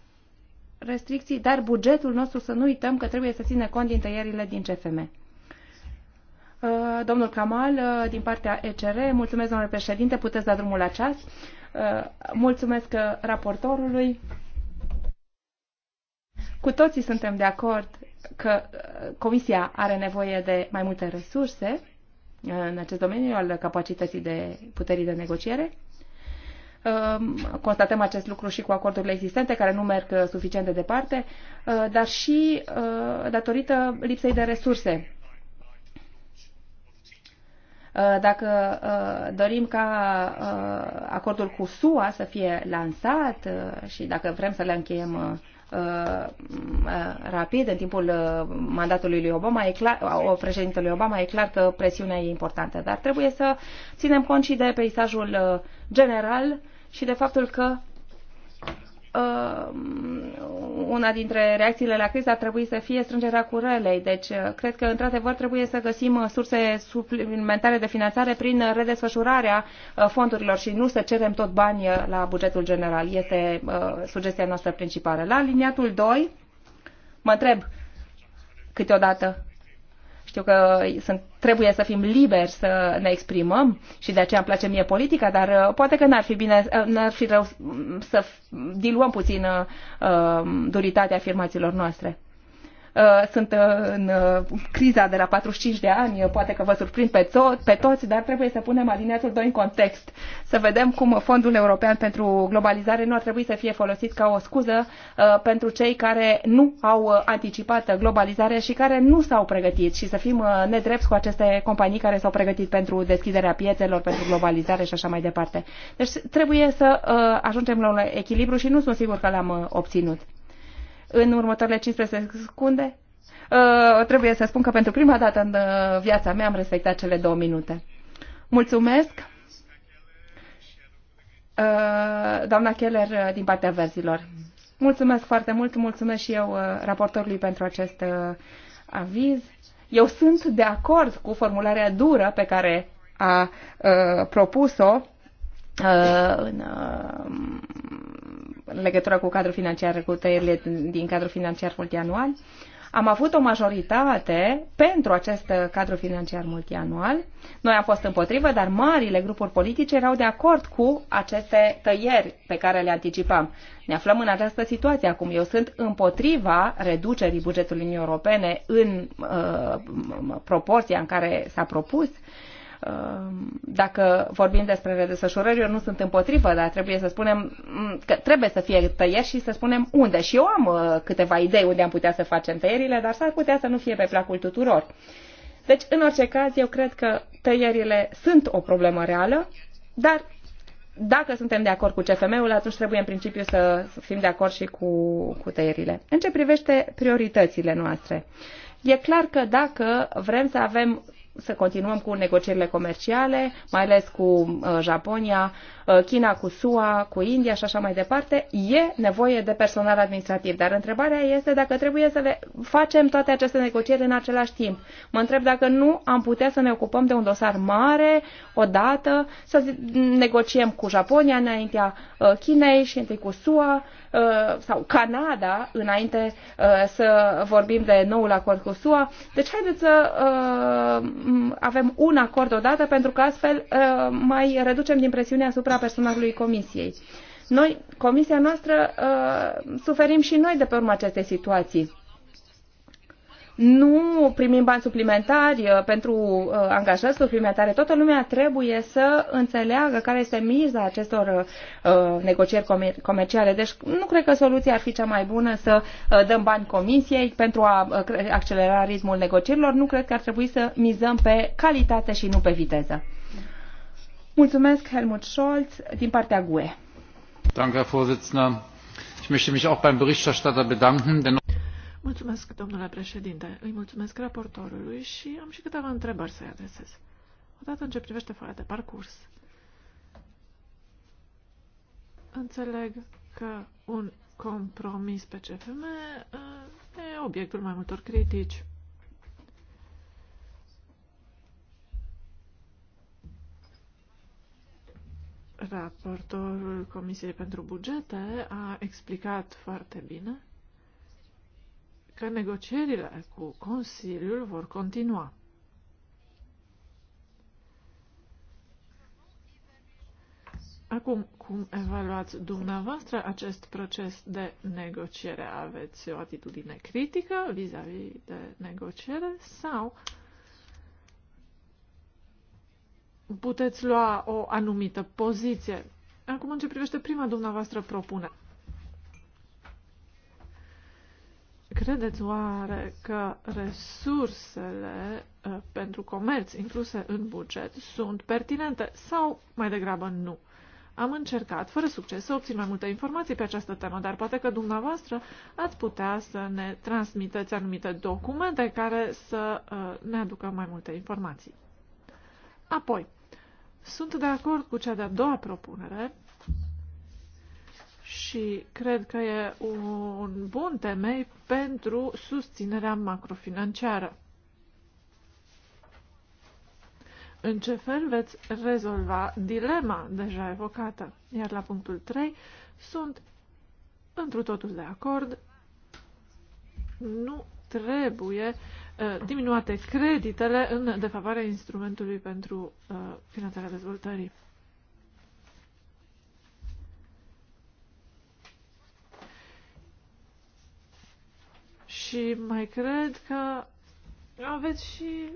restricții, dar bugetul nostru să nu uităm că trebuie să ține cont din tăierile din CFM. Uh, domnul Kamal, uh, din partea ECR, mulțumesc, domnule președinte, puteți da drumul la ceas. Uh, mulțumesc raportorului. Cu toții suntem de acord că Comisia are nevoie de mai multe resurse în acest domeniu al capacității de puterii de negociere. Constatăm acest lucru și cu acordurile existente care nu merg suficient de departe, dar și datorită lipsei de resurse Uh, dacă uh, dorim ca uh, acordul cu SUA să fie lansat și dacă vrem să le încheiem rapid în timpul mandatului lui Obama, e clar, o președintelui Obama, e clar că presiunea e importantă, dar trebuie să ținem cont și de peisajul general și de faptul că Uh, una dintre reacțiile la criză ar trebui să fie strângerea curelei. Deci, uh, cred că, într-adevăr, trebuie să găsim uh, surse suplimentare de finanțare prin redesfășurarea fondurilor și nu să cerem tot bani la bugetul general. Este sugestia noastră principală. La liniatul 2, mă întreb câteodată, știu că sunt, trebuie să fim liberi să ne exprimăm și de aceea îmi place mie politica, dar uh, poate că n-ar fi bine, uh, n-ar fi rău să diluăm puțin uh, uh, duritatea afirmațiilor noastre. Uh, sunt uh, în uh, criza de la 45 de ani, poate că vă surprind pe, to- pe toți, dar trebuie să punem aliniatul 2 în context, să vedem cum Fondul European pentru Globalizare nu ar trebui să fie folosit ca o scuză pentru cei care nu au anticipat globalizarea și care nu s-au pregătit și să fim nedrept cu aceste companii care s-au pregătit pentru deschiderea piețelor, pentru globalizare și așa mai departe. Deci trebuie să ajungem la un echilibru și nu sunt sigur că l-am obținut în următoarele 15 secunde. Uh, trebuie să spun că pentru prima dată în uh, viața mea am respectat cele două minute. Mulțumesc! Uh, doamna Keller uh, din partea verzilor. Mulțumesc foarte mult, mulțumesc și eu uh, raportorului pentru acest aviz. Eu sunt de acord cu formularea dură pe care a uh, propus-o uh, în în legătură cu cadrul financiar, cu tăierile din cadrul financiar multianual, am avut o majoritate pentru acest cadru financiar multianual. Noi am fost împotrivă, dar marile grupuri politice erau de acord cu aceste tăieri pe care le anticipam. Ne aflăm în această situație acum. Eu sunt împotriva reducerii bugetului Uniunii Europene în uh, proporția în care s-a propus. Uh, Ehm, dacă vorbim despre redesășurări, eu nu sunt împotrivă, dar trebuie să spunem mm, că trebuie să fie tăieri și să spunem unde. Și eu am uh, câteva idei unde am putea să facem tăierile, dar s-ar putea să nu fie pe placul tuturor. Deci, în orice caz, eu cred că tăierile sunt o problemă reală, dar dacă suntem de acord cu CFM-ul, atunci trebuie în principiu să fim de acord și cu, cu tăierile. În ce privește prioritățile noastre, e clar că dacă vrem să avem să continuăm cu negocierile comerciale, mai ales cu uh, Japonia, uh, China, cu SUA, cu India și așa mai departe, e nevoie de personal administrativ. Dar întrebarea este dacă trebuie să le facem toate aceste negocieri în același timp. Mă întreb dacă nu am putea să ne ocupăm de un dosar mare odată, să negociem cu Japonia înaintea uh, Chinei și întâi cu SUA, Uh, sau Canada înainte uh, să vorbim de noul acord cu SUA. Deci haideți să uh, avem un acord odată pentru că astfel mai reducem din presiune asupra personalului Comisiei. Noi, Comisia noastră, suferim și noi de pe urma acestei situații nu primim bani suplimentari uh, pentru uh, angajări suplimentare. Toată lumea trebuie să înțeleagă care este miza acestor uh, negocieri comerciale. Deci nu cred că soluția ar fi cea mai bună să dăm bani comisiei pentru a accelera ritmul negocierilor. Nu cred că ar trebui să mizăm pe calitate și nu pe viteză. Mulțumesc, Helmut Scholz, din partea GUE. Danke, Herr Vorsitzender. Ich möchte mich auch beim Berichterstatter bedanken, denn Mulțumesc, domnule președinte. Îi mulțumesc raportorului și am și câteva întrebări să-i adresez. Odată în ce privește foaia de parcurs. Înțeleg că un compromis pe CFM uh, e obiectul mai multor critici. Raportorul Comisiei pentru Bugete a explicat foarte bine că negocierile cu Consiliul vor continua. Acum, cum evaluați dumneavoastră acest proces de negociere? Aveți o atitudine critică vis-a-vis -vis de negociere sau puteți lua o anumită poziție? Acum, în ce privește prima dumneavoastră propunere, Credeți oare că resursele uh, pentru comerț incluse în buget sunt pertinente sau mai degrabă nu? Am încercat, fără succes, să obțin mai multe informații pe această temă, dar poate că dumneavoastră ați putea să ne transmiteți anumite documente care să uh, ne aducă mai multe informații. Apoi, sunt de acord cu cea de-a doua propunere și cred că e un bun temei pentru susținerea macrofinanciară. În ce fel veți rezolva dilema deja evocată? Iar la punctul 3 sunt întru totul de acord. Nu trebuie uh, diminuate creditele în defavoarea instrumentului pentru uh, finanțarea dezvoltării. Și mai cred că aveți și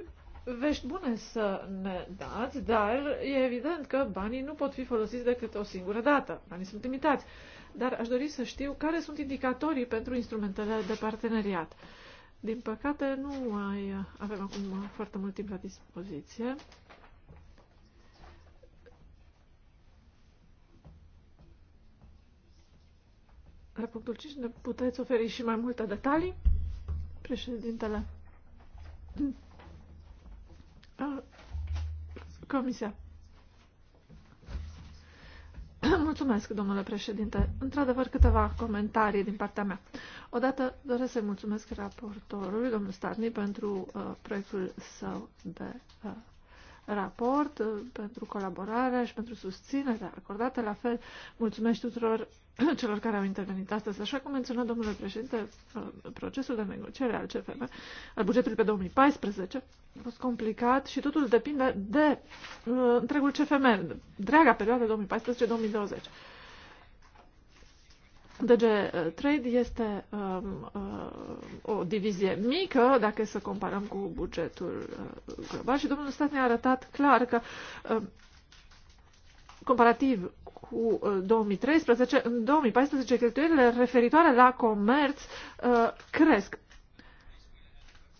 vești bune să ne dați, dar e evident că banii nu pot fi folosiți decât o singură dată. Banii sunt limitați. Dar aș dori să știu care sunt indicatorii pentru instrumentele de parteneriat. Din păcate, nu mai avem acum foarte mult timp la dispoziție. La punctul 5 ne puteți oferi și mai multe detalii? Președintele. Comisia. Mulțumesc, domnule președinte. Într-adevăr, câteva comentarii din partea mea. Odată doresc să-i mulțumesc raportorului, domnul Starni, pentru uh, proiectul său de uh, raport, uh, pentru colaborare și pentru susținerea acordată. La fel, mulțumesc tuturor celor care au intervenit astăzi. Așa cum menționat domnule președinte, uh, procesul de negociere al CFM, al bugetului pe 2014, a fost complicat și totul depinde de uh, întregul CFM, întreaga perioadă 2014-2020. DG eh, Trade este um, uh, o divizie mică, dacă să comparăm cu bugetul uh, global și domnul stat ne-a arătat clar că uh, comparativ cu 2013, în 2014 cheltuielile referitoare la comerț uh, cresc.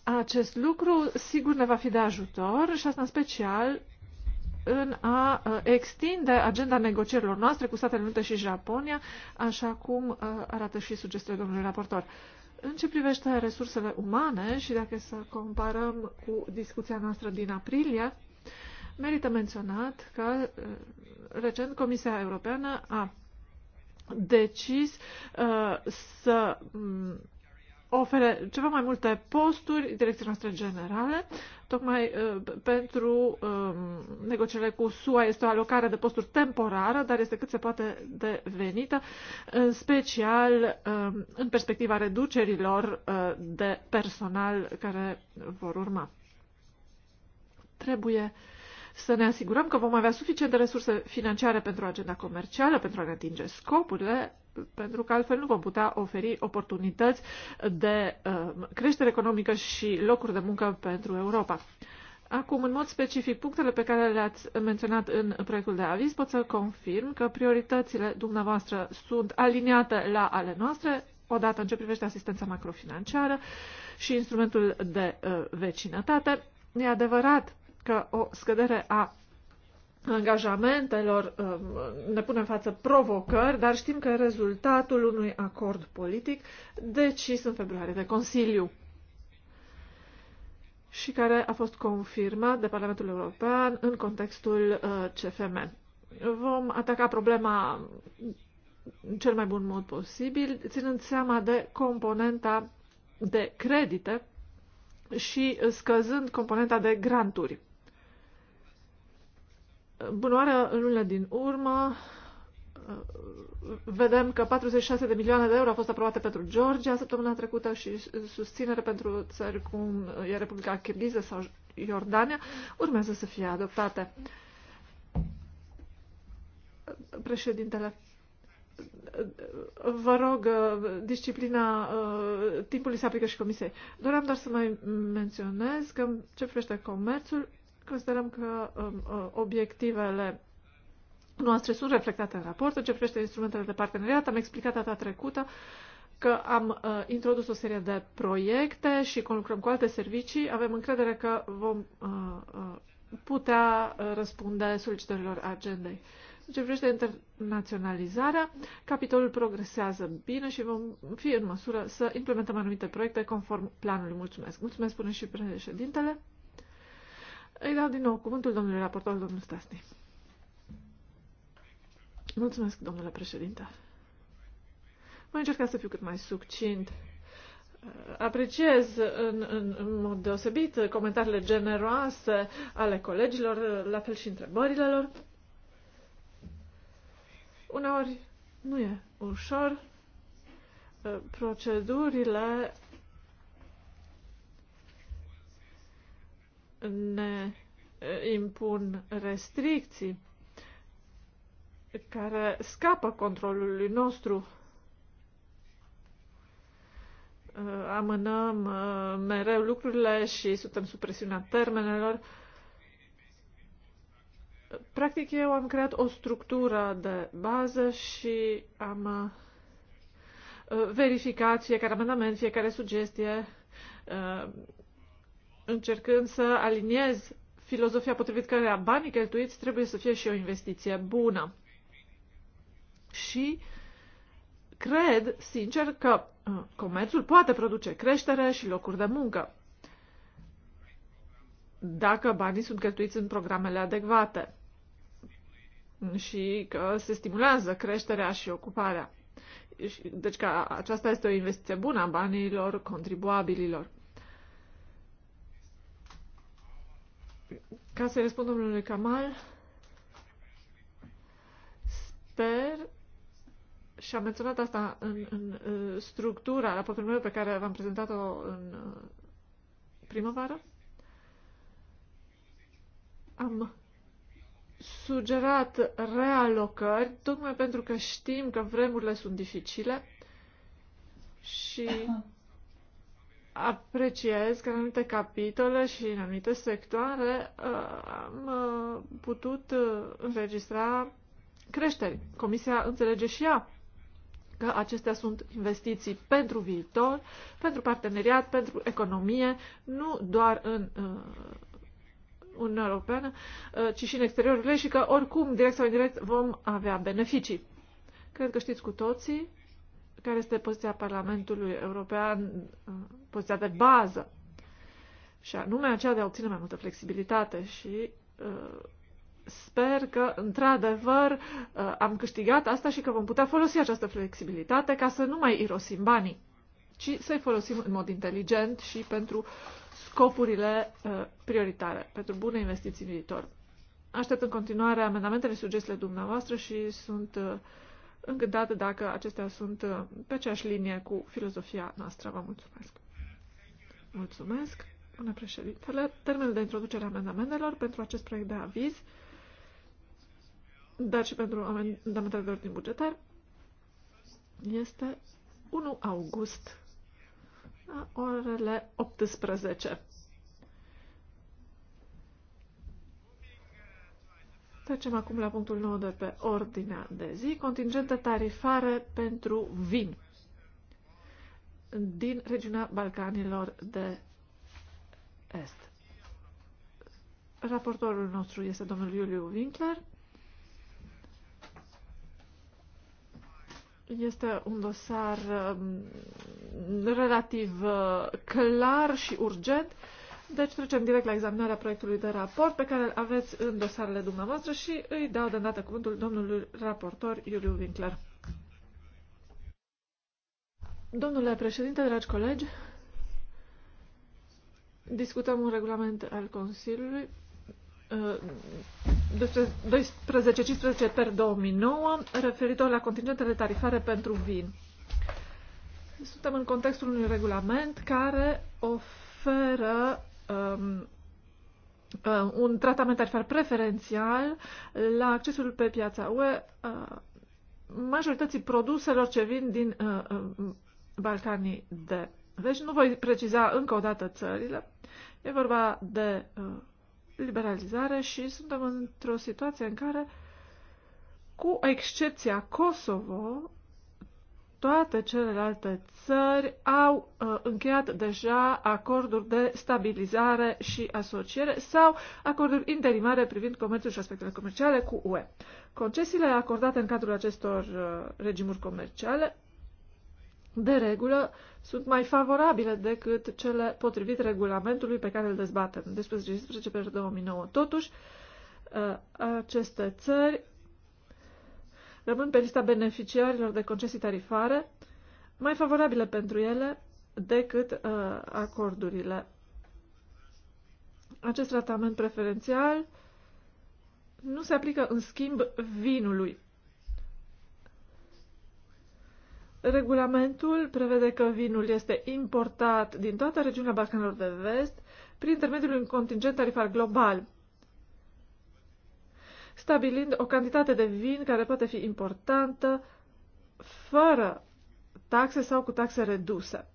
Acest lucru sigur ne va fi de ajutor și asta în special în a uh, extinde agenda negocierilor noastre cu Statele Unite și Japonia, așa cum uh, arată și sugestiile domnului raportor. În ce privește resursele umane și dacă să comparăm cu discuția noastră din aprilie, merită menționat că uh, recent Comisia Europeană a decis uh, să um, ofere ceva mai multe posturi direcției noastre generale. Tocmai uh, pentru uh, negocierile cu SUA este o alocare de posturi temporară, dar este cât se poate de venită, în special uh, în perspectiva reducerilor uh, de personal care vor urma. Trebuie să ne asigurăm că vom avea suficiente resurse financiare pentru agenda comercială, pentru a ne atinge scopurile pentru că altfel nu vom putea oferi oportunități de uh, creștere economică și locuri de muncă pentru Europa. Acum, în mod specific, punctele pe care le-ați menționat în proiectul de aviz, pot să confirm că prioritățile dumneavoastră sunt aliniate la ale noastre, odată în ce privește asistența macrofinanciară și instrumentul de uh, vecinătate. E adevărat că o scădere a angajamentelor, um, ne punem față provocări, dar știm că rezultatul unui acord politic decis în februarie de Consiliu și care a fost confirmat de Parlamentul European în contextul uh, CFM. Vom ataca problema în cel mai bun mod posibil, ținând seama de componenta de credite și scăzând componenta de granturi bunoarea lunile din urmă, uh, vedem că 46 de milioane de euro au fost aprobate pentru Georgia săptămâna trecută și susținere pentru țări cum e Republica Kirgiză sau Iordania urmează să fie adoptate. Președintele, vă rog, disciplina uh, timpului se aplică și comisiei. Doream doar să mai menționez că ce privește comerțul, Considerăm că um, uh, obiectivele noastre sunt reflectate în raport. În ce privește instrumentele de parteneriat, am explicat data trecută că am uh, introdus o serie de proiecte și conlucrăm cu alte servicii. Avem încredere că vom uh, uh, putea uh, răspunde solicitărilor agendei. În ce privește internaționalizarea, capitolul progresează bine și vom fi în măsură să implementăm anumite proiecte conform planului. Mulțumesc! Mulțumesc, spune și președintele. Îi dau din nou cuvântul domnului raportor, domnul Stasni. Mulțumesc, domnule președinte. Voi încerca să fiu cât mai succint. Apreciez în, în, în mod deosebit comentariile generoase ale colegilor, la fel și întrebările lor. Uneori nu e ușor. Procedurile ne impun restricții care scapă controlului nostru. Amânăm mereu lucrurile și suntem sub presiunea termenelor. Practic, eu am creat o structură de bază și am verificat fiecare amendament, fiecare sugestie încercând să aliniez filozofia potrivit care banii cheltuiți trebuie să fie și o investiție bună. Și cred, sincer, că uh, comerțul poate produce creștere și locuri de muncă dacă banii sunt cheltuiți în programele adecvate și că se stimulează creșterea și ocuparea. Deci că aceasta este o investiție bună a banilor contribuabililor. Ca să-i răspund domnului Kamal, sper și am menționat asta în, în structura raportului meu pe care v-am prezentat-o în uh, primăvară. Am sugerat realocări, tocmai pentru că știm că vremurile sunt dificile și apreciez că în anumite capitole și în anumite sectoare uh, am uh, putut uh, înregistra creșteri. Comisia înțelege și ea că acestea sunt investiții pentru viitor, pentru parteneriat, pentru economie, nu doar în Uniunea Europeană, ci și în exteriorul ei și că oricum, direct sau indirect, vom avea beneficii. Cred că știți cu toții care este poziția Parlamentului European, uh, poziția de bază, și anume aceea de a obține mai multă flexibilitate și uh, sper că, într-adevăr, uh, am câștigat asta și că vom putea folosi această flexibilitate ca să nu mai irosim banii, ci să-i folosim în mod inteligent și pentru scopurile prioritare, pentru bune investiții în viitor. Aștept în continuare amendamentele și sugestiile dumneavoastră și sunt dată dacă acestea sunt uh, pe aceeași linie cu filozofia noastră. Vă mulțumesc! Mulțumesc, domnule președintele. Termenul de introducere a amendamentelor pentru acest proiect de aviz, dar și pentru amendamentele de ordin bugetar, este 1 august la orele 18. Trecem acum la punctul 9 de pe ordinea de zi, contingente tarifare pentru vin din regiunea Balcanilor de Est. Raportorul nostru este domnul Iuliu Winkler. Este un dosar um, relativ uh, clar și urgent deci trecem direct la examinarea proiectului de raport pe care îl aveți în dosarele dumneavoastră și îi dau de îndată cuvântul domnului raportor Iuliu Winkler. Domnule președinte, dragi colegi, discutăm un regulament al Consiliului 12-15 uh, per 2009 referitor la contingentele tarifare pentru vin. Suntem în contextul unui regulament care oferă um, un tratament tarifar preferențial la accesul pe piața UE uh, majorității produselor ce vin din uh, uh, Balcanii de deci nu voi preciza încă o dată țările. E vorba de uh, liberalizare și suntem într-o situație în care, cu excepția Kosovo, toate celelalte țări au uh, încheiat deja acorduri de stabilizare și asociere sau acorduri interimare privind comerțul și aspectele comerciale cu UE. Concesiile acordate în cadrul acestor uh, regimuri comerciale de regulă, sunt mai favorabile decât cele potrivit regulamentului pe care îl dezbatem, Despre 2009. Totuși, uh, aceste țări rămân pe lista beneficiarilor de concesii tarifare mai favorabile pentru ele decât uh, acordurile. Acest tratament preferențial nu se aplică în schimb vinului. Regulamentul prevede că vinul este importat din toată regiunea Balcanilor de Vest prin intermediul unui contingent tarifar global stabilind o cantitate de vin care poate fi importantă fără taxe sau cu taxe reduse.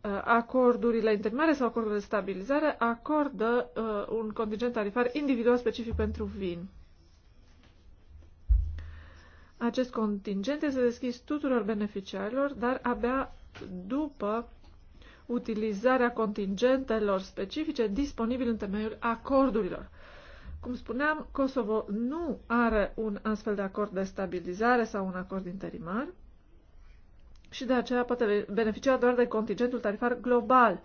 Uh, acordurile intermare sau acordurile de stabilizare acordă uh, un contingent tarifar individual specific pentru vin. Acest contingent este deschis tuturor beneficiarilor, dar abia după utilizarea contingentelor specifice disponibile în temeiul acordurilor. Cum spuneam, Kosovo nu are un astfel de acord de stabilizare sau un acord interimar și de aceea poate beneficia doar de contingentul tarifar global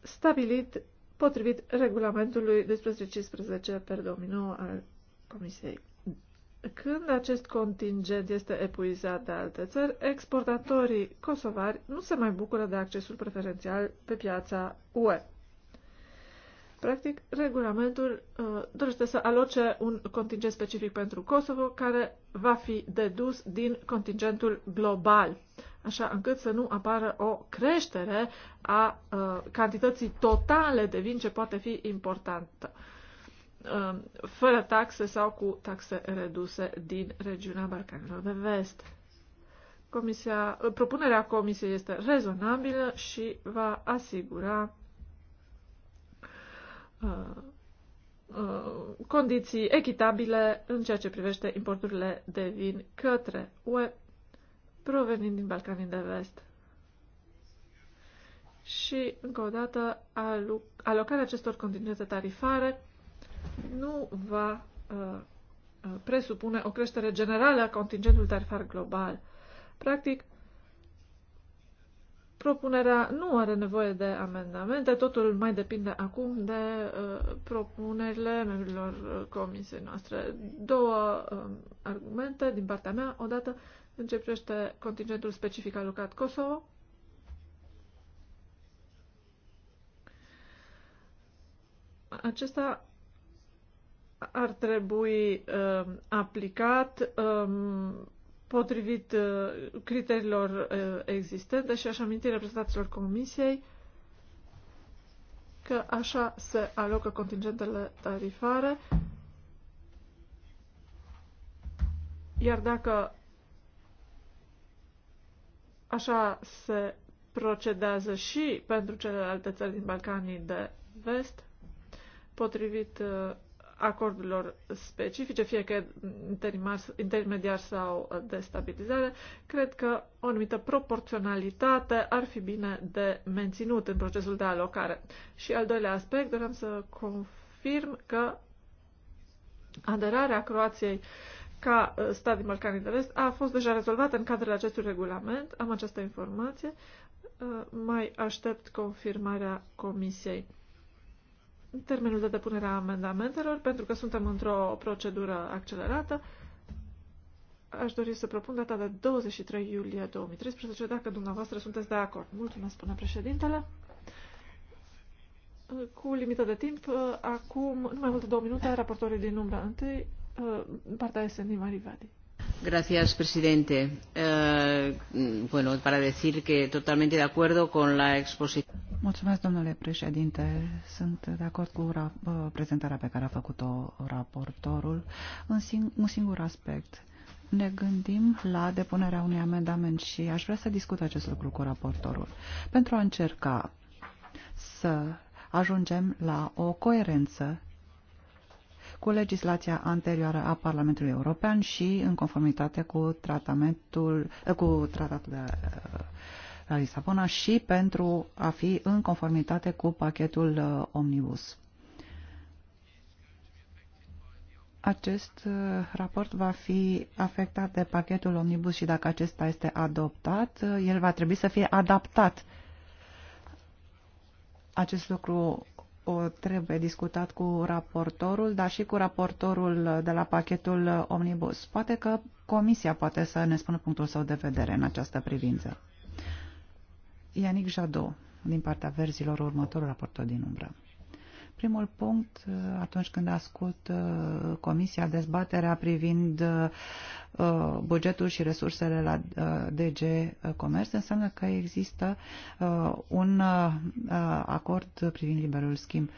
stabilit potrivit regulamentului 1215 per 2009 al Comisiei. Când acest contingent este epuizat de alte țări, exportatorii kosovari nu se mai bucură de accesul preferențial pe piața UE. Practic, regulamentul uh, dorește să aloce un contingent specific pentru Kosovo, care va fi dedus din contingentul global, așa încât să nu apară o creștere a uh, cantității totale de vin ce poate fi importantă. Uh, Um, fără taxe sau cu taxe reduse din regiunea Balcanilor de Vest. Comisia, uh, propunerea Comisiei este rezonabilă și va asigura uh, uh, condiții echitabile în ceea ce privește importurile de vin către UE provenind din Balcanii de Vest. Și, încă o dată, alocarea acestor contingente tarifare nu va uh, uh, presupune o creștere generală a contingentului tarifar global. Practic, propunerea nu are nevoie de amendamente, totul mai depinde acum de uh, propunerile membrilor uh, comisiei noastre. Două uh, argumente din partea mea. Odată, începește contingentul specific alocat Kosovo, acesta ar trebui uh, aplicat uh, potrivit uh, criteriilor uh, existente și aș aminti reprezentanților Comisiei că așa se alocă contingentele tarifare, iar dacă așa se procedează și pentru celelalte țări din Balcanii de vest, potrivit uh, acordurilor specifice, fie că intermediar sau de stabilizare, cred că o anumită proporționalitate ar fi bine de menținut în procesul de alocare. Și al doilea aspect, doream să confirm că aderarea Croației ca uh, stat din Balcanii de Vest a fost deja rezolvată în cadrul acestui regulament. Am această informație. Uh, mai aștept confirmarea Comisiei termenul de depunere a amendamentelor, pentru că suntem într-o procedură accelerată. Aș dori să propun data de 23 iulie 2013, dacă dumneavoastră sunteți de acord. Mulțumesc, spune președintele. Cu limită de timp, acum, numai multe două minute, raportorii din umbra Întâi, partea SND Marivadi. Gracias, presidente. Eh, bueno, para decir que totalmente de acuerdo con la exposición. Mulțumesc, domnule președinte. Sunt de acord cu uh, prezentarea pe care a făcut-o raportorul. În sing un singur aspect. Ne gândim la depunerea unui amendament și aș vrea să discut acest lucru cu raportorul. Pentru a încerca să ajungem la o coerență cu legislația anterioară a Parlamentului European și în conformitate cu tratamentul, eh, cu tratatul de eh, la Lisabona și pentru a fi în conformitate cu pachetul eh, Omnibus. Acest raport va fi afectat de pachetul Omnibus și dacă acesta este adoptat, el va trebui să fie adaptat. Acest lucru trebuie discutat cu raportorul, dar și cu raportorul de la pachetul Omnibus. Poate că Comisia poate să ne spună punctul său de vedere în această privință. Ianic Jadot, din partea verzilor, următorul raportor din umbră. Primul punct, uh, atunci când ascult uh, Comisia dezbaterea privind uh, bugetul și resursele la DG Comerț, înseamnă că există un acord privind liberul schimb.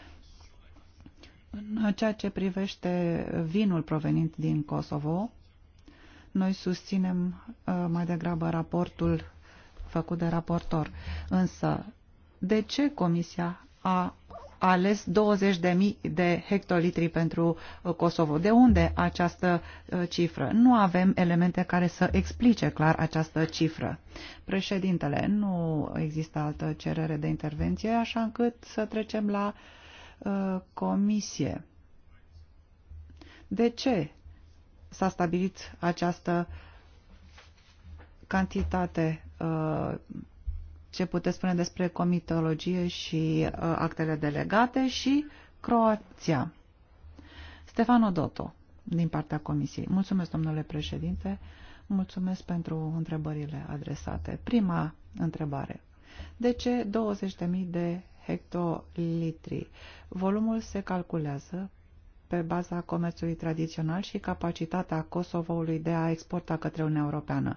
În ceea ce privește vinul provenit din Kosovo, noi susținem mai degrabă raportul făcut de raportor. Însă, de ce Comisia a ales 20.000 de hectolitri pentru uh, Kosovo. De unde această uh, cifră? Nu avem elemente care să explice clar această cifră. Președintele, nu există altă cerere de intervenție, așa încât să trecem la uh, comisie. De ce s-a stabilit această cantitate uh, ce puteți spune despre comitologie și uh, actele delegate și Croația. Stefano Doto, din partea Comisiei. Mulțumesc, domnule președinte. Mulțumesc pentru întrebările adresate. Prima întrebare. De ce 20.000 de hectolitri? Volumul se calculează pe baza comerțului tradițional și capacitatea Kosovoului de a exporta către Uniunea Europeană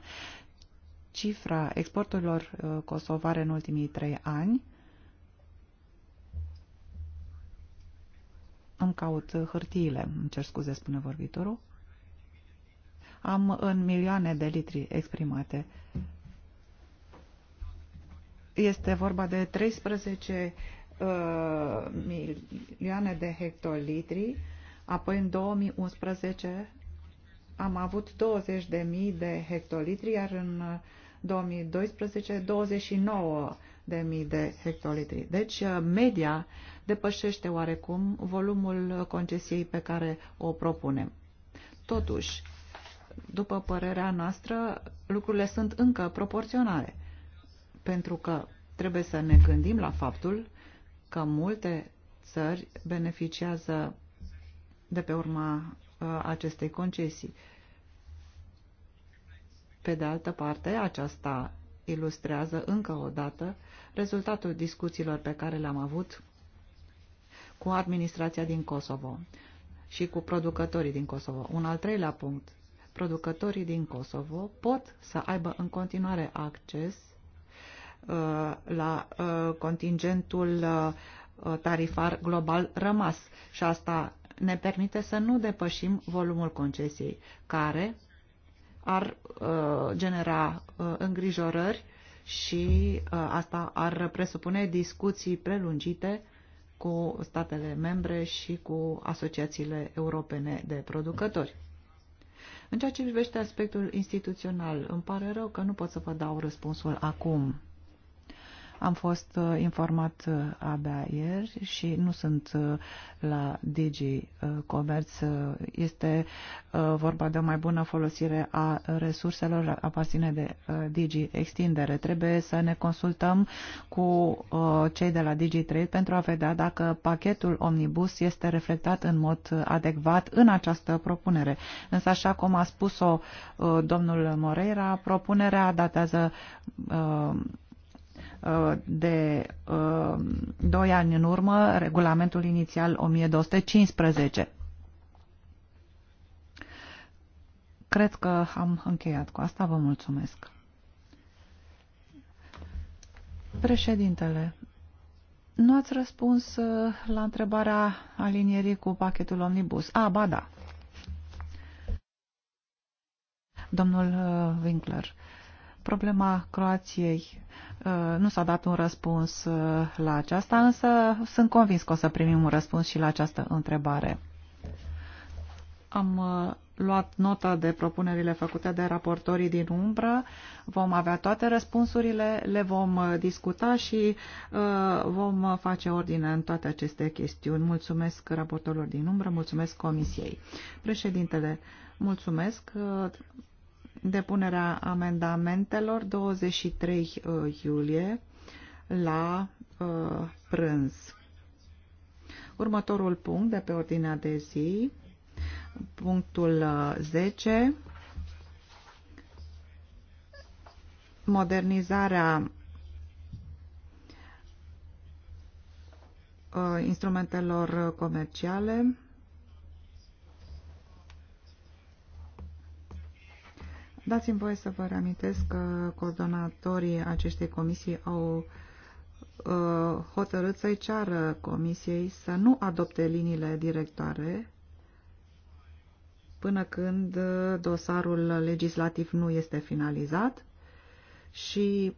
cifra exporturilor uh, kosovare în ultimii trei ani. Îmi caut uh, hârtiile, îmi cer scuze, spune vorbitorul. Am uh, în milioane de litri exprimate. Este vorba de 13 uh, milioane de hectolitri, apoi în 2011 am avut 20.000 de hectolitri, iar în 2012 uh, 29.000 de hectolitri. Deci uh, media depășește oarecum volumul concesiei pe care o propunem. Totuși, după părerea noastră, lucrurile sunt încă proporționale, pentru că trebuie să ne gândim la faptul că multe țări beneficiază de pe urma uh, acestei concesii. Pe de altă parte, aceasta ilustrează încă o dată rezultatul discuțiilor pe care le-am avut cu administrația din Kosovo și cu producătorii din Kosovo. Un al treilea punct. Producătorii din Kosovo pot să aibă în continuare acces uh, la uh, contingentul uh, tarifar global rămas și asta ne permite să nu depășim volumul concesiei, care ar uh, genera uh, îngrijorări și uh, asta ar presupune discuții prelungite cu statele membre și cu asociațiile europene de producători. În ceea ce privește aspectul instituțional, îmi pare rău că nu pot să vă dau răspunsul acum. Am fost uh, informat uh, abia ieri și nu sunt uh, la Digi Comerț. Este vorba de o mai bună folosire a resurselor, aparține de Digi Extindere. Trebuie să ne consultăm cu cei de la Digi Trade pentru a vedea dacă pachetul Omnibus este reflectat în mod adecvat în această propunere. Însă, așa cum a spus-o domnul Moreira, propunerea datează Uh, de uh, doi ani în urmă, regulamentul inițial 1215. Cred că am încheiat cu asta. Vă mulțumesc. Președintele, nu ați răspuns uh, la întrebarea alinierii cu pachetul omnibus. A, ba da. Domnul Winkler, Problema Croației uh, nu s-a dat un răspuns uh, la aceasta, însă sunt convins că o să primim un răspuns și la această întrebare. Am uh, luat notă de propunerile făcute de raportorii din umbră, vom avea toate răspunsurile, le vom discuta și vom face ordine în toate aceste chestiuni. Mulțumesc raportorilor din umbră, mulțumesc comisiei. Președintele, mulțumesc. Depunerea amendamentelor 23 uh, iulie la uh, prânz. Următorul punct de pe ordinea de zi, punctul 10, uh, modernizarea instrumentelor comerciale Dați-mi voie să vă reamintesc că coordonatorii acestei comisii au uh, hotărât să-i ceară comisiei să nu adopte liniile directoare până când uh, dosarul legislativ nu este finalizat și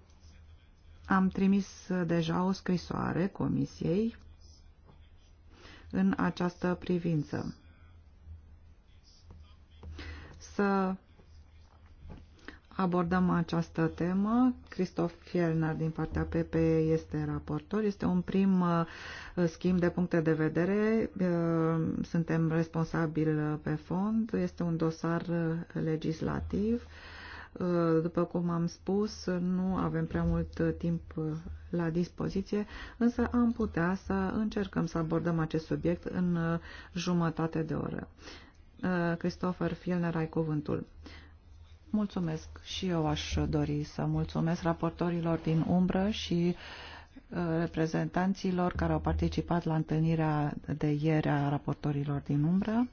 am trimis deja o scrisoare comisiei în această privință. Să abordăm această temă. Cristof Fierner din partea PP este raportor. Este un prim uh, schimb de puncte de vedere. Uh, suntem responsabili uh, pe fond. Este un dosar legislativ. După cum am spus, nu avem prea mult timp la dispoziție, însă am putea să încercăm să abordăm acest subiect în jumătate de oră. Christopher Fielner, ai cuvântul. Mulțumesc și eu aș dori să mulțumesc raportorilor din umbră și uh, reprezentanților care au participat la întâlnirea de ieri a raportorilor din umbră.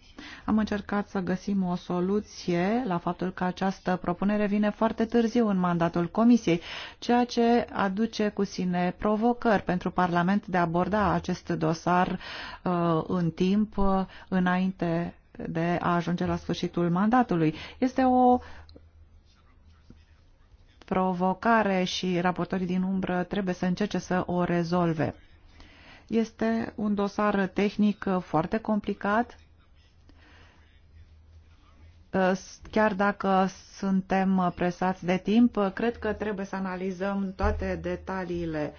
Am încercat să găsim o soluție la faptul că această propunere vine foarte târziu în mandatul Comisiei, ceea ce aduce cu sine provocări pentru Parlament de a aborda acest dosar uh, în timp uh, înainte de a ajunge la sfârșitul mandatului. Este o provocare și raportorii din umbră trebuie să încerce să o rezolve. Este un dosar tehnic foarte complicat, chiar dacă suntem presați de timp, cred că trebuie să analizăm toate detaliile,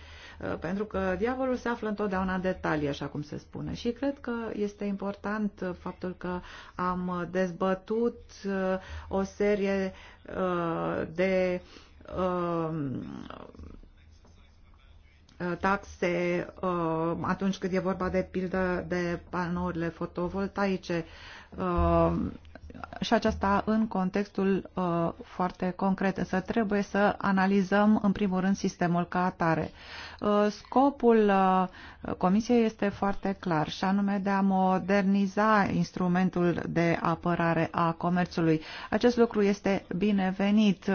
pentru că diavolul se află întotdeauna în detalii, așa cum se spune. Și cred că este important faptul că am dezbătut uh, o serie uh, de Um, taxe um, atunci când e vorba de pildă de panourile fotovoltaice um, și aceasta în contextul uh, foarte concret. Însă trebuie să analizăm în primul rând sistemul ca atare. Uh, scopul uh, Comisiei este foarte clar și anume de a moderniza instrumentul de apărare a comerțului. Acest lucru este binevenit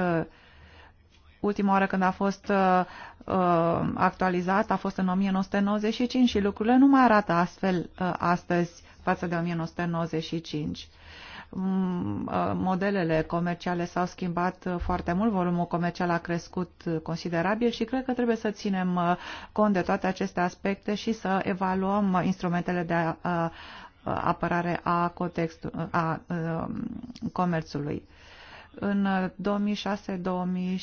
ultima oară când a fost uh, uh, actualizat a fost în 1995 și lucrurile nu mai arată astfel uh, astăzi față de 1995 mm, modelele comerciale s-au schimbat foarte mult, volumul comercial a crescut considerabil și cred că trebuie să ținem cont de toate aceste aspecte și să evaluăm instrumentele de apărare a, contextul, a comerțului. În 2006-2007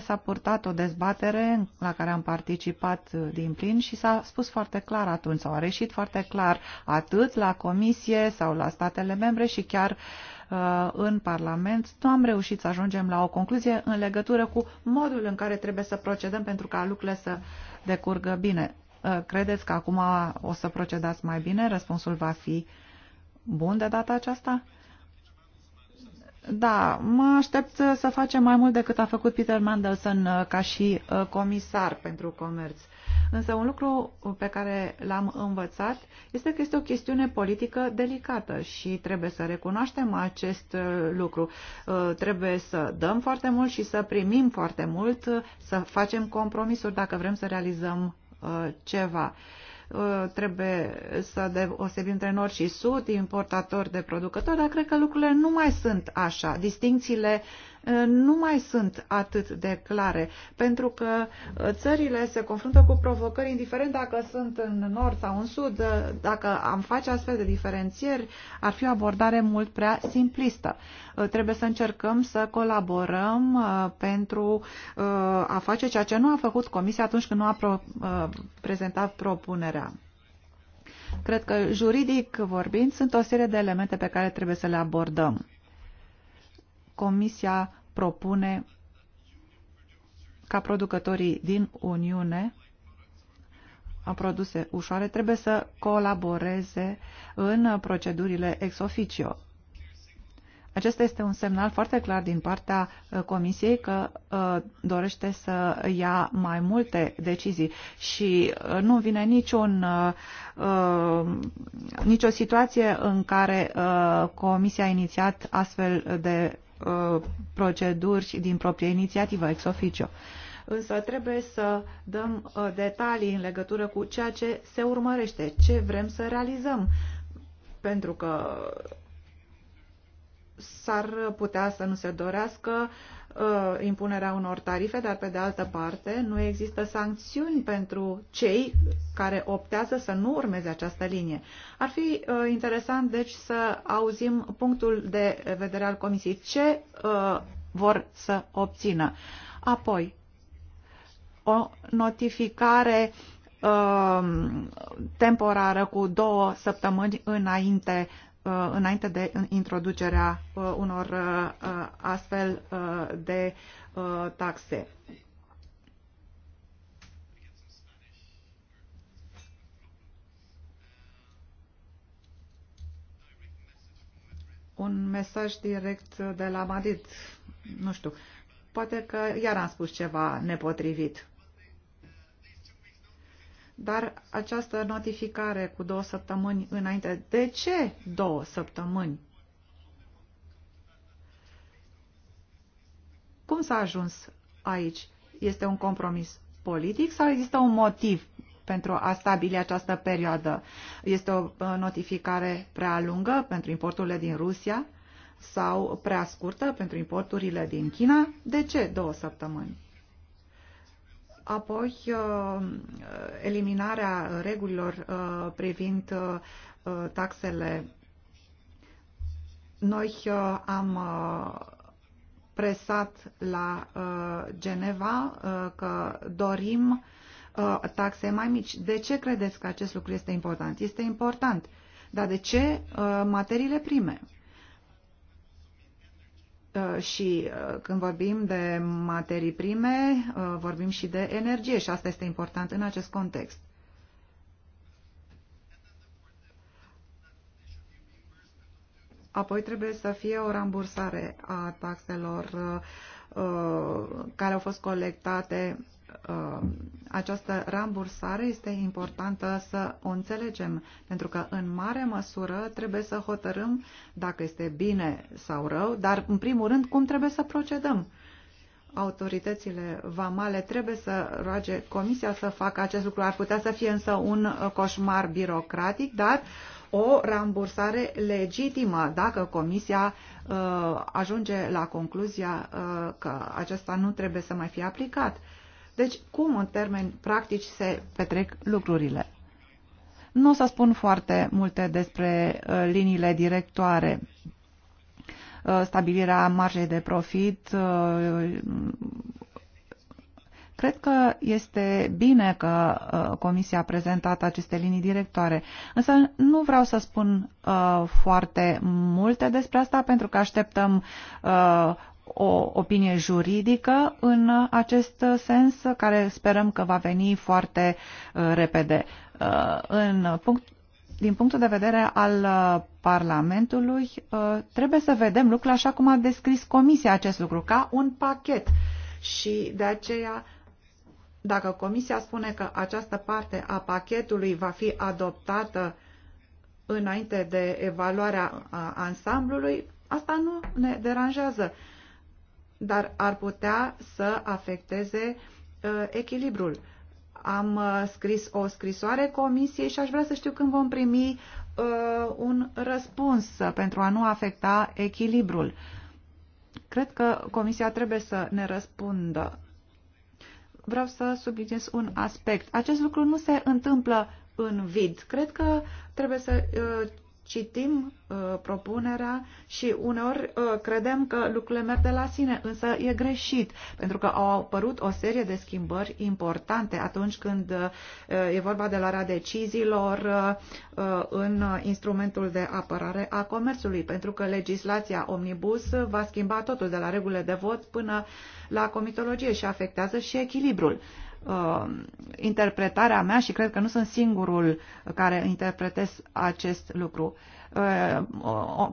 s-a purtat o dezbatere la care am participat uh, din plin și s-a spus foarte clar atunci, sau a reșit foarte clar atât la Comisie sau la statele membre și chiar uh, în Parlament. Nu am reușit să ajungem la o concluzie în legătură cu modul în care trebuie să procedăm pentru ca lucrurile să decurgă bine. Uh, credeți că acum o să procedați mai bine? Răspunsul va fi bun de data aceasta? Da, mă aștept să facem mai mult decât a făcut Peter Mandelson uh, ca și uh, comisar pentru comerț. Însă un lucru pe care l-am învățat este că este o chestiune politică delicată și trebuie să recunoaștem acest uh, lucru. Trebuie să dăm foarte mult și să primim foarte mult, să facem compromisuri dacă vrem să realizăm ceva. Uh, trebuie să deosebim între nord și sud, importatori de producători, dar cred că lucrurile nu mai sunt așa. Distincțiile nu mai sunt atât de clare, pentru că uh, țările se confruntă cu provocări, indiferent dacă sunt în nord sau în sud, uh, dacă am face astfel de diferențieri, ar fi o abordare mult prea simplistă. Uh, trebuie să încercăm să colaborăm pentru a face ceea ce nu a făcut Comisia atunci când nu a pro prezentat propunerea. Cred că juridic vorbind sunt o serie de elemente pe care trebuie să le abordăm Comisia propune ca producătorii din Uniune a produse ușoare trebuie să colaboreze în procedurile ex officio. Acesta este un semnal foarte clar din partea uh, Comisiei că uh, dorește să ia mai multe decizii și uh, nu vine niciun, nicio situație în care Comisia a inițiat astfel de Uh, proceduri din proprie inițiativă, ex officio. Însă trebuie să dăm uh, detalii în legătură cu ceea ce se urmărește, ce vrem să realizăm, pentru că s-ar putea să nu se dorească uh, impunerea unor tarife, dar pe de altă parte nu există sancțiuni pentru cei care optează să nu urmeze această linie. Ar fi uh, interesant deci să auzim punctul de vedere al Comisiei. Ce uh, vor să obțină? Apoi, o notificare uh, temporară cu două săptămâni înainte Uh, înainte de introducerea uh, unor uh, astfel de taxe. un mesaj direct de la Madrid. Nu știu, poate că iar am spus ceva nepotrivit. Dar această notificare cu două săptămâni înainte, de ce două săptămâni? Cum s-a ajuns aici? Este un compromis politic sau există un motiv pentru a stabili această perioadă? Este o uh, notificare prea lungă pentru importurile din Rusia sau prea scurtă pentru importurile din China? De ce două săptămâni? Apoi, uh, eliminarea regulilor uh, privind uh, taxele. Noi am presat la Geneva că dorim taxe mai mici. De ce credeți că acest lucru este important? Este important. Dar de ce materiile prime? Uh, și uh, când vorbim de materii prime, uh, vorbim și de energie și asta este important în acest context. Apoi trebuie să fie o rambursare a taxelor care au fost colectate Uh, această rambursare este importantă să o înțelegem, pentru că în mare măsură trebuie să hotărâm dacă este bine sau rău, dar în primul rând cum trebuie să procedăm. Autoritățile vamale trebuie să roage comisia să facă acest lucru. Ar putea să fie însă un coșmar birocratic, dar o rambursare legitimă dacă comisia uh, ajunge la concluzia uh, că acesta nu trebuie să mai fie aplicat. Uh, deci, cum în termeni practici se petrec lucrurile? Nu o să spun foarte multe despre uh, liniile directoare, uh, stabilirea marjei de profit. Uh, cred că este bine că Comisia a prezentat aceste linii directoare, însă nu vreau să spun foarte multe despre asta pentru că așteptăm o opinie juridică în acest sens, care sperăm că va veni foarte uh, repede. Uh, în punct, din punctul de vedere al uh, Parlamentului, trebuie să vedem lucrul așa cum a descris Comisia acest lucru, ca un pachet. Și de aceea, dacă Comisia spune că această parte a pachetului va fi adoptată înainte de evaluarea ansamblului, asta nu ne deranjează dar ar putea să afecteze uh, echilibrul. Am uh, scris o scrisoare comisiei și aș vrea să știu când vom primi uh, un răspuns pentru a nu afecta echilibrul. Cred că comisia trebuie să ne răspundă. Vreau să subliniez un aspect. Acest lucru nu se întâmplă în vid. Cred că trebuie să citim uh, propunerea și uneori uh, credem că lucrurile merg de la sine, însă e greșit, pentru că au apărut o serie de schimbări importante atunci când uh, e vorba de luarea deciziilor uh, uh în instrumentul de apărare a comerțului, pentru că legislația omnibus va schimba totul de la regulile de vot până la comitologie și afectează și echilibrul. Uh, uh, interpretarea mea și cred că nu sunt singurul care interpretez acest lucru. Uh,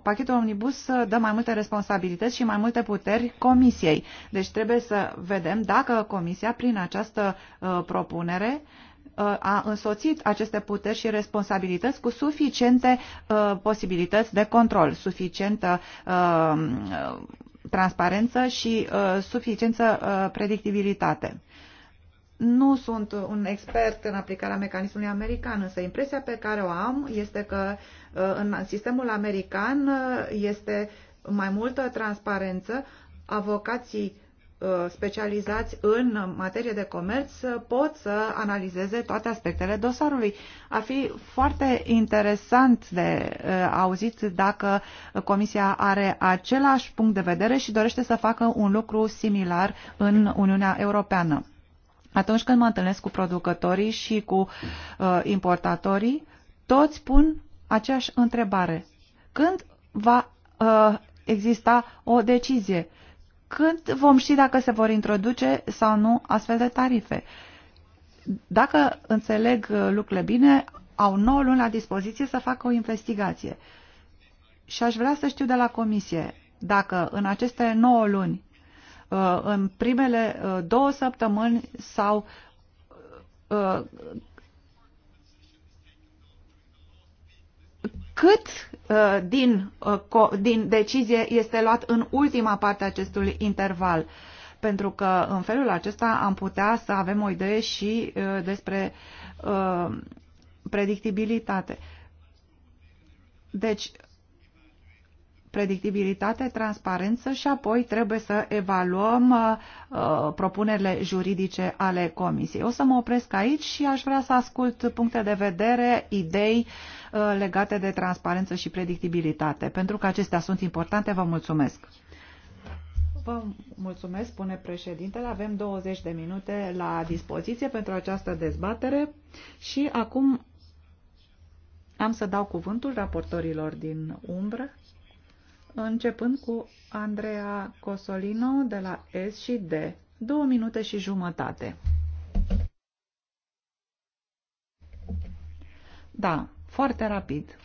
pachetul omnibus dă mai multe responsabilități și mai multe puteri comisiei. Deci trebuie să vedem dacă comisia prin această uh, propunere uh, a însoțit aceste puteri și responsabilități cu suficiente uh, posibilități de control, suficientă uh, transparență și uh, suficientă uh, predictibilitate. Nu sunt un expert în aplicarea mecanismului american, însă impresia pe care o am este că uh, în sistemul american uh, este mai multă transparență, avocații uh, specializați în materie de comerț pot să analizeze toate aspectele dosarului. Ar fi foarte interesant de auzit dacă Comisia are același punct de vedere și dorește să facă un lucru similar în Uniunea Europeană. Atunci când mă întâlnesc cu producătorii și cu uh, importatorii, toți pun aceeași întrebare. Când va uh, exista o decizie? Când vom ști dacă se vor introduce sau nu astfel de tarife? Dacă înțeleg uh, lucrurile bine, au 9 luni la dispoziție să facă o investigație. Și aș vrea să știu de la comisie dacă în aceste 9 luni Uh, în primele uh, două săptămâni sau uh, cât din, din decizie este luat în ultima parte a acestui interval. Pentru că în felul acesta am putea să avem o idee și despre predictibilitate. Deci, predictibilitate, transparență și apoi trebuie să evaluăm uh, uh, propunerile juridice ale Comisiei. O să mă opresc aici și aș vrea să ascult puncte de vedere, idei uh, legate de transparență și predictibilitate, pentru că acestea sunt importante. Vă mulțumesc! Vă mulțumesc, spune președintele. Avem 20 de minute la dispoziție pentru această dezbatere și acum am să dau cuvântul raportorilor din umbră începând cu Andreea Cosolino de la S și D. Două minute și jumătate. Da, foarte rapid.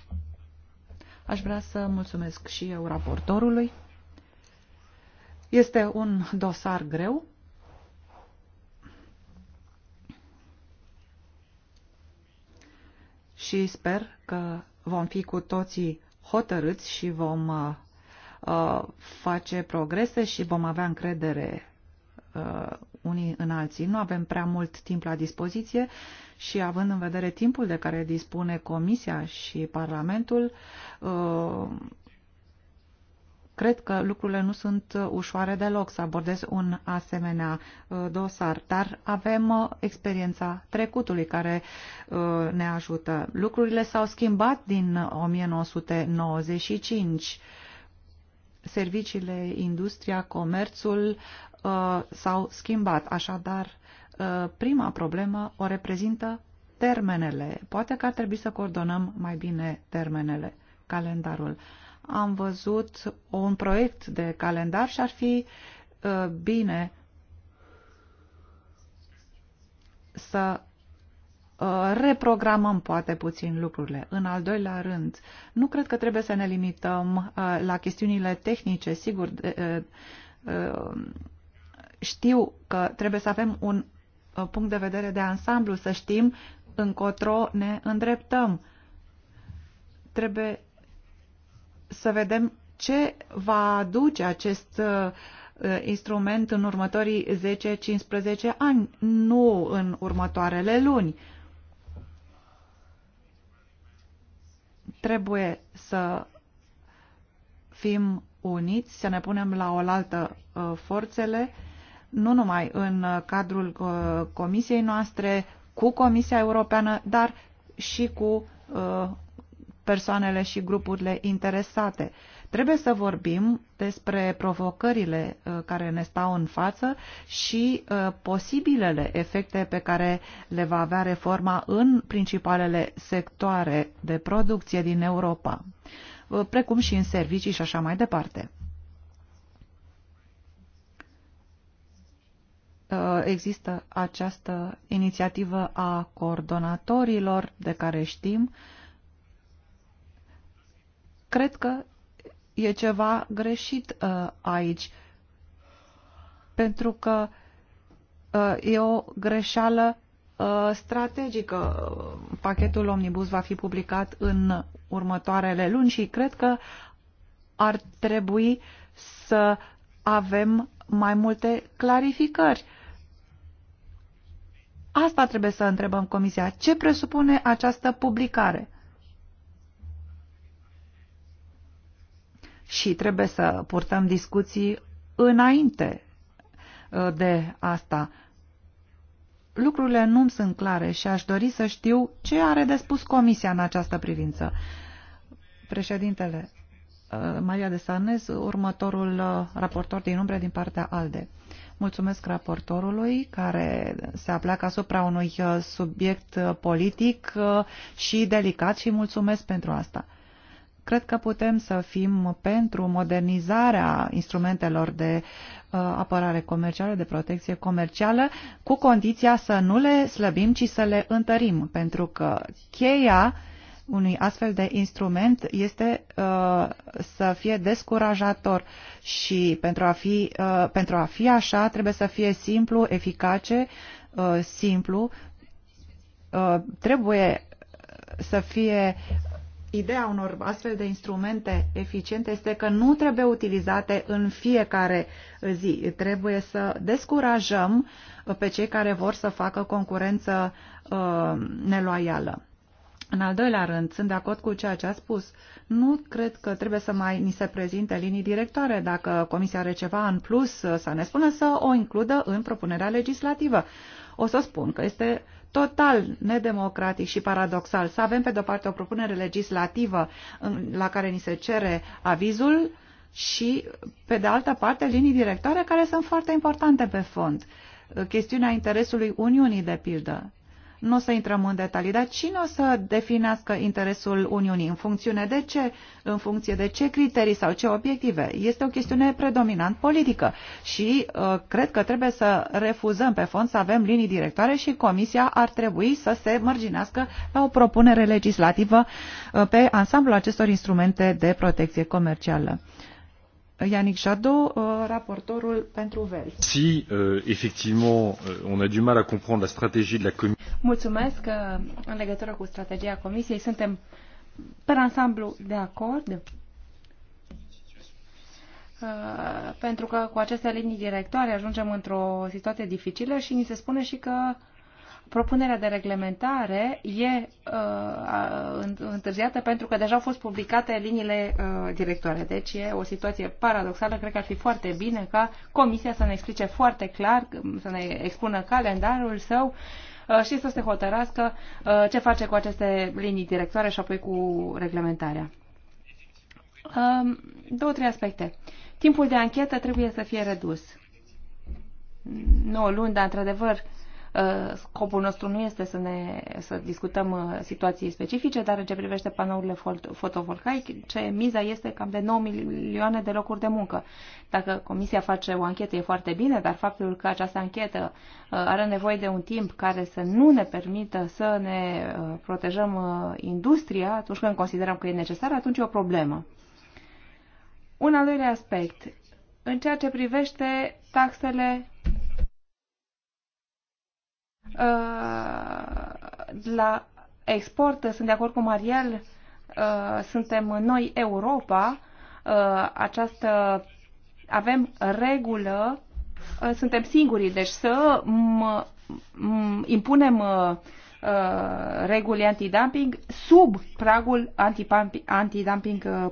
Aș vrea să mulțumesc și eu raportorului. Este un dosar greu. Și sper că vom fi cu toții hotărâți și vom uh, Uh, face progrese și vom avea încredere uh, unii în alții. Nu avem prea mult timp la dispoziție și având în vedere timpul de care dispune Comisia și Parlamentul, uh, cred că lucrurile nu sunt ușoare deloc să abordez un asemenea dosar, dar avem experiența trecutului care ne ajută. Lucrurile s-au schimbat din 1995 serviciile, industria, comerțul uh, s-au schimbat. Așadar, uh, prima problemă o reprezintă termenele. Poate că ar trebui să coordonăm mai bine termenele, calendarul. Am văzut un proiect de calendar și ar fi uh, bine să Uh, reprogramăm poate puțin lucrurile. În al doilea rând, nu cred că trebuie să ne limităm uh, la chestiunile tehnice, sigur, uh, știu că trebuie să avem un punct de vedere de ansamblu, să știm încotro ne îndreptăm. Trebuie să vedem ce va aduce acest instrument în următorii 10-15 ani, nu în următoarele luni Trebuie să fim uniți, să ne punem la oaltă uh, forțele, nu numai în uh, cadrul uh, comisiei noastre, cu Comisia Europeană, dar și cu persoanele și grupurile interesate. Uh, Trebuie să vorbim despre provocările uh, care ne stau în față și uh, posibilele efecte pe care le va avea reforma în principalele sectoare de producție din Europa, uh, precum și în servicii și așa mai departe. există această inițiativă a coordonatorilor de care știm, cred că e ceva greșit uh, aici, pentru că uh, e o greșeală uh, strategică. Pachetul Omnibus va fi publicat în următoarele luni și cred că ar trebui să avem mai multe clarificări. Asta trebuie să întrebăm Comisia. Ce presupune această publicare? și trebuie să purtăm discuții înainte uh, de asta. Lucrurile nu-mi sunt clare și aș dori să știu ce are de spus Comisia în această privință. Președintele, uh, Maria de Sanez, următorul uh, raportor din umbre din partea ALDE. Mulțumesc raportorului care se apleacă asupra unui subiect politic și delicat și mulțumesc pentru asta. Cred că putem să fim pentru modernizarea instrumentelor de uh, apărare comercială, de protecție comercială, cu condiția să nu le slăbim, ci să le întărim, pentru că cheia unui astfel de instrument este uh, să fie descurajator și pentru a fi, uh, pentru a fi așa trebuie să fie simplu, eficace, uh, simplu, uh, trebuie să fie ideea unor astfel de instrumente eficiente este că nu trebuie utilizate în fiecare zi. Trebuie să descurajăm pe cei care vor să facă concurență uh, neloială. În al doilea rând, sunt de acord cu ceea ce a spus. Nu cred că trebuie să mai ni se prezinte linii directoare. Dacă Comisia are ceva în plus, uh, să ne spună să o includă în propunerea legislativă. O să spun că este total nedemocratic și paradoxal să avem pe de-o parte o propunere legislativă la care ni se cere avizul și pe de altă parte linii directoare care sunt foarte importante pe fond. Chestiunea interesului Uniunii, de pildă, nu o să intrăm în detalii, dar cine o să definească interesul Uniunii? În funcție de ce? În funcție de ce criterii sau ce obiective? Este o chestiune predominant politică și uh, cred că trebuie să refuzăm pe fond să avem linii directoare și Comisia ar trebui să se mărginească la o propunere legislativă uh, pe ansamblul acestor instrumente de protecție comercială. Yannick Jadot, uh, raportorul pentru Vel. Si, uh, effectivement, uh, on a du mal à comprendre la stratégie de la Comisie. Mulțumesc că, în legătură cu strategia Comisiei, suntem pe ansamblu de acord pentru că cu aceste linii directoare ajungem într-o situație dificilă și ni se spune și că propunerea de reglementare e uh, întârziată pentru că deja au fost publicate liniile uh, directoare. Deci e o situație paradoxală. Cred că ar fi foarte bine ca Comisia să ne explice foarte clar, să ne expună calendarul său uh, și să se hotărască uh, ce face cu aceste linii directoare și apoi cu reglementarea. Um, două, trei aspecte. Timpul de anchetă trebuie să fie redus. 9 luni, dar într-adevăr uh, Uh, scopul nostru nu este să, ne, să discutăm uh, situații specifice, dar în ce privește panourile fotovoltaice, miza este cam de 9 milioane de locuri de muncă. Dacă Comisia face o anchetă e foarte bine, dar faptul că această anchetă uh, are nevoie de un timp care să nu ne permită să ne protejăm industria atunci când considerăm că e necesar, atunci e o problemă. Un al doilea aspect, în ceea ce privește taxele Uh, la export, sunt de acord cu Mariel, uh, suntem noi Europa, uh, această, avem regulă, suntem singurii, deci să impunem Uh, reguli antidumping sub pragul antidumping uh,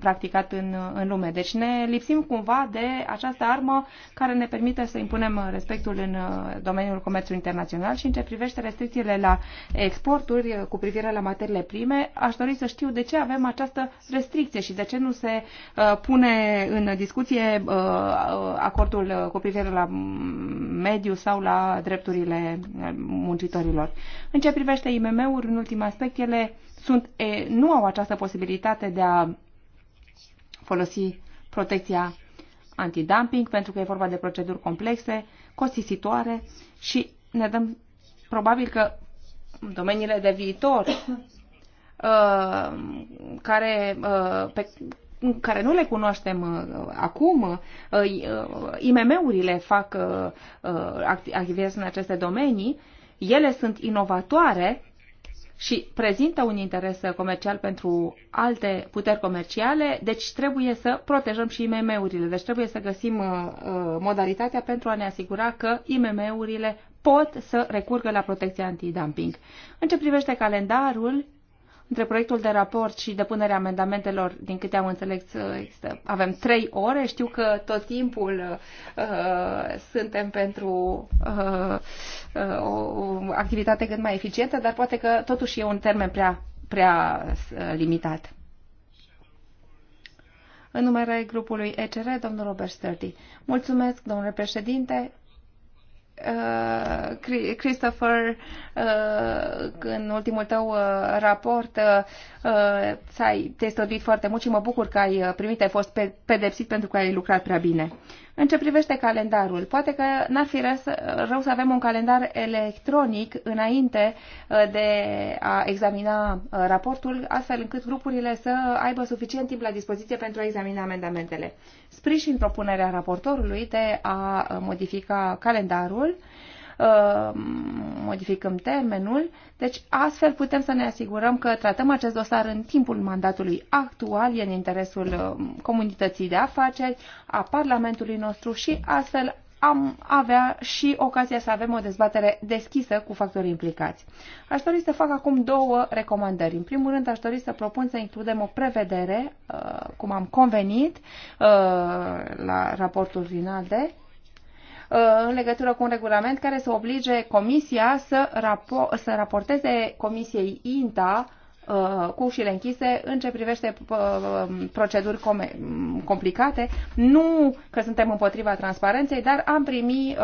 practicat în, în lume. Deci ne lipsim cumva de această armă care ne permite să impunem respectul în uh, domeniul comerțului internațional și în ce privește restricțiile la exporturi cu privire la materiile prime, aș dori să știu de ce avem această restricție și de ce nu se pune în discuție acordul cu privire la mm, mediu sau la drepturile muncitorilor. În ce privește IMM-uri, în ultim aspect, ele sunt, e, nu au această posibilitate de a folosi protecția antidumping, pentru că e vorba de proceduri complexe, costisitoare și ne dăm probabil că domeniile de viitor uh, care, uh, pe, care nu le cunoaștem uh, acum, IMM-urile fac activități în aceste domenii ele sunt inovatoare și prezintă un interes comercial pentru alte puteri comerciale, deci trebuie să protejăm și IMM-urile. Deci trebuie să găsim uh, uh, modalitatea pentru a ne asigura că IMM-urile pot să recurgă la protecția antidumping. În ce privește calendarul, între proiectul de raport și depunerea amendamentelor, din câte am înțeles, există, avem trei ore. Știu că tot timpul uh, suntem pentru uh, uh o activitate cât mai eficientă, dar poate că totuși e un termen prea, prea uh, limitat. În numele grupului ECR, domnul Robert Sturdy. Mulțumesc, domnule președinte. Uh, Christopher, uh, în ultimul tău uh, raport ți-ai te-ai stăduit foarte mult și mă bucur că ai primit, ai fost pedepsit pentru că ai lucrat prea bine. În ce privește calendarul, poate că n-ar fi rău să avem un calendar electronic înainte uh, de a examina uh, raportul, astfel încât grupurile să aibă suficient timp la dispoziție pentru a examina amendamentele. Sprijin propunerea raportorului de a uh, modifica calendarul Uh, modificăm termenul. Deci astfel putem să ne asigurăm că tratăm acest dosar în timpul mandatului actual, e în interesul uh, comunității de afaceri, a Parlamentului nostru și astfel am avea și ocazia să avem o dezbatere deschisă cu factorii implicați. Aș dori să fac acum două recomandări. În primul rând, aș dori să propun să includem o prevedere, uh, cum am convenit la raportul final de Uh, în legătură cu un regulament care să oblige Comisia să, rapo- să raporteze Comisiei INTA uh, cu ușile închise în ce privește uh, proceduri complicate. Nu că suntem împotriva transparenței, dar am primit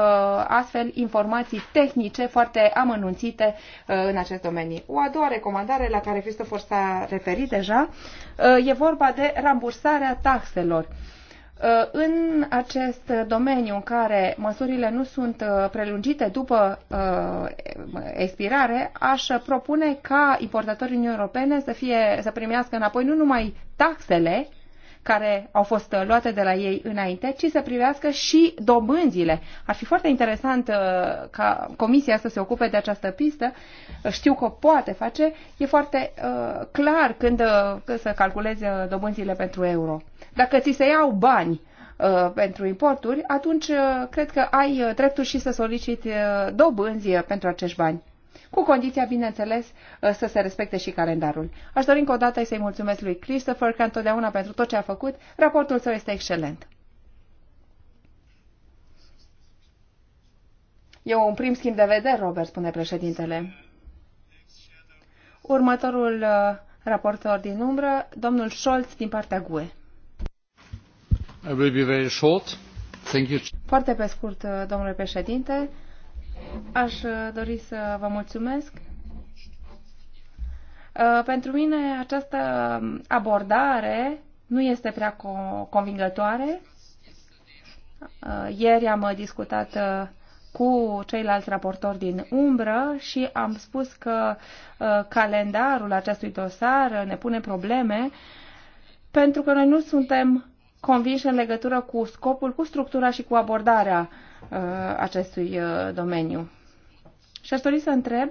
astfel informații tehnice foarte amănunțite în acest domeniu. O a doua recomandare la care Cristofor s-a referit deja e vorba de rambursarea taxelor Uh, în acest domeniu în care măsurile nu sunt uh, prelungite după uh, expirare, aș propune ca importatorii Uniunii Europene să, fie, să primească înapoi nu numai taxele care au fost luate de la ei înainte, ci să privească și dobânzile. Ar fi foarte interesant ca comisia să se ocupe de această pistă. Știu că o poate face. E foarte clar când, când să calculeze dobânzile pentru euro. Dacă ți se iau bani uh, pentru importuri, atunci uh, cred că ai uh, dreptul și să soliciți dobânzi pentru acești bani. Cu condiția, bineînțeles, să se respecte și calendarul. Aș dori încă o dată să-i mulțumesc lui Christopher că întotdeauna pentru tot ce a făcut. Raportul său este excelent. Eu un prim schimb de vedere, Robert, spune președintele. Următorul raportor din umbră, domnul Scholz din partea GUE. Foarte pe scurt, domnule președinte, aș uh, dori să vă mulțumesc uh, pentru mine această abordare nu este prea convingătoare. Uh, ieri am discutat cu ceilalți raportori din umbră și am spus că calendarul acestui dosar ne pune probleme pentru că noi nu suntem convinși în legătură cu scopul, cu structura și cu abordarea uh, acestui uh, domeniu. Și aș dori să întreb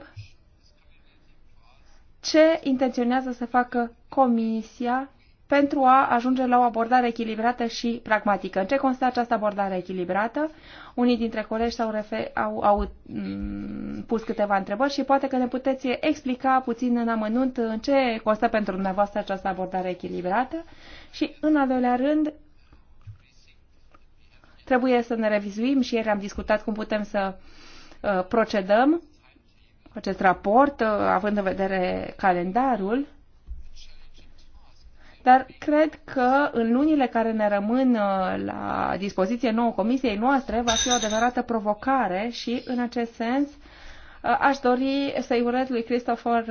ce intenționează să facă Comisia pentru a ajunge la o abordare echilibrată și pragmatică. În ce constă această abordare echilibrată? Unii dintre colegi s-au refer, au, au mm, pus câteva întrebări și poate că ne puteți explica puțin în amănunt în ce constă pentru dumneavoastră această abordare echilibrată. Și, în al doilea rând, Trebuie să ne revizuim și ieri am discutat cum putem să uh, procedăm cu acest raport, uh, având în vedere calendarul. Dar cred că în lunile care ne rămân uh, la dispoziție nouă comisiei noastre va fi o adevărată provocare și în acest sens aș dori să-i urez lui Christopher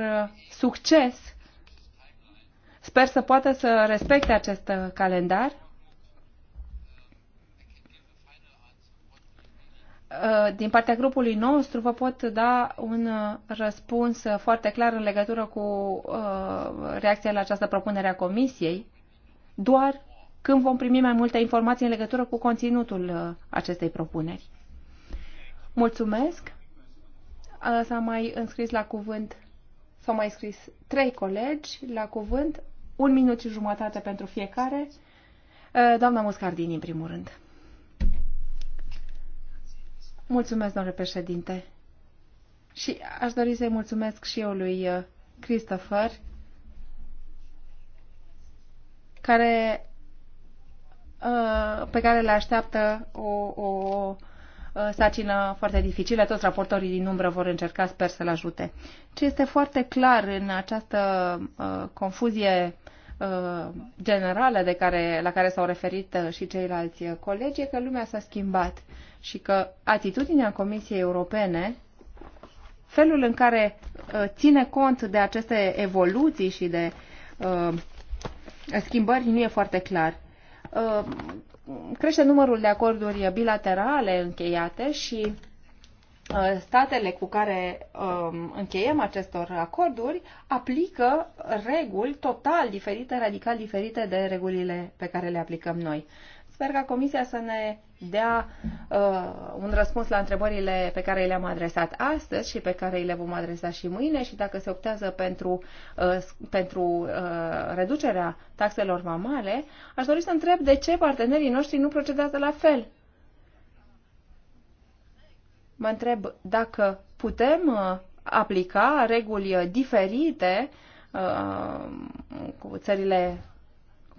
succes. Sper să poată să respecte acest calendar Uh, din partea grupului nostru vă pot da un uh, răspuns uh, foarte clar în legătură cu reacția la această propunere a Comisiei, doar când vom primi mai multe informații în legătură cu conținutul acestei propuneri. Mulțumesc! S-a mai înscris la cuvânt, s-au mai scris trei colegi la cuvânt, un minut și jumătate pentru fiecare. Doamna Muscardini, în primul rând. Mulțumesc, domnule președinte. Și aș dori să-i mulțumesc și eu lui uh, Christopher, care, uh, pe care le așteaptă o, o uh, sacină foarte dificilă. Toți raportorii din umbră vor încerca, sper să-l ajute. Ce este foarte clar în această confuzie generală de care, la care s-au referit și ceilalți colegi e că lumea s-a schimbat și că atitudinea Comisiei Europene, felul în care uh, ține cont de aceste evoluții și de uh, schimbări nu e foarte clar. Uh, crește numărul de acorduri bilaterale încheiate și uh, statele cu care um, încheiem acestor acorduri aplică reguli total diferite, radical diferite de regulile pe care le aplicăm noi. Sper ca Comisia să ne dea uh, un răspuns la întrebările pe care le-am adresat astăzi și pe care le vom adresa și mâine și dacă se optează pentru, uh, pentru uh, reducerea taxelor mamale, aș dori să întreb de ce partenerii noștri nu procedează la fel. Mă întreb dacă putem uh, aplica reguli diferite uh, cu țările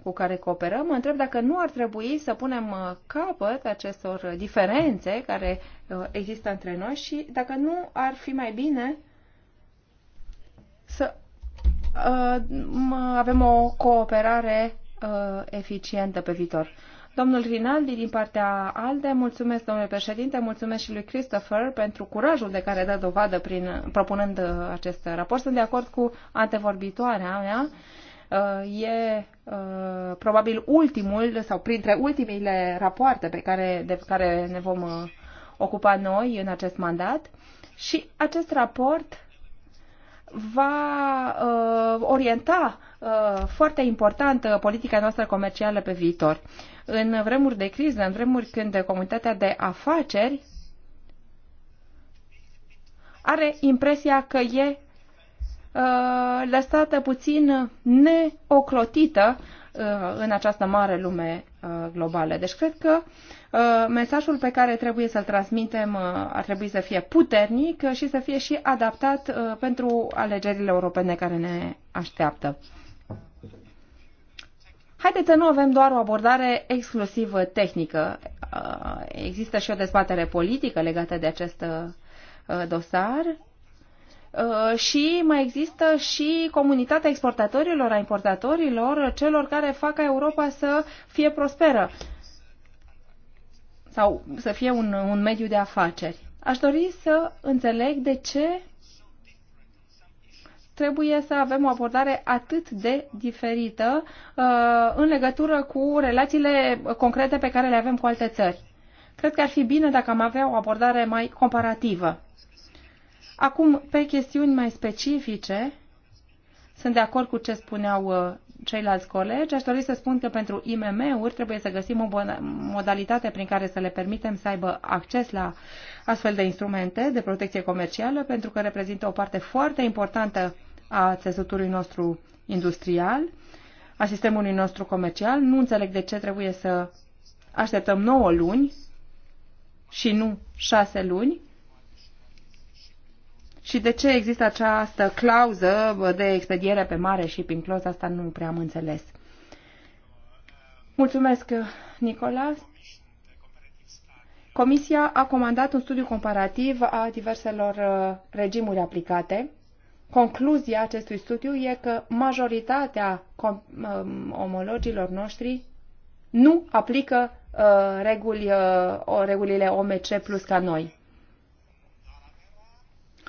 cu care cooperăm, mă întreb dacă nu ar trebui să punem uh, capăt acestor uh, diferențe care uh, există între noi și dacă nu ar fi mai bine să avem o cooperare eficientă pe viitor. Domnul Rinaldi, din partea ALDE, mulțumesc, domnule președinte, mulțumesc și lui Christopher pentru curajul de care dă dovadă prin, propunând acest raport. Sunt de acord cu antevorbitoarea mea Uh, e uh, probabil ultimul sau printre ultimile rapoarte pe care, de care ne vom uh, ocupa noi în acest mandat și acest raport va uh, orienta uh, foarte important uh, politica noastră comercială pe viitor. În vremuri de criză, în vremuri când comunitatea de afaceri are impresia că e Uh, lăsată puțin neoclotită uh, în această mare lume uh, globală. Deci cred că mesajul pe care trebuie să-l transmitem ar trebui să fie puternic și să fie și adaptat pentru alegerile europene care ne așteaptă. Haideți să nu avem doar o abordare exclusiv tehnică. Există și o dezbatere politică legată de acest dosar Uh, și mai există și comunitatea exportatorilor, a importatorilor, celor care fac ca Europa să fie prosperă sau să fie un, un mediu de afaceri. Aș dori să înțeleg de ce trebuie să avem o abordare atât de diferită uh, în legătură cu relațiile concrete pe care le avem cu alte țări. Cred că ar fi bine dacă am avea o abordare mai comparativă. Acum, pe chestiuni mai specifice, sunt de acord cu ce spuneau uh, ceilalți colegi. Aș dori să spun că pentru IMM-uri trebuie să găsim o modalitate prin care să le permitem să aibă acces la astfel de instrumente de protecție comercială, pentru că reprezintă o parte foarte importantă a țesutului nostru industrial, a sistemului nostru comercial. Nu înțeleg de ce trebuie să așteptăm 9 luni și nu 6 luni și de ce există această clauză de expediere pe mare și prin clauză asta nu prea am înțeles. Mulțumesc, Nicolas. Comisia a comandat un studiu comparativ a diverselor uh, regimuri aplicate. Concluzia acestui studiu e că majoritatea um, omologilor noștri nu aplică uh, reguli, uh, regulile OMC plus ca noi.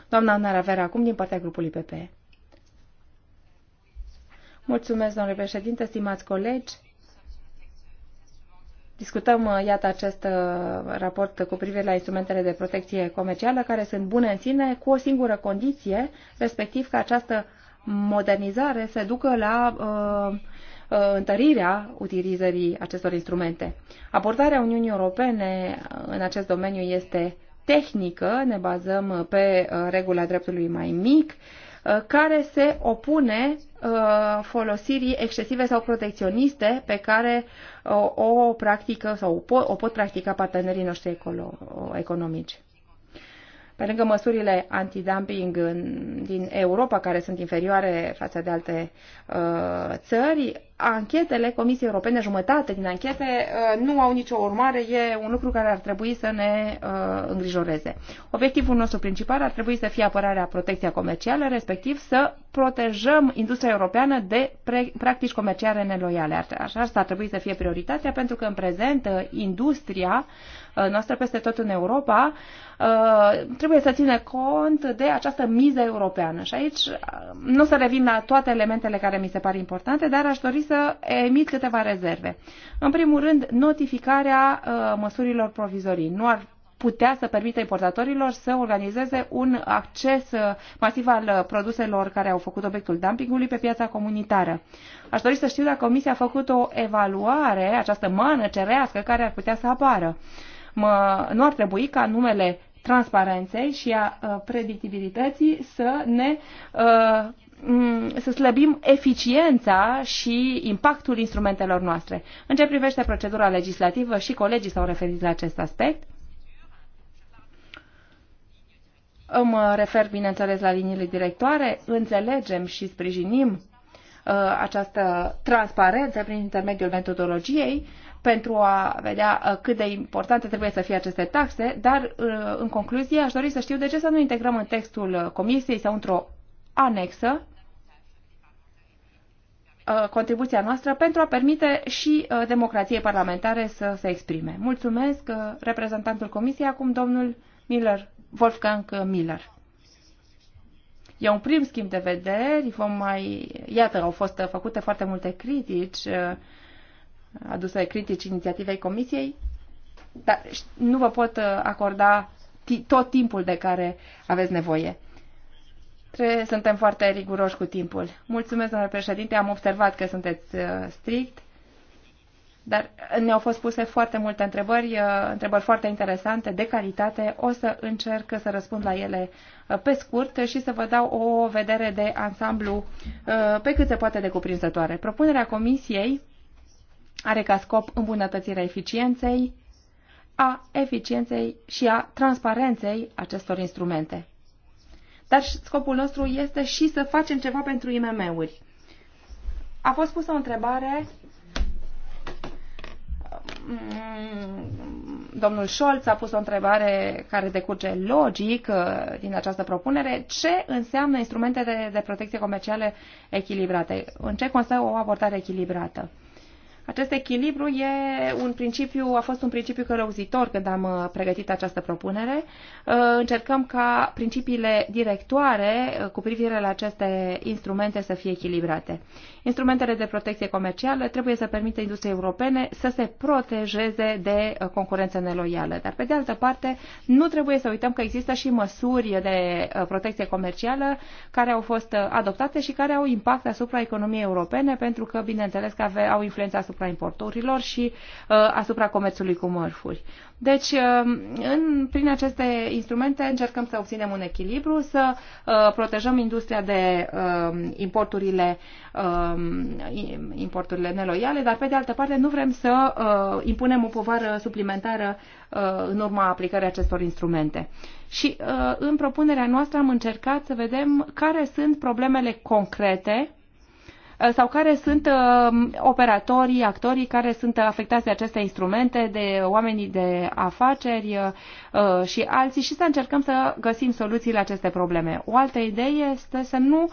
Doamna Vera acum din partea grupului PP. Mulțumesc, domnule președinte, stimați colegi. Discutăm, uh, iată, acest uh, raport cu privire la instrumentele de protecție comercială, care sunt bune în sine, cu o singură condiție, respectiv că această modernizare se ducă la uh, uh întărirea utilizării acestor instrumente. Abordarea Uniunii Europene în acest domeniu este tehnică, ne bazăm uh, pe uh, regula dreptului mai mic, uh, care se opune folosirii excesive sau protecționiste pe care o practică sau o pot practica partenerii noștri economici. Pe lângă măsurile antidumping în, din Europa, care sunt inferioare față de alte uh, țări, anchetele Comisiei Europene, jumătate din anchete, uh, nu au nicio urmare. E un lucru care ar trebui să ne uh, îngrijoreze. Obiectivul nostru principal ar trebui să fie apărarea protecția comercială, respectiv să protejăm industria europeană de pre- practici comerciale neloiale. Așa asta ar trebui să fie prioritatea, pentru că în prezent uh, industria uh, Uh, noastră peste tot în Europa, uh, trebuie să ține cont de această miză europeană. Și aici uh, nu să revin la toate elementele care mi se par importante, dar aș dori să emit câteva rezerve. În primul rând, notificarea măsurilor provizorii. Nu ar putea să permită importatorilor să organizeze un acces masiv al produselor care au făcut obiectul dumpingului pe piața comunitară. Aș dori să știu dacă Comisia a făcut o evaluare, această mană cerească, care ar putea să apară. Uh, mă, nu ar trebui ca numele transparenței și a predictibilității să ne să slăbim eficiența și impactul instrumentelor noastre. În ce privește procedura legislativă și colegii s-au referit la acest aspect. Mă refer, bineînțeles, la liniile directoare. Înțelegem și sprijinim această transparență prin intermediul metodologiei pentru a vedea uh, cât de importante trebuie să fie aceste taxe, dar uh, în concluzie aș dori să știu de ce să nu integrăm în textul uh, Comisiei sau într-o anexă contribuția noastră pentru a permite și democrației parlamentare să se exprime. Mulțumesc reprezentantul Comisiei, acum domnul Miller, Wolfgang Miller. E un prim schimb de vederi, vom mai... Iată, au fost făcute foarte multe critici adusă critici inițiativei Comisiei, dar nu vă pot uh, acorda tot timpul de care aveți nevoie. Trebuie, suntem foarte riguroși cu timpul. Mulțumesc, domnule președinte, am observat că sunteți uh, strict, dar ne-au fost puse foarte multe întrebări, uh, întrebări foarte interesante, de calitate. O să încerc să răspund la ele pe scurt și să vă dau o vedere de ansamblu pe cât se poate de cuprinzătoare. Propunerea Comisiei are ca scop îmbunătățirea eficienței, a eficienței și a transparenței acestor instrumente. Dar scopul nostru este și să facem ceva pentru IMM-uri. A fost pusă o întrebare mm, domnul Scholz a pus o întrebare care decurge logic uh, din această propunere. Ce înseamnă instrumente de, de protecție comercială echilibrate? În ce constă o abordare echilibrată? Acest echilibru e un principiu, a fost un principiu călăuzitor când am uh, pregătit această propunere. Uh, încercăm ca principiile directoare uh, cu privire la aceste instrumente să fie echilibrate. Instrumentele de protecție comercială trebuie să permită industriei europene să se protejeze de concurență neloială. Dar, pe de altă parte, nu trebuie să uităm că există și măsuri de protecție comercială care au fost adoptate și care au impact asupra economiei europene, pentru că, bineînțeles, că au influența asupra asupra importurilor și uh, asupra comerțului cu mărfuri. Deci, uh, în, prin aceste instrumente încercăm să obținem un echilibru, să uh, protejăm industria de um, importurile, um, importurile neloiale, dar pe de altă parte nu vrem să impunem o povară suplimentară în urma aplicării acestor instrumente. Și în propunerea noastră am încercat să vedem care sunt problemele concrete Uh, sau care sunt uh, operatorii, actorii care sunt afectați de aceste instrumente, de oamenii de afaceri uh, și alții și să încercăm să găsim soluții la aceste probleme. O altă idee este să nu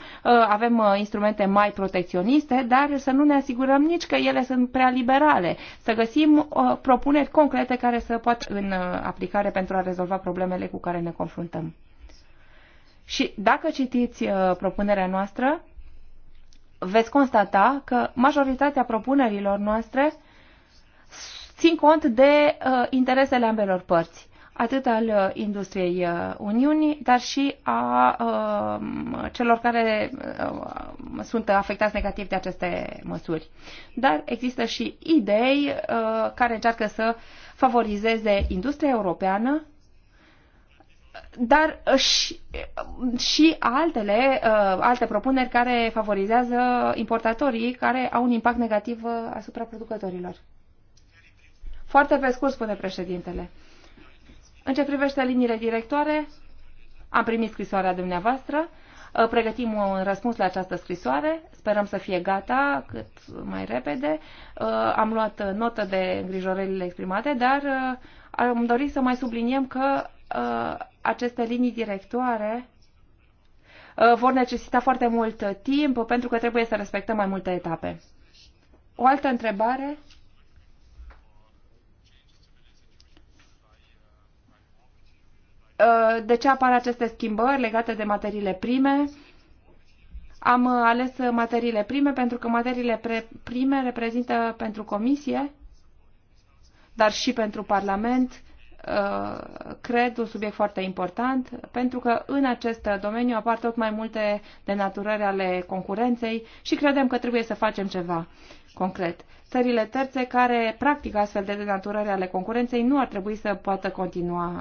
avem instrumente mai protecționiste, dar să nu ne asigurăm nici că ele sunt prea liberale, să găsim propuneri concrete care să poată în aplicare pentru a rezolva problemele cu care ne confruntăm. Și dacă citiți propunerea noastră, veți constata că majoritatea propunerilor noastre țin cont de uh, interesele ambelor părți, atât al uh, industriei uh, Uniunii, dar și a uh, celor care uh, sunt afectați negativ de aceste măsuri. Dar există și idei uh, care încearcă să favorizeze industria europeană dar uh, și, uh, și altele, uh, alte propuneri care favorizează importatorii care au un impact negativ asupra producătorilor. Foarte pe scurt, spune președintele. În ce privește liniile directoare, am primit scrisoarea dumneavoastră, pregătim un răspuns la această scrisoare, sperăm să fie gata cât mai repede. Am luat notă de îngrijorările exprimate, dar am dorit să mai subliniem că Uh, aceste linii directoare uh, vor necesita foarte mult timp pentru că trebuie să respectăm mai multe etape. O altă întrebare uh, de ce apar aceste schimbări legate de materiile prime. Am ales materiile prime pentru că materiile prime reprezintă pentru Comisie, dar și pentru Parlament, Uh, cred, un subiect foarte important, pentru că în acest domeniu apar tot mai multe denaturări ale concurenței și credem că trebuie să facem ceva concret. Țările terțe care practică astfel de denaturări ale concurenței nu ar trebui să poată continua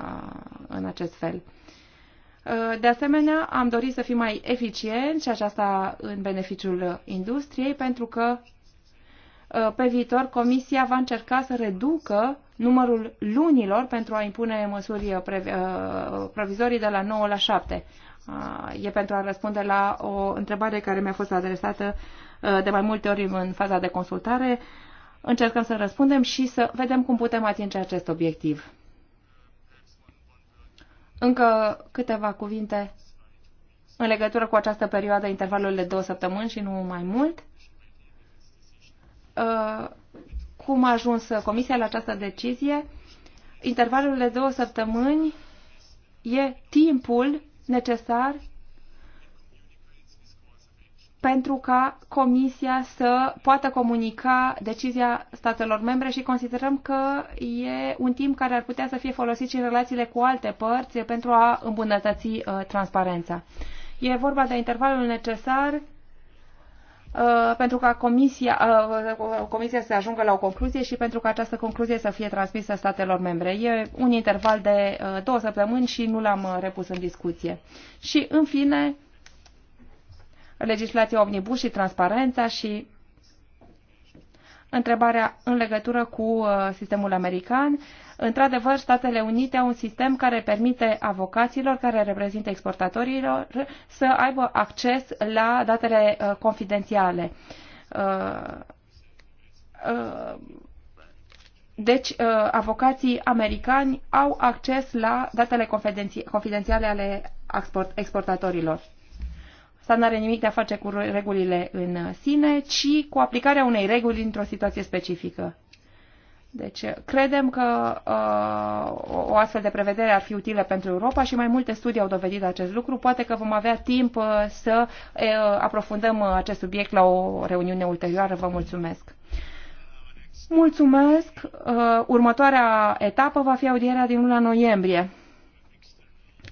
în acest fel. Uh, de asemenea, am dorit să fim mai eficienți și aceasta în beneficiul industriei, pentru că Uh, pe viitor Comisia va încerca să reducă numărul lunilor pentru a impune măsuri uh, uh, provizorii de la 9 la 7. E pentru a răspunde la o întrebare care mi-a fost adresată de mai multe ori în faza de consultare. Încercăm să răspundem și să vedem cum putem atinge acest obiectiv. Încă câteva cuvinte în legătură cu această perioadă, intervalul de două săptămâni și nu mai mult. Uh, cum a ajuns Comisia la această decizie. Intervalul de două săptămâni e timpul necesar pentru ca Comisia să poată comunica decizia statelor membre și considerăm că e un timp care ar putea să fie folosit și în relațiile cu alte părți pentru a îmbunătăți uh, transparența. E vorba de intervalul necesar Uh, pentru ca uh, comisia, să ajungă la o concluzie și pentru ca această concluzie să fie transmisă statelor membre. E un interval de uh, două săptămâni și nu l-am repus în discuție. Și, în fine, legislația omnibus și transparența și întrebarea în legătură cu sistemul american. Într-adevăr, Statele Unite au un sistem care permite avocaților care reprezintă exportatorilor să aibă acces la datele uh, confidențiale. Uh, uh deci, uh, avocații americani au acces la datele confidențiale ale exportatorilor. Asta nu are nimic de a face cu regulile în sine, ci cu aplicarea unei reguli într-o situație specifică. Deci, credem că uh, o astfel de prevedere ar fi utilă pentru Europa și mai multe studii au dovedit acest lucru. Poate că vom avea timp uh, să uh, aprofundăm acest subiect la o reuniune ulterioară. Vă mulțumesc! Mulțumesc! Uh, următoarea etapă va fi audierea din luna noiembrie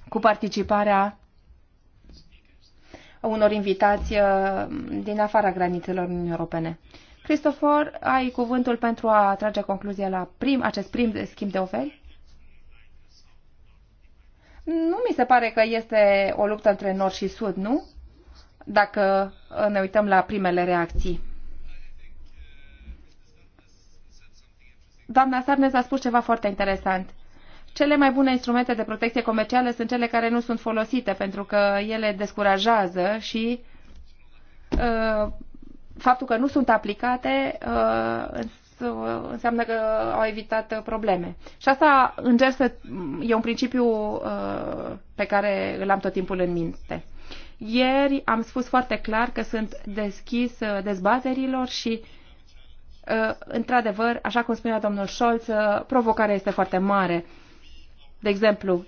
cu participarea unor invitați uh, din afara granițelor Uniunii Europene. Cristofor, ai cuvântul pentru a trage concluzia la prim, acest prim schimb de oferi? Nu mi se pare că este o luptă între nord și sud, nu? Dacă ne uităm la primele reacții. Doamna Sarnes a spus ceva foarte interesant. Cele mai bune instrumente de protecție comercială sunt cele care nu sunt folosite, pentru că ele descurajează și uh, faptul că nu sunt aplicate uh, înseamnă că au evitat uh, probleme. Și asta încerc să... e un principiu uh, pe care îl am tot timpul în minte. Ieri am spus foarte clar că sunt deschis dezbaterilor și, într-adevăr, așa cum spunea domnul Scholz, provocarea este foarte mare. De exemplu,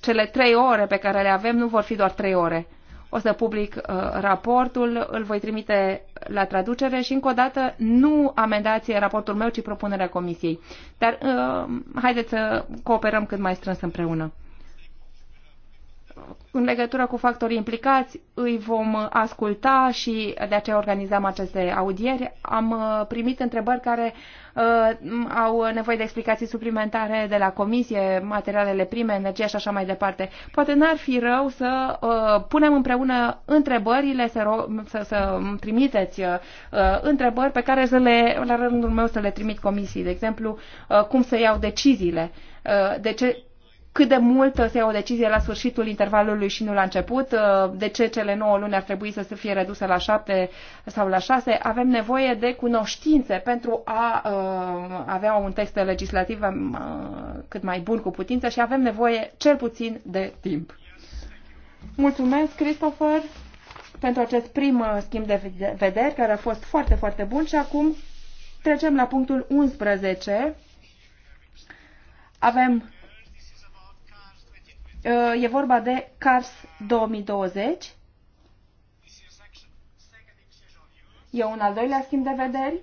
cele trei ore pe care le avem nu vor fi doar trei ore o să public uh, raportul, îl voi trimite la traducere și încă o dată nu amendați raportul meu, ci propunerea comisiei. Dar uh, haideți să cooperăm cât mai strâns împreună. În legătură cu factorii implicați, îi vom asculta și de aceea organizăm aceste audieri. Am uh, primit întrebări care Uh, au nevoie de explicații suplimentare de la comisie, materialele prime, energie și așa mai departe. Poate n-ar fi rău să uh, punem împreună întrebările, să, să, să trimiteți uh, întrebări pe care să le, la rândul meu să le trimit comisii. De exemplu, cum să iau deciziile, de ce cât de mult se ia o decizie la sfârșitul intervalului și nu la început, uh, de ce cele 9 luni ar trebui să se fie reduse la 7 sau la 6. Avem nevoie de cunoștințe pentru a uh, avea un text legislativ uh, cât mai bun cu putință și avem nevoie cel puțin de timp. Mulțumesc, Christopher, pentru acest prim schimb de vederi, care a fost foarte, foarte bun și acum trecem la punctul 11. Avem Uh, e vorba de CARS 2020. E un al doilea schimb de vederi.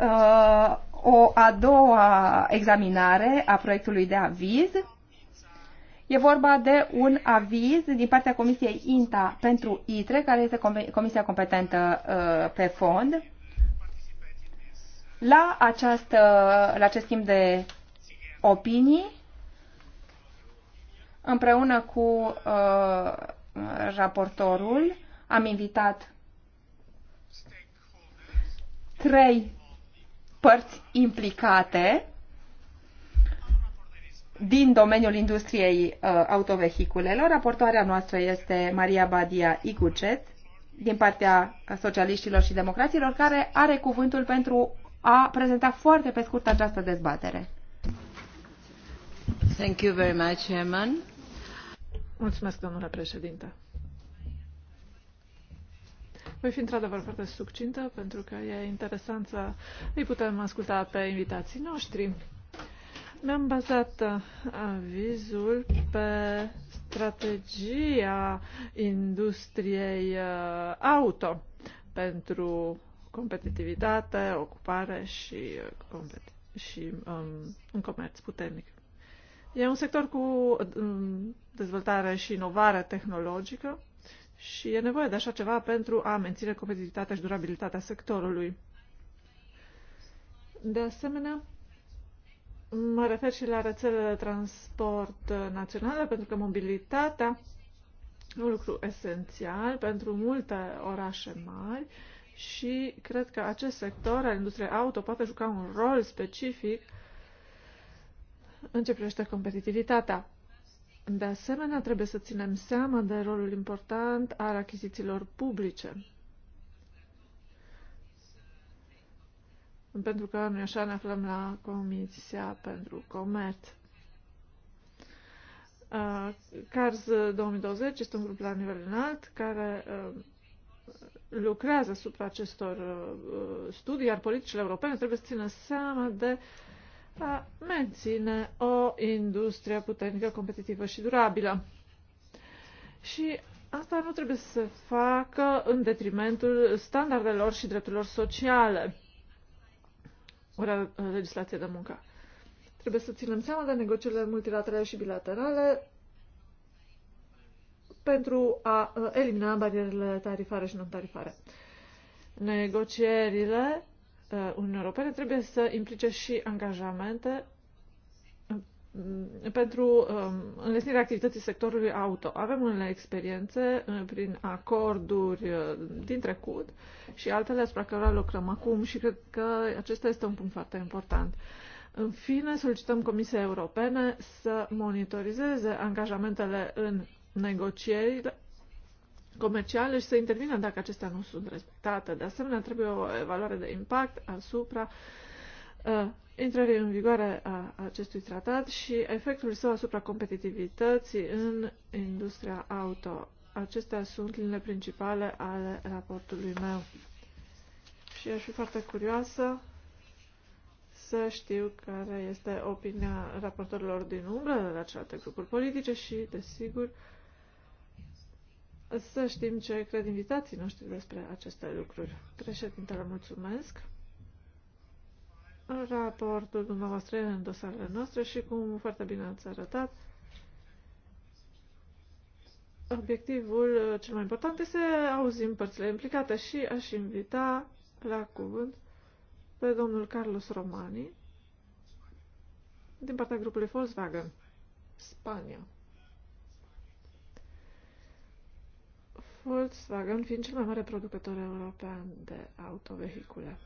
Uh, o a doua examinare a proiectului de aviz. E vorba de un aviz din partea Comisiei INTA pentru ITRE, care este comisia competentă uh, pe fond. La, această, la acest schimb de opinii Împreună cu uh, raportorul am invitat trei părți implicate din domeniul industriei uh, autovehiculelor. Raportoarea noastră este Maria Badia Icucet, din partea socialiștilor și democraților, care are cuvântul pentru a prezenta foarte pe scurt această dezbatere. Thank you very much, Herman. Mulțumesc, domnule președinte. Voi fi într-adevăr foarte succintă, pentru că e interesant să îi putem asculta pe invitații noștri. Mi-am bazat avizul pe strategia industriei uh, auto pentru competitivitate, ocupare și, uh, și um, un comerț puternic. E un sector cu um, dezvoltare și inovare tehnologică și e nevoie de așa ceva pentru a menține competitivitatea și durabilitatea sectorului. De asemenea, mă refer și la rețelele de transport naționale, pentru că mobilitatea e un lucru esențial pentru multe orașe mari și cred că acest sector al industriei auto poate juca un rol specific uh, în ce privește competitivitatea. De asemenea, trebuie să ținem seama de rolul important al achizițiilor publice. Pentru că noi așa ne aflăm la Comisia pentru Comerț. Uh, CARS 2020 este un grup la nivel înalt care uh, lucrează asupra acestor uh, studii, iar politicile europene trebuie să țină seama de uh, a menține o industrie puternică, competitivă și durabilă. Și asta nu trebuie să se facă în detrimentul standardelor și drepturilor sociale. Ora legislație de muncă. Trebuie să ținem seama de negocierile multilaterale și bilaterale pentru a uh, elimina barierele tarifare și non-tarifare. Negocierile Uh, Uniunii Europene trebuie să implice și angajamente mm, pentru um, înlesnirea activității sectorului auto. Avem unele experiențe uh, prin acorduri uh, din trecut și altele asupra cărora lucrăm acum și cred că acesta este un punct foarte important. În fine, solicităm Comisiei Europene să monitorizeze angajamentele în negocierile comerciale și să intervină dacă acestea nu sunt respectate. De asemenea, trebuie o evaluare de impact asupra uh, intrării în vigoare a acestui tratat și efectul său asupra competitivității în industria auto. Acestea sunt linile principale ale raportului meu. Și aș fi foarte curioasă să știu care este opinia raportorilor din umbră de la celelalte grupuri politice și, desigur, uh, să știm ce cred invitații noștri despre aceste lucruri. Președintele, mulțumesc. Raportul dumneavoastră în dosarele noastre și, cum foarte bine ați arătat, obiectivul cel mai important este să auzim părțile implicate și aș invita la cuvânt pe domnul Carlos Romani din partea grupului Volkswagen, Spania. Volkswagen fiind cel mai mare producător european de autovehicule.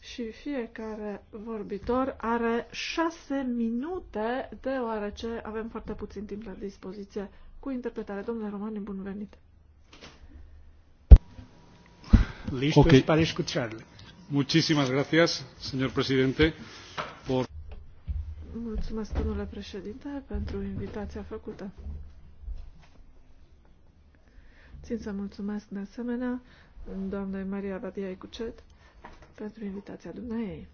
Și fiecare vorbitor are șase minute, deoarece avem foarte puțin timp la dispoziție cu interpretare. Domnule Romani, bun venit! Listo, okay. para escucharle. Muchísimas gracias, señor presidente, por... Mulțumesc, domnule președinte, pentru invitația făcută. Țin să mulțumesc de asemenea doamnei Maria Badia Cucet pentru invitația dumneavoastră.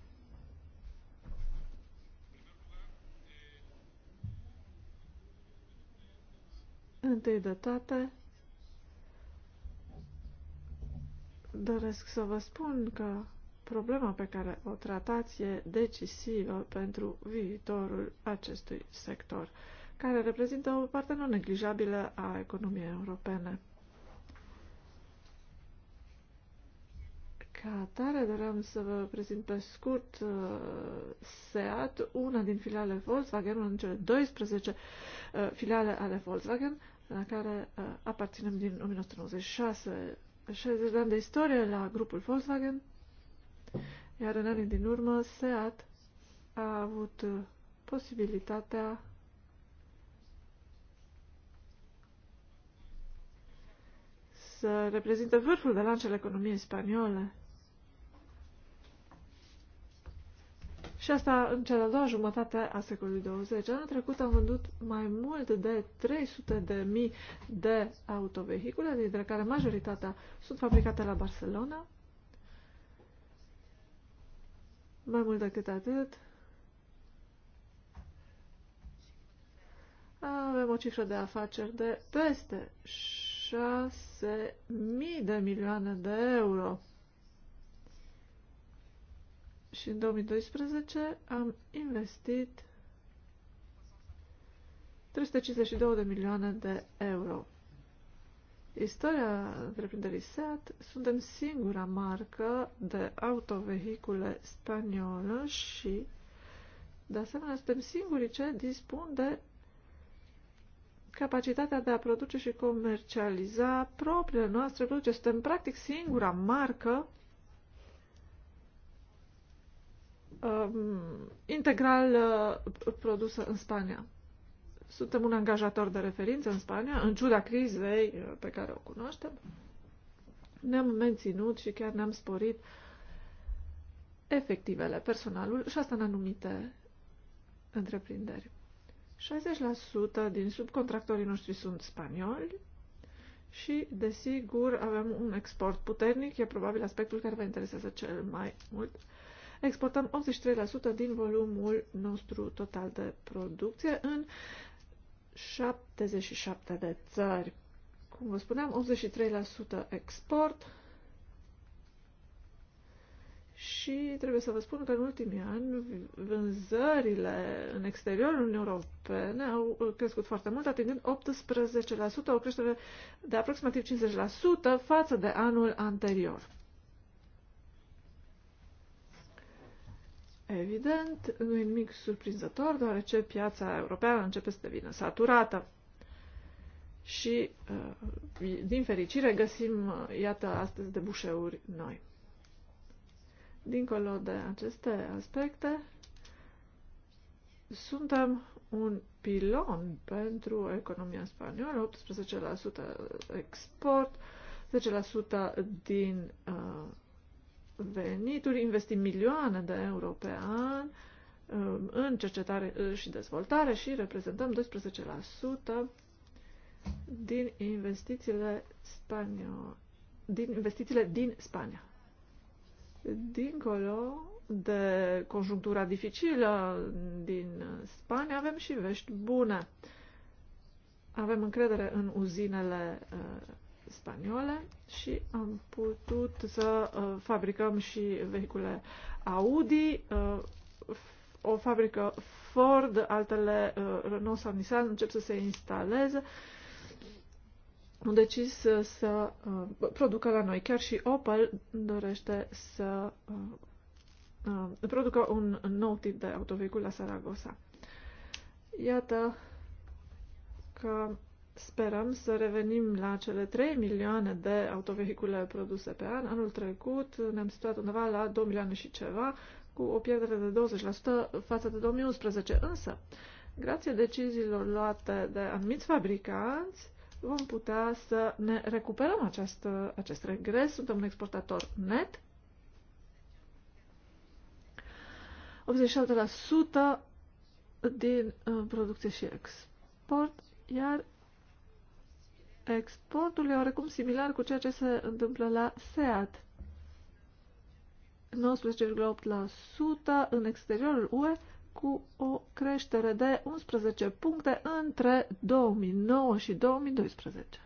Întâi de toate, doresc să vă spun că problema pe care o tratați e decisivă pentru viitorul acestui sector, care reprezintă o parte non neglijabilă a economiei europene. Ca atare doream să vă prezint pe scurt uh, SEAT, una din filiale Volkswagen, una din cele 12 uh, filiale ale Volkswagen, la care uh, aparținem din 1996. 60 de ani de istorie la grupul Volkswagen, iar în anii din urmă SEAT a avut uh, posibilitatea să reprezinte vârful de lanț al economiei spaniole Și asta în cea de-a doua jumătate a secolului 20. Anul trecut am vândut mai mult de 300.000 de de autovehicule, dintre care majoritatea sunt fabricate la Barcelona. Mai mult decât atât, avem o cifră de afaceri de peste 6.000 de milioane de euro și în 2012 am investit 352 de milioane de euro. Istoria întreprinderii SEAT, suntem singura marcă de autovehicule spaniolă și, de asemenea, suntem singurii ce dispun de capacitatea de a produce și comercializa propriile noastre produse. Suntem, practic, singura marcă uh, integral uh, produsă în Spania. Suntem un angajator de referință în Spania, în ciuda crizei uh, pe care o cunoaștem. Ne-am menținut și chiar ne-am sporit efectivele, personalul și asta în anumite întreprinderi. 60% din subcontractorii noștri sunt spanioli și, desigur, avem un export puternic, e probabil aspectul care vă interesează cel mai mult. Uh, exportăm 83% din volumul nostru total de producție în 77 de țări. Cum vă spuneam, 83% export și trebuie să vă spun că în ultimii ani vânzările în exteriorul Uniunii Europene au uh, crescut foarte mult, atingând 18%, o creștere de aproximativ 50% față de anul anterior. Evident, nu e nimic surprinzător, deoarece piața europeană începe să devină saturată. Și, uh, din fericire, găsim, uh, iată, astăzi de bușeuri noi. Dincolo de aceste aspecte, suntem un pilon pentru economia spaniolă, 18% export, 10% din uh, venituri, investim milioane de euro pe an um, în cercetare uh, și dezvoltare și reprezentăm 12% din investițiile, Spanio, din investițiile din Spania. Dincolo de conjunctura dificilă din Spania, avem și vești bune. Avem încredere în uzinele uh, spaniole și am putut să uh, fabricăm și vehicule Audi, uh, o fabrică Ford, altele uh, Renault sau Nissan încep să se instaleze. Am decis să, să producă la noi. Chiar și Opel dorește să producă un nou tip de autovehicul la Saragossa. Iată că Sperăm să revenim la cele 3 milioane de autovehicule produse pe an. Anul trecut ne-am situat undeva la 2 milioane și ceva, cu o pierdere de 20% față de 2011. Însă, grație deciziilor luate de anumiți fabricanți, vom putea să ne recuperăm acest acest regres. Suntem un exportator net. 87% din uh, producție și export, iar exportul e oricum similar cu ceea ce se întâmplă la SEAT. 19,8% în exteriorul UE cu o creștere de 11 puncte între 2009 și 2012.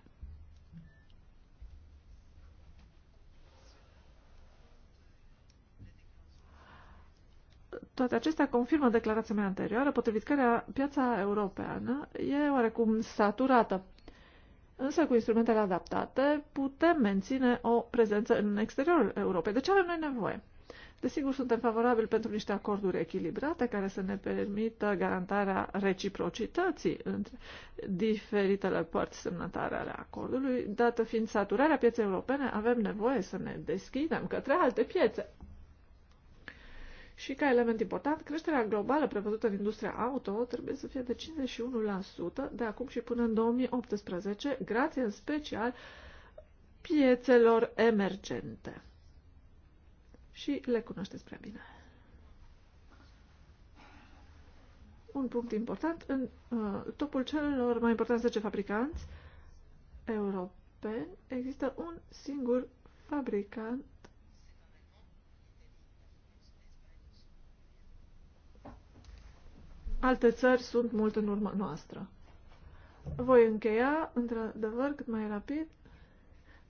Toate acestea confirmă declarația mea anterioară, potrivit care piața europeană e oarecum saturată. Însă, cu instrumentele adaptate, putem menține o prezență în exteriorul Europei. De ce avem noi nevoie? Desigur, suntem favorabili pentru niște acorduri echilibrate care să ne permită garantarea reciprocității între diferitele părți semnătare ale acordului. Dată fiind saturarea pieței europene, avem nevoie să ne deschidem către alte piețe. Și ca element important, creșterea globală prevăzută în industria auto trebuie să fie de 51% de acum și până în 2018, grație în special piețelor emergente. Și le cunoașteți prea bine. Un punct important, în uh, topul celor mai importanți 10 fabricanți europeni, există un singur fabricant Alte țări sunt mult în urma noastră. Voi încheia, într-adevăr, cât mai rapid,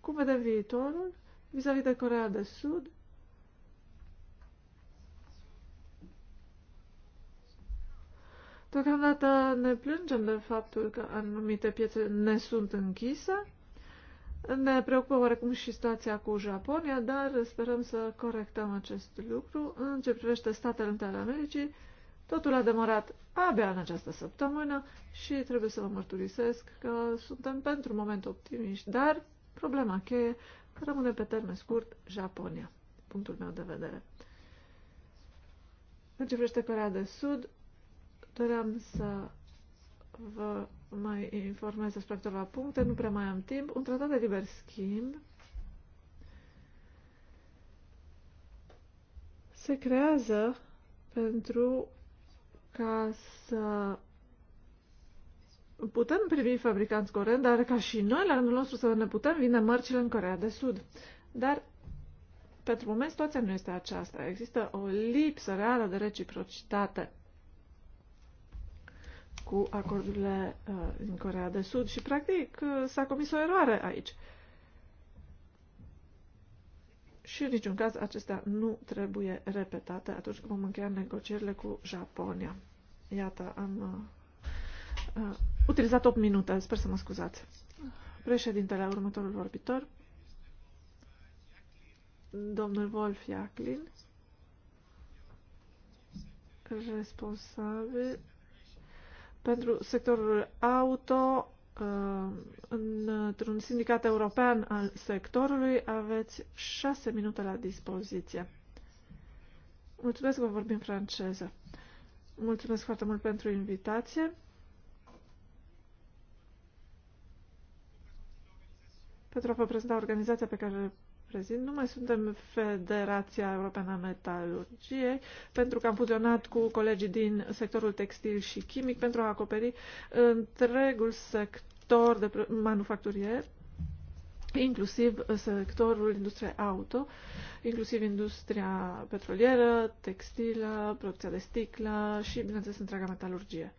cum vedem viitorul vis-a-vis -vis de Corea de Sud. Deocamdată ne plângem de faptul că anumite piețe ne sunt închise. Ne preocupă oarecum și situația cu Japonia, dar sperăm să corectăm acest lucru. În ce privește Statele Unite ale Americii, Totul a demarat abia în această săptămână și trebuie să vă mărturisesc că suntem pentru moment optimiști, dar problema cheie rămâne pe termen scurt Japonia, punctul meu de vedere. În ce privește Corea de Sud, doream să vă mai informez despre câteva puncte, nu prea mai am timp. Un tratat de liber schimb se creează pentru ca să putem primi fabricanți coreeni, dar ca și noi, la rândul nostru, să ne putem vinde mărcile în Corea de Sud. Dar, pentru moment, situația nu este aceasta. Există o lipsă reală de reciprocitate cu acordurile uh, din Corea de Sud și, practic, uh, s-a comis o eroare aici. Uh, și în niciun caz acestea nu trebuie repetate atunci când vom încheia negocierile cu Japonia. Iată, am uh, uh utilizat 8 minute, sper să mă scuzați. Președintele, următorul vorbitor, domnul Wolf Iaclin, responsabil pentru sectorul auto, Uh, într-un sindicat european al sectorului. Aveți șase minute la dispoziție. Mulțumesc că vorbim franceză. Mulțumesc foarte mult pentru invitație. Pentru a vă prezenta organizația pe care prezint, nu mai suntem Federația Europeană a Metalurgiei, pentru că am fuzionat cu colegii din sectorul textil și chimic pentru a acoperi întregul sector de manufacturier, inclusiv sectorul industriei auto, inclusiv industria petrolieră, textilă, producția de sticlă și, bineînțeles, întreaga metalurgie.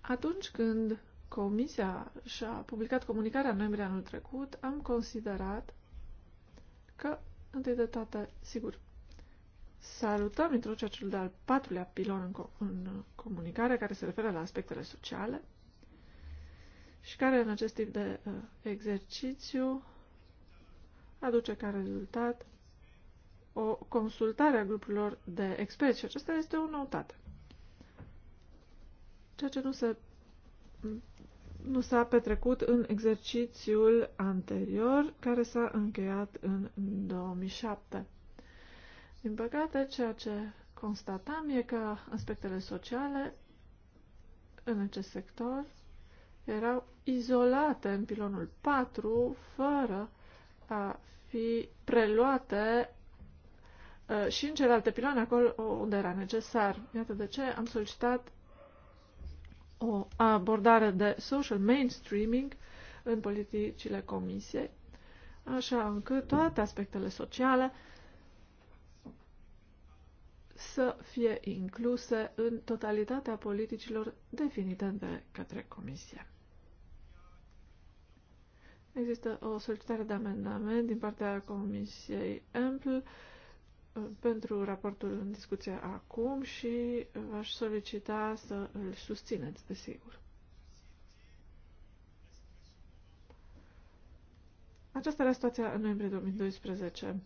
Atunci când Comisia și-a publicat comunicarea în noiembrie anul trecut, am considerat că, întâi de toate, sigur, salutăm introducerea celui de-al patrulea pilon în, co- în comunicare, care se referă la aspectele sociale și care, în acest tip de uh, exercițiu, aduce ca rezultat o consultare a grupurilor de experți și aceasta este o noutate. Ceea ce nu se nu s-a petrecut în exercițiul anterior, care s-a încheiat în 2007. Din păcate, ceea ce constatam e că aspectele sociale în acest sector erau izolate în pilonul 4, fără a fi preluate uh, și în celelalte piloane, acolo unde era necesar. Iată de ce am solicitat o abordare de social mainstreaming în politicile comisiei, așa încât toate aspectele sociale să fie incluse în totalitatea politicilor definite de către comisie. Există o solicitare de amendament din partea Comisiei Ample pentru raportul în discuție acum și v-aș solicita să îl susțineți, desigur. Aceasta era situația în noiembrie 2012.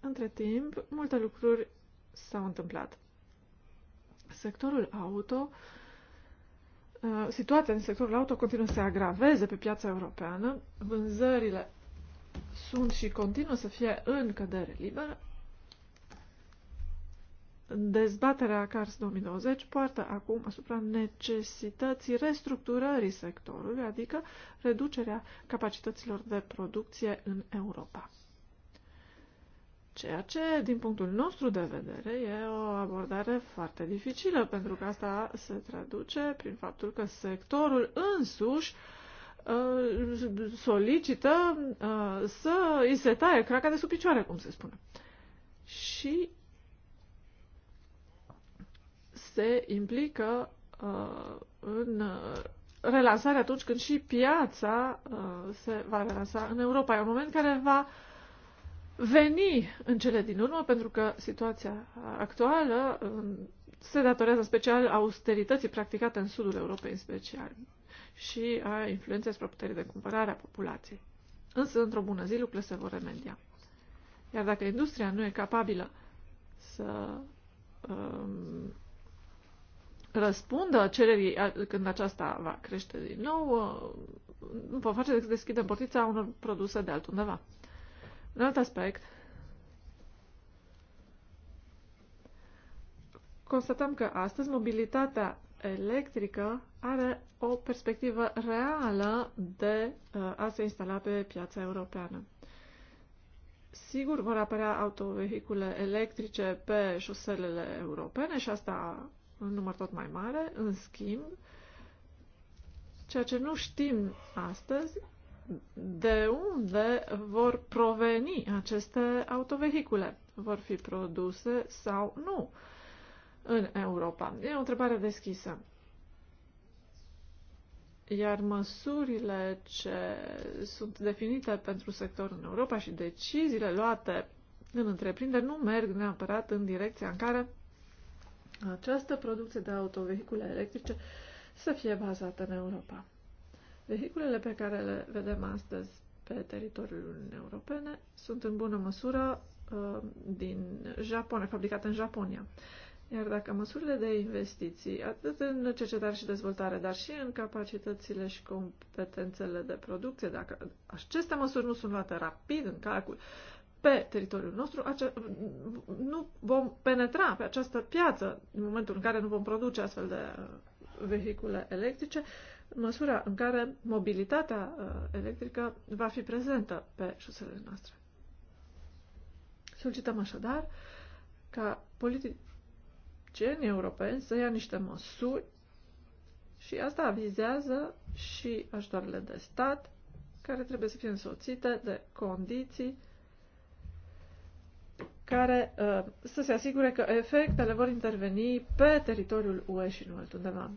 Între timp, multe lucruri s-au întâmplat. Sectorul auto, uh, situația din sectorul auto continuă să se agraveze pe piața europeană, vânzările sunt și continuă să fie în cădere liberă, Dezbaterea CARS 2020 poartă acum asupra necesității restructurării sectorului, adică reducerea capacităților de producție în Europa. Ceea ce, din punctul nostru de vedere, e o abordare foarte dificilă, pentru că asta se traduce prin faptul că sectorul însuși uh, solicită uh, să îi se taie craca de sub picioare, cum se spune. Și se implică uh, în uh, relansare atunci când și piața uh, se va relansa în Europa. E un moment care va veni în cele din urmă, pentru că situația actuală uh, se datorează special austerității practicate în sudul Europei în special și a influenței asupra puterii de cumpărare a populației. Însă, într-o bună zi, lucrurile se vor remedia. Iar dacă industria nu e capabilă să um, răspundă cererii când aceasta va crește din nou, nu uh, va face decât să deschidem portița unor produse de altundeva. Un alt aspect, constatăm că astăzi mobilitatea electrică are o perspectivă reală de uh, a se instala pe piața europeană. Sigur vor apărea autovehicule electrice pe șoselele europene și asta un număr tot mai mare. În schimb, ceea ce nu știm astăzi, de unde vor proveni aceste autovehicule? Vor fi produse sau nu în Europa? E o întrebare deschisă. Iar măsurile ce sunt definite pentru sectorul în Europa și deciziile luate în întreprindere nu merg neapărat în direcția în care această producție de autovehicule electrice să fie bazată în Europa. Vehiculele pe care le vedem astăzi pe teritoriul Uniunii Europene sunt în bună măsură uh, din Japonia, fabricate în Japonia. Iar dacă măsurile de investiții, atât în cercetare și dezvoltare, dar și în capacitățile și competențele de producție, dacă aceste măsuri nu sunt luate rapid în calcul, pe teritoriul nostru, nu vom penetra pe această piață în momentul în care nu vom produce astfel de uh, vehicule electrice, în măsura în care mobilitatea uh, electrică va fi prezentă pe șoselele noastre. Solicităm așadar ca politicienii europeni să ia niște măsuri și asta vizează și ajutoarele de stat, care trebuie să fie însoțite de condiții care uh, să se asigure că efectele vor interveni pe teritoriul UE și nu altundeva.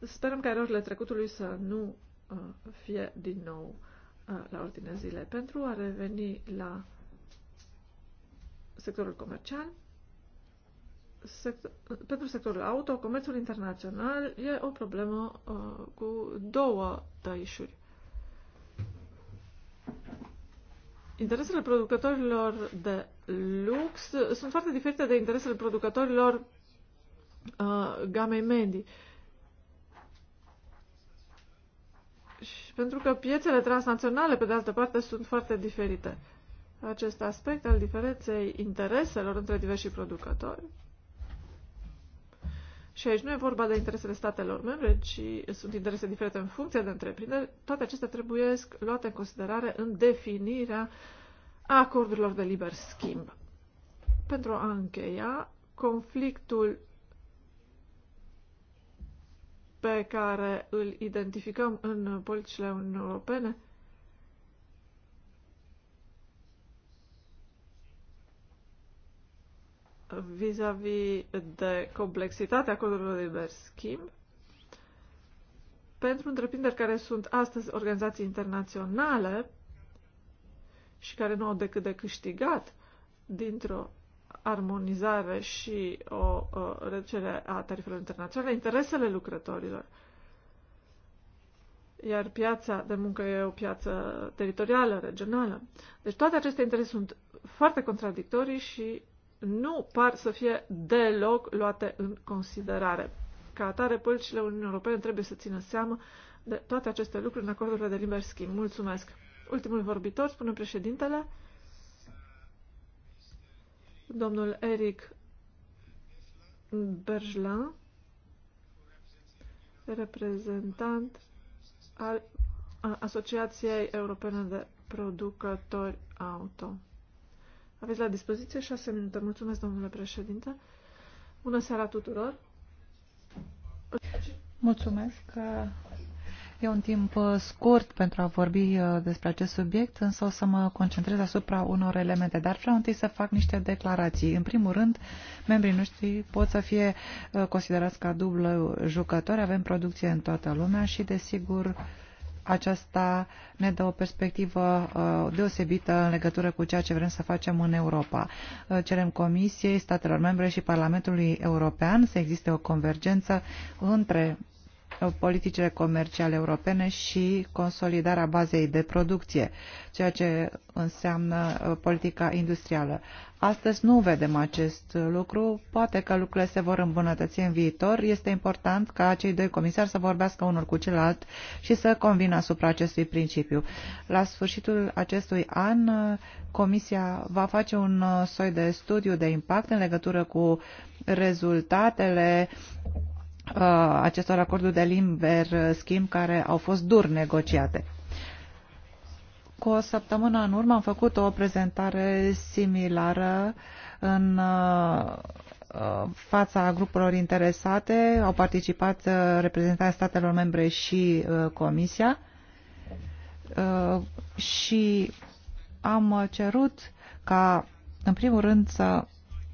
Sperăm că erorile trecutului să nu uh, fie din nou uh, la ordinea zilei. Pentru a reveni la sectorul comercial, sector, pentru sectorul auto, comerțul internațional e o problemă uh, cu două tăișuri. Interesele producătorilor de lux sunt foarte diferite de interesele producătorilor uh, gamei medii. Și pentru că piețele transnaționale, pe de altă parte, sunt foarte diferite. Acest aspect al diferenței intereselor între diversi producători și aici nu e vorba de interesele statelor membre, ci sunt interese diferite în funcție de întreprinderi. Toate acestea trebuie luate în considerare în definirea acordurilor de liber schimb. Pentru a încheia, conflictul pe care îl identificăm în politicile Uniunii Europene vis-a-vis -vis de complexitatea codurilor de liber schimb, pentru întreprinderi care sunt astăzi organizații internaționale și care nu au decât de câștigat dintr-o armonizare și o o reducere a tarifelor internaționale, interesele lucrătorilor. Iar piața de muncă e o piață teritorială, regională. Deci toate aceste interese sunt foarte contradictorii și nu par să fie deloc luate în considerare. Ca atare, politicile Uniunii Europene trebuie să țină seamă de toate aceste lucruri în acordurile de liber schimb. Mulțumesc! Ultimul vorbitor, spune președintele, domnul Eric Berjlan, reprezentant al Asociației Europene de Producători Auto. Aveți la dispoziție șase minute. Mulțumesc, domnule președinte. Bună seara tuturor. Mulțumesc. că E un timp uh, scurt pentru a vorbi uh, despre acest subiect, însă o să mă concentrez asupra unor elemente, dar vreau întâi să fac niște declarații. În primul rând, membrii noștri pot să fie uh, considerați ca dublă jucători, avem producție în toată lumea și, desigur, aceasta ne dă o perspectivă uh, deosebită în legătură cu ceea ce vrem să facem în Europa. Uh, cerem Comisiei, statelor membre și Parlamentului European să existe o convergență între politicile comerciale europene și consolidarea bazei de producție, ceea ce înseamnă uh, politica industrială. Astăzi nu vedem acest lucru, poate că lucrurile se vor îmbunătăți în viitor. Este important ca cei doi comisari să vorbească unul cu celălalt și să convină asupra acestui principiu. La sfârșitul acestui an, uh, Comisia va face un uh, soi de studiu de impact în legătură cu rezultatele Uh, acestor acorduri de liber schimb care au fost dur negociate. Cu o săptămână în urmă am făcut o prezentare similară în uh, uh, fața grupurilor interesate. Au participat reprezentanții statelor membre și Comisia și am cerut ca, în primul rând, să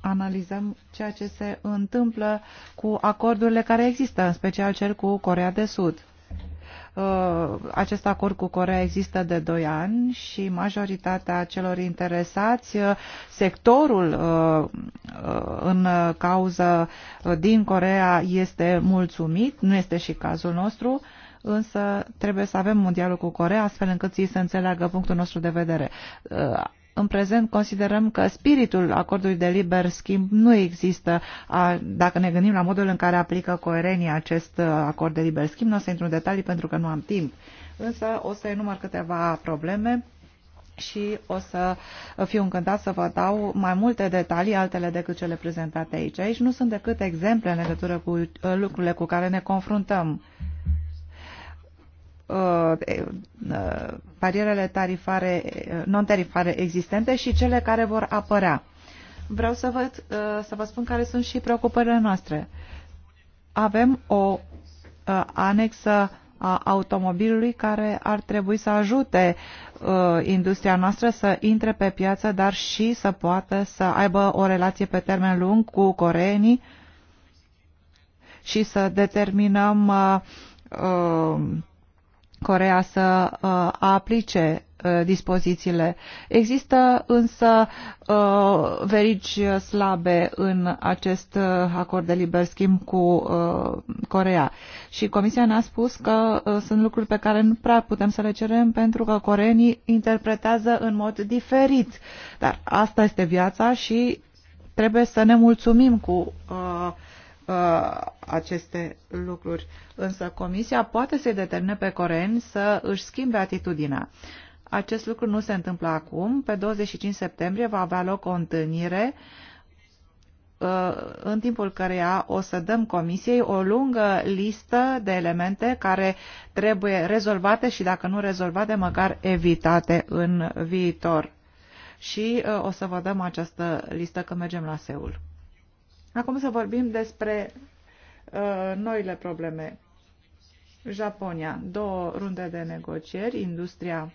analizăm ceea ce se întâmplă cu acordurile care există, în special cel cu Corea de Sud. Uh, acest acord cu Corea există de 2 ani și majoritatea celor interesați, uh, sectorul uh, în cauză din Corea este mulțumit, nu este și cazul nostru, însă trebuie să avem un dialog cu Corea astfel încât ei să înțeleagă punctul nostru de vedere în prezent considerăm că spiritul acordului de liber schimb nu există. Dacă ne gândim la modul în care aplică coerenii acest uh, acord de liber schimb, nu o să intru în detalii pentru că nu am timp. Însă o să enumăr câteva probleme și o să fiu încântat să vă dau mai multe detalii, altele decât cele prezentate aici. Aici nu sunt decât exemple în legătură cu uh, lucrurile cu care ne confruntăm. Uh, uh, barierele tarifare, uh, non-tarifare existente și cele care vor apărea. Vreau să vă, să vă spun care sunt și preocupările noastre. Avem o anexă a automobilului care ar trebui să ajute uh, industria noastră să intre pe piață, dar și să poată să aibă o relație pe termen lung cu coreenii și să determinăm uh, uh, Corea să uh, aplice uh, dispozițiile. Există însă uh, verigi slabe în acest acord de liber schimb cu Corea și Comisia ne-a spus că sunt lucruri pe care nu prea putem să le cerem pentru că coreenii interpretează în mod diferit. Dar asta este viața și trebuie să ne mulțumim cu uh, Uh, aceste lucruri. Însă Comisia poate să-i determine pe coreeni să își schimbe atitudinea. Acest lucru nu se întâmplă acum. Pe 25 septembrie va avea loc o întâlnire uh, în timpul căreia o să dăm Comisiei o lungă listă de elemente care trebuie rezolvate și, dacă nu rezolvate, măcar evitate în viitor. Și uh, o să vă dăm această listă când mergem la Seul. Acum să vorbim despre uh, noile probleme. Japonia, două runde de negocieri, industria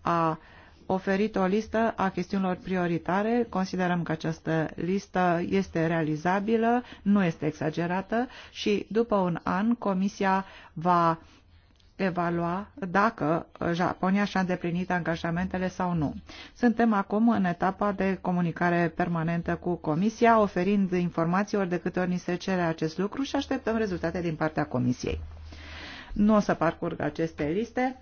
a oferit o listă a chestiunilor prioritare. Considerăm că această listă este realizabilă, nu este exagerată și după un an Comisia va evalua dacă uh, Japonia și-a îndeplinit angajamentele sau nu. Suntem acum în etapa de comunicare permanentă cu Comisia, oferind informații ori de câte ori ni se cere acest lucru și așteptăm rezultate din partea Comisiei. Nu o să parcurg aceste liste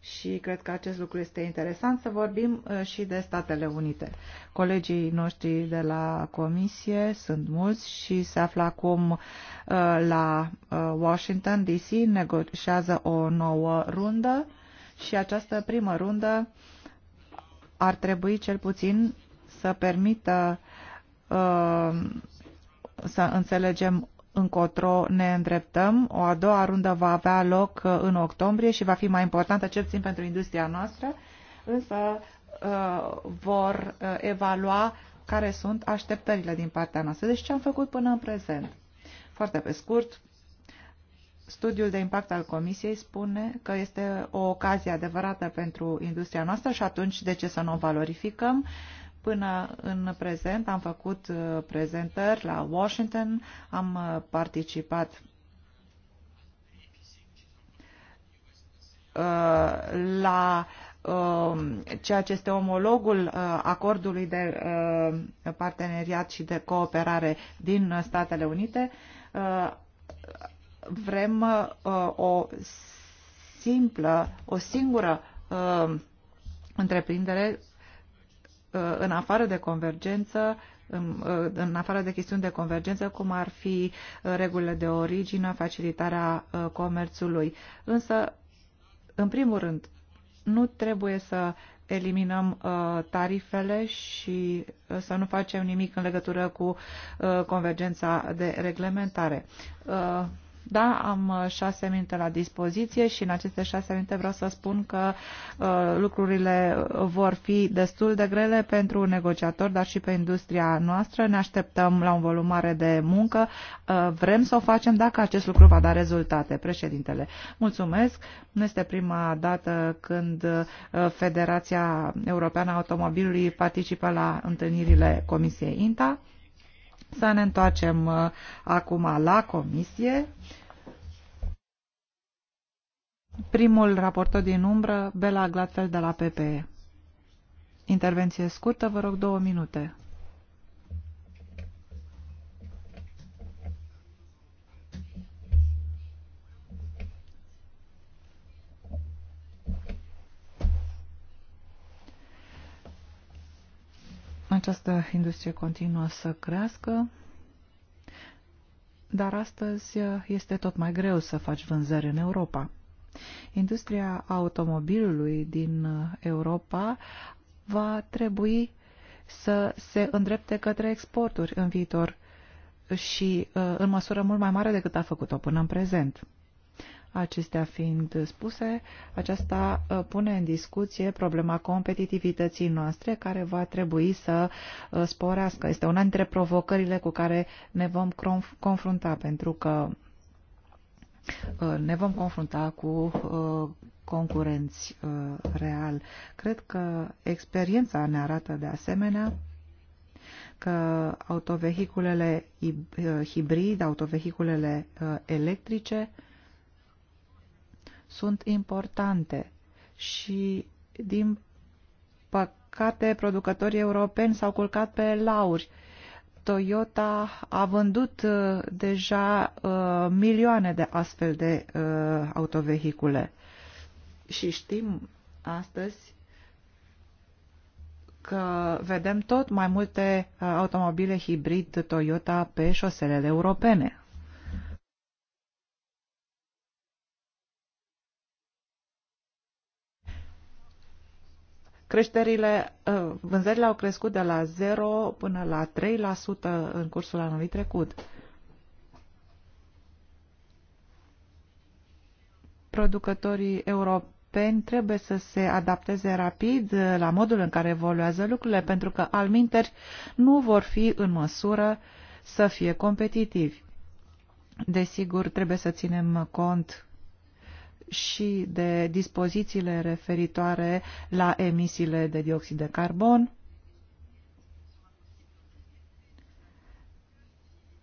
și cred că acest lucru este interesant să vorbim uh, și de Statele Unite. Colegii noștri de la Comisie sunt mulți și se află acum uh, la uh, Washington DC, negociază o nouă rundă și această primă rundă ar trebui cel puțin să permită să înțelegem încotro ne îndreptăm. O a doua rundă va avea loc uh, în octombrie și va fi mai importantă, cel puțin pentru industria noastră, însă uh, vor uh, evalua care sunt așteptările din partea noastră. Deci ce am făcut până în prezent? Foarte pe scurt, studiul de impact al Comisiei spune că este o ocazie adevărată pentru industria noastră și atunci de ce să nu o valorificăm? Până în prezent am făcut uh, prezentări la Washington, am uh, participat uh, la um, ceea ce este omologul acordului de parteneriat și de cooperare din Statele Unite. Vrem o simplă, o singură întreprindere Uh, în afară de convergență, uh, în afară de chestiuni de convergență, cum ar fi uh, regulile de origine, facilitarea comerțului. Însă, în primul rând, nu trebuie să eliminăm tarifele și să nu facem nimic în legătură cu convergența de reglementare. Da, am uh, șase minute la dispoziție și în aceste șase minute vreau să spun că uh, lucrurile uh, vor fi destul de grele pentru negociator, dar și pe industria noastră. Ne așteptăm la un volum mare de muncă. Uh, vrem să o facem dacă acest lucru va da rezultate. Președintele, mulțumesc. Nu este prima dată când uh, Federația Europeană a Automobilului participă la întâlnirile Comisiei INTA. Să ne întoarcem uh, acum la comisie. Primul raportor din umbră, Bela Glatfel de la PPE. Intervenție scurtă, vă rog două minute. Această industrie continuă să crească, dar astăzi este tot mai greu să faci vânzări în Europa. Industria automobilului din Europa va trebui să se îndrepte către exporturi în viitor și uh, în măsură mult mai mare decât a făcut-o până în prezent. Acestea fiind spuse, aceasta uh, pune în discuție problema competitivității noastre, care va trebui să uh, sporească. Este una dintre provocările cu care ne vom confrunta, pentru că uh, ne vom confrunta cu concurenți real. Cred că experiența ne arată de asemenea că autovehiculele hibrid, autovehiculele electrice, sunt importante și, din păcate, producătorii europeni s-au culcat pe lauri. Toyota a vândut uh, deja uh, milioane de astfel de uh, autovehicule. Și știm astăzi că vedem tot mai multe uh, automobile hibrid Toyota pe șoselele europene. Creșterile, ă, vânzările au crescut de la 0 până la 3% în cursul anului trecut. Producătorii europeni trebuie să se adapteze rapid ă, la modul în care evoluează lucrurile, pentru că alminteri nu vor fi în măsură să fie competitivi. Desigur, trebuie să ținem cont și de dispozițiile referitoare la emisiile de dioxid de carbon.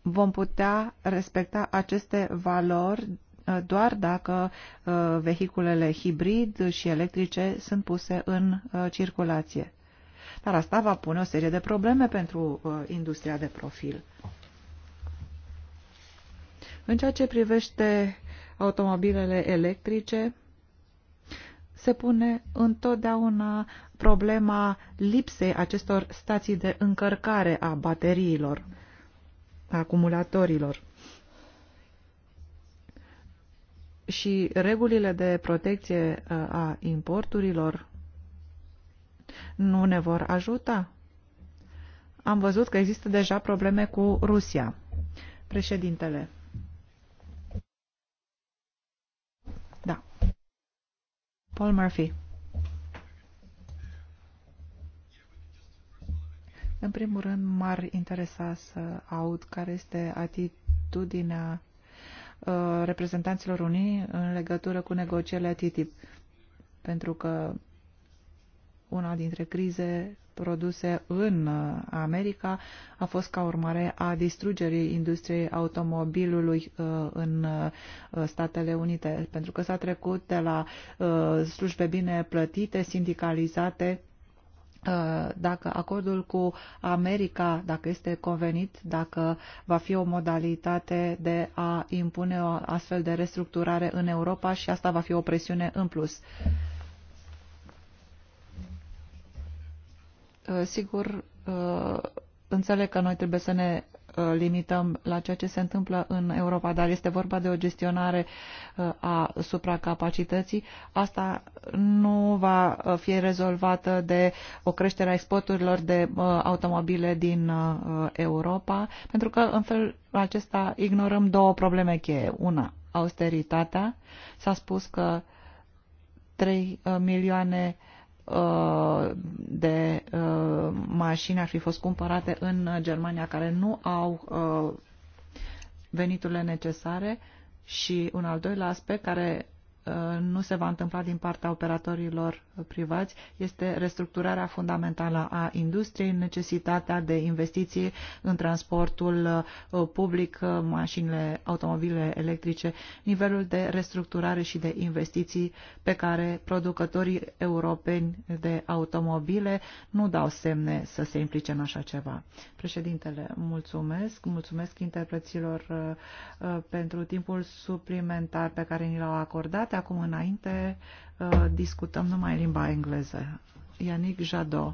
Vom putea respecta aceste valori uh, doar dacă uh, vehiculele hibrid și electrice sunt puse în uh, circulație. Dar asta va pune o serie de probleme pentru industria de profil. În ceea ce privește automobilele electrice, se pune întotdeauna problema lipsei acestor stații de încărcare a bateriilor, a acumulatorilor. Și regulile de protecție uh, a importurilor nu ne vor ajuta? Am văzut că există deja probleme cu Rusia. Președintele Paul Murphy. În primul rând, m-ar interesa să aud care este atitudinea uh, reprezentanților Unii în legătură cu negocierile TTIP, pentru că una dintre crize produse în uh, America a fost ca urmare a distrugerii industriei automobilului uh, în uh, Statele Unite, pentru că s-a trecut de la slujbe bine plătite, sindicalizate, dacă acordul cu America, dacă este convenit, dacă va fi o modalitate de a impune o astfel de restructurare în Europa și asta va fi o presiune în plus. Uh, sigur, uh, înțeleg că noi trebuie să ne uh, limităm la ceea ce se întâmplă în Europa, dar este vorba de o gestionare a supracapacității. Asta nu va fi rezolvată de o creștere a exporturilor de automobile din Europa, pentru că în felul acesta ignorăm două probleme cheie. Una, austeritatea. S-a spus că 3 milioane uh, Uh, de uh, mașini ar fi fost cumpărate în Germania care nu au uh, veniturile necesare și un al doilea aspect care Uh, nu se va întâmpla din partea operatorilor privați este restructurarea fundamentală a industriei, necesitatea de investiții în transportul uh, public, uh, mașinile, automobile electrice, nivelul de restructurare și de investiții pe care producătorii europeni de automobile nu dau semne să se implice în așa ceva. Președintele, mulțumesc, mulțumesc interpreților pentru timpul suplimentar pe care ni l-au acordat de acum înainte uh, discutăm numai limba engleză. Yannick Jadot.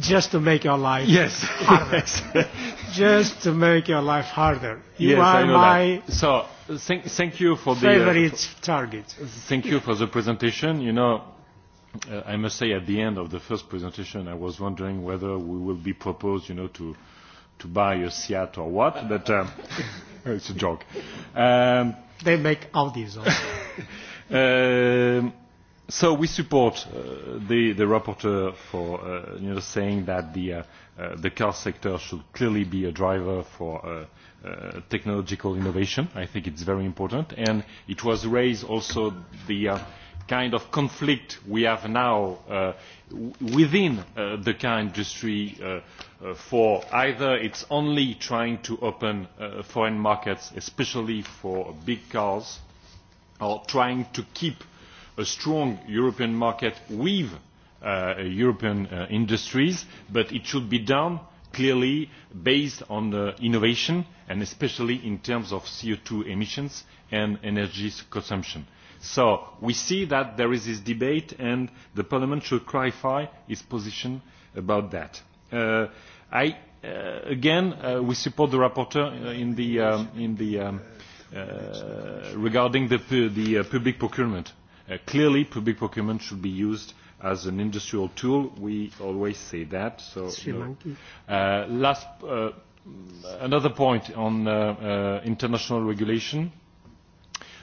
Just to make your life yes, yes. just to make your life harder. You yes, are I know my that. so thank, thank you for favorite the favorite for, target. Thank you for the presentation. You know, uh, I must say at the end of the first presentation, I was wondering whether we will be proposed, you know, to to buy a Seat or what, but um, it's a joke. Um, They make Audis also. uh, so we support uh, the, the rapporteur for uh, you know, saying that the, uh, uh, the car sector should clearly be a driver for uh, Uh, technological innovation. I think it's very important. And it was raised also the, uh, kind of conflict we have now uh, within uh, the car industry uh, uh for either it is only trying to open uh, foreign markets especially for big cars or trying to keep a strong european market with uh, european industries but it should be done clearly based on innovation and especially in terms of co two emissions and energy consumption So we see that there is this debate and the Parliament should clarify its position about that. Uh, I, uh, again, uh, we support the rapporteur uh, in the, um, in the, um, uh, regarding the, the uh, public procurement. Uh, clearly, public procurement should be used as an industrial tool. We always say that. So, uh, last, uh, another point on uh, uh, international regulation.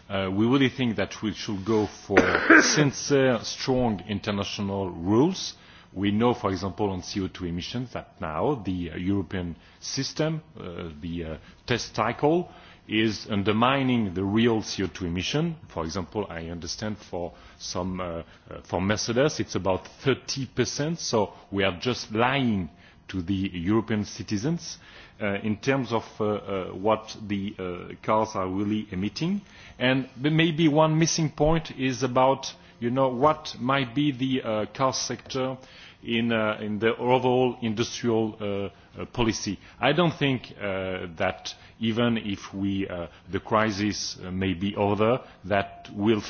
Uh, we really think that we should go for sincere, strong international rules. We know, for example, on CO2 emissions that now the uh, European system, uh, the uh, test cycle, is undermining the real CO2 emission. For example, I understand for, some, uh, uh, for Mercedes it's about 30%, so we are just lying uh, to the European citizens uh, in terms of uh, uh, what the uh, cars are really emitting. And maybe one missing point is about you know, what might be the uh, car sector in, uh, in the overall industrial uh, uh, policy. I don't think uh, that even if we, uh, the crisis uh, may be over, that will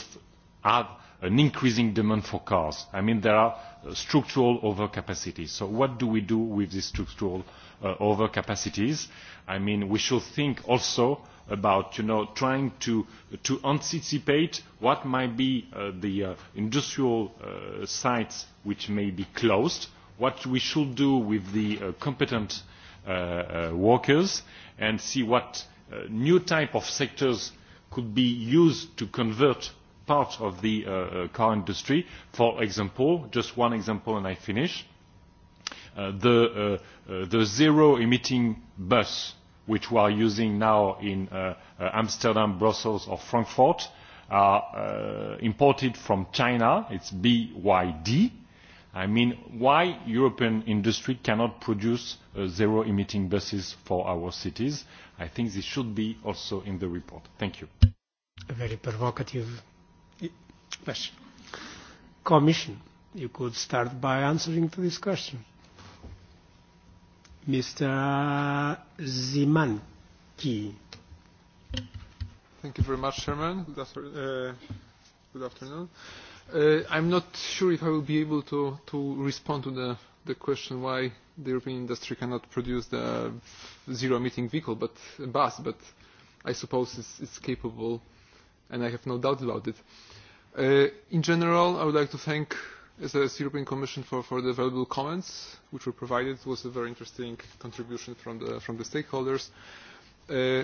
add an increasing demand for cars. I mean, there are uh, structural overcapacities. So what do we do with these structural uh, overcapacities? I mean, we should think also about you know, trying to, to anticipate what might be uh, the uh, industrial uh, sites which may be closed, what we should do with the uh, competent uh, uh, workers, and see what uh, new type of sectors could be used to convert Part of the uh, uh, car industry. For example, just one example and I finish, uh, the, uh, uh the zero-emitting bus which we are using now in uh, uh, Amsterdam, Brussels or Frankfurt are uh, imported from China. It's BYD. I mean, why European industry cannot produce uh, zero-emitting buses for our cities? I think this should be also in the report. Thank you. A very provocative question. Commission, you could start by answering to this question. Mr. Zimanki. Thank you very much, Chairman. Good, after, uh, good afternoon. Uh, I'm not sure if I will be able to, to respond to the, the question why the European industry cannot produce the zero-emitting vehicle, but bus, but I suppose it's, it's capable, and I have no doubt about it. Uh, Uh, in general, I would like to thank as the European Commission for, the valuable comments which were provided. It was a very interesting contribution from the, stakeholders. Uh,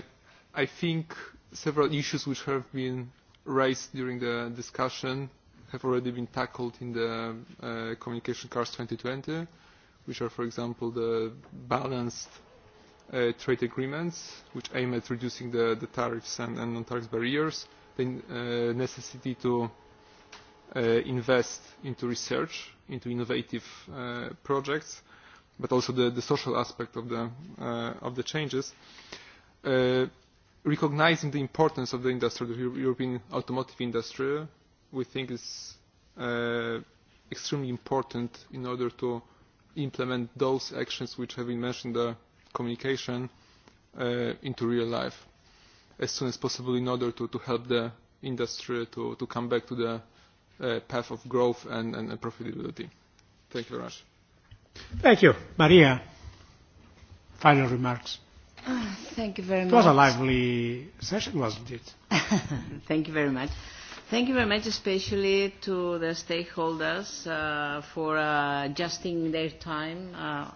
I think several issues which have been raised during the discussion have already been tackled in the uh, Communication Cars 2020, which are, for example, the balanced trade agreements, which aim at reducing the, tariffs and, non-tariff barriers, the uh, necessity to uh, invest into research, into innovative uh, projects, but also the, the social aspect of the, of the changes. Recognising the importance of the industry, the European automotive industry, we think is uh, extremely important in order to implement those actions which have been mentioned in the communication uh, into real life as soon as possible in order to, to help the industry to, to come back to the uh, path of growth and, and profitability. Thank you very much. Thank you. Maria, final remarks. thank you very much. It was a lively session, wasn't it? thank you very much. Thank you very much, especially to the stakeholders uh, for uh, adjusting their time. Uh,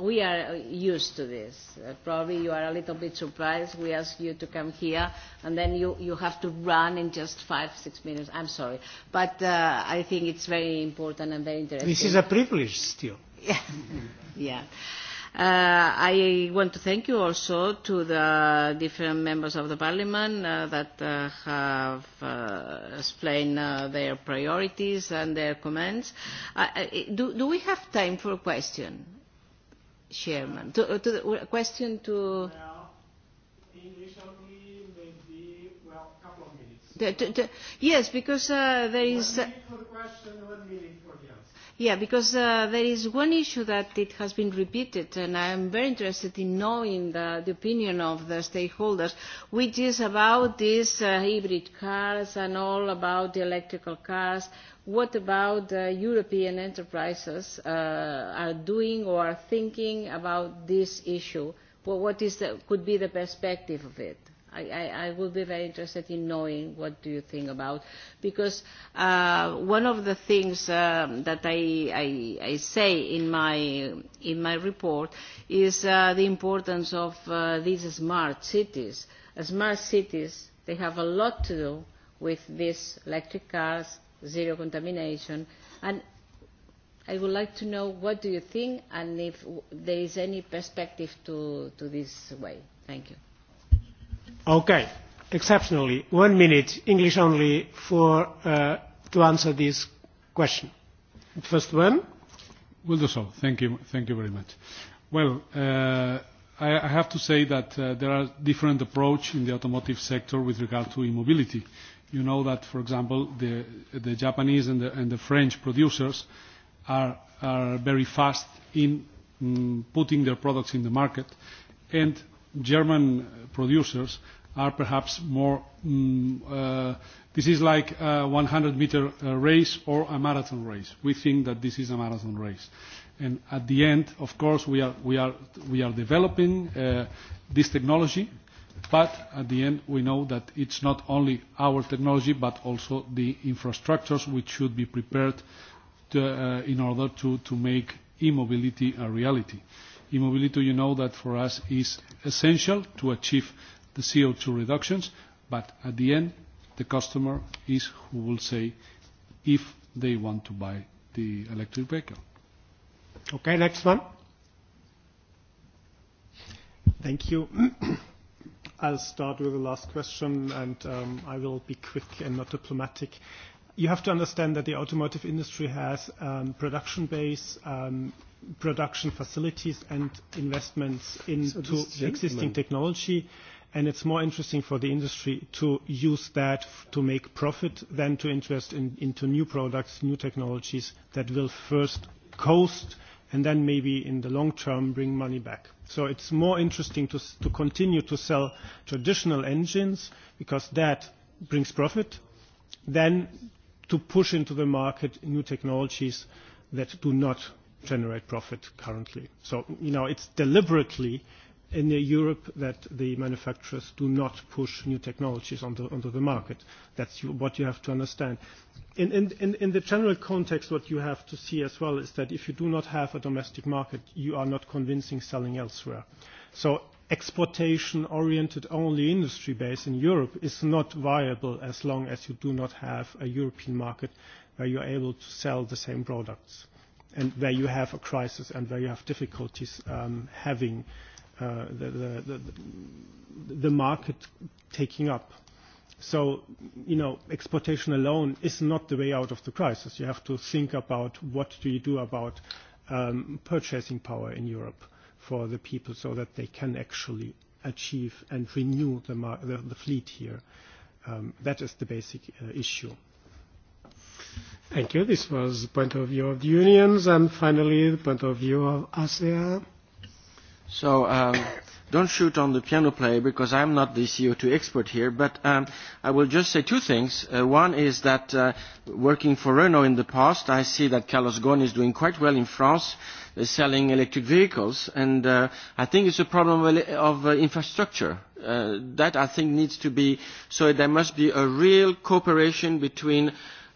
we are used to this. Uh, probably you are a little bit surprised. We ask you to come here, and then you, you have to run in just five, six minutes. I'm sorry. But uh, I think it's very important and very interesting. This is a privilege still. yeah. yeah. Uh, I want to thank you also to the different members of the parliament uh, that uh, have uh, explained uh, their priorities and their comments. Uh, uh do, do we have time for a question? Sherman. Uh, to, to the question to... Well, English The, yes, because uh, there is... One uh, Yeah, because uh, there is one issue that it has been repeated, and I am very interested in knowing the, the opinion of the stakeholders, which is about these uh, hybrid cars and all about the electrical cars, what about uh, European enterprises uh, are doing or are thinking about this issue? Well, what is the, could be the perspective of it? I, I, would be very interested in knowing what do you think about, because uh, one of the things um, that I, I, I say in my, in my report is uh, the importance of uh, these smart cities. Smart cities, they have a lot to do with these electric cars, zero contamination. And I would like to know what do you think and if there is any perspective to, to this way. Thank you. Okay. Exceptionally, one minute, English only, for, uh, to answer this question. The first one. Will do so. Thank you. Thank you very much. Well, uh, I, I have to say that uh, there are different approach in the automotive sector with regard to immobility. You know that, for example, the, the Japanese and the, and the French producers are, are very fast in um, putting their products in the market, and German producers are perhaps more. Um, uh, this is like a 100-meter uh, race or a marathon race. We think that this is a marathon race. And at the end, of course, we are, we are, we are developing uh, this technology But at the end, we know that it's not only our technology, but also the infrastructures which should be prepared to, uh, in order to, to make e-mobility a reality. E-mobility, you know that for us is essential to achieve the CO2 reductions, but at the end, the customer is who will say if they want to buy the electric vehicle. Okay, next one. Thank you. I'll start with the last question, and um, I will be quick and not diplomatic. You have to understand that the automotive industry has um, production base, um, production facilities, and investments into so existing technology, and it's more interesting for the industry to use that to make profit than to invest in, into new products, new technologies that will first cost and then maybe in the long term bring money back. So it's more interesting to, to continue to sell traditional engines because that brings profit than to push into the market new technologies that do not generate profit currently. So, you know, it's deliberately in Europe that the manufacturers do not push new technologies onto, onto the market. That's you, what you have to understand. In, in, in in the general context, what you have to see as well is that if you do not have a domestic market, you are not convincing selling elsewhere. So exportation-oriented only industry base in Europe is not viable as long as you do not have a European market where you are able to sell the same products and where you have a crisis and where you have difficulties um, having uh, Uh, the, the, the, the market taking up. So, you know, exportation alone is not the way out of the crisis. You have to think about what do you do about um, purchasing power in Europe for the people so that they can actually achieve and renew the, mar the, the fleet here. Um, that is the basic uh, issue. Thank you. This was the point of view of the unions and finally the point of view of ASEAN. So um, don't shoot on the piano player because I'm not the CO2 expert here, but um, I will just say two things. Uh, one is that uh, working for Renault in the past, I see that Carlos Ghosn is doing quite well in France. uh, selling electric vehicles, and uh, I think it's a problem of uh, infrastructure. Uh, that I think needs to be, so there must be a real cooperation between uh,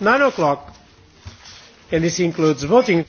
nine o'clock, and this includes voting.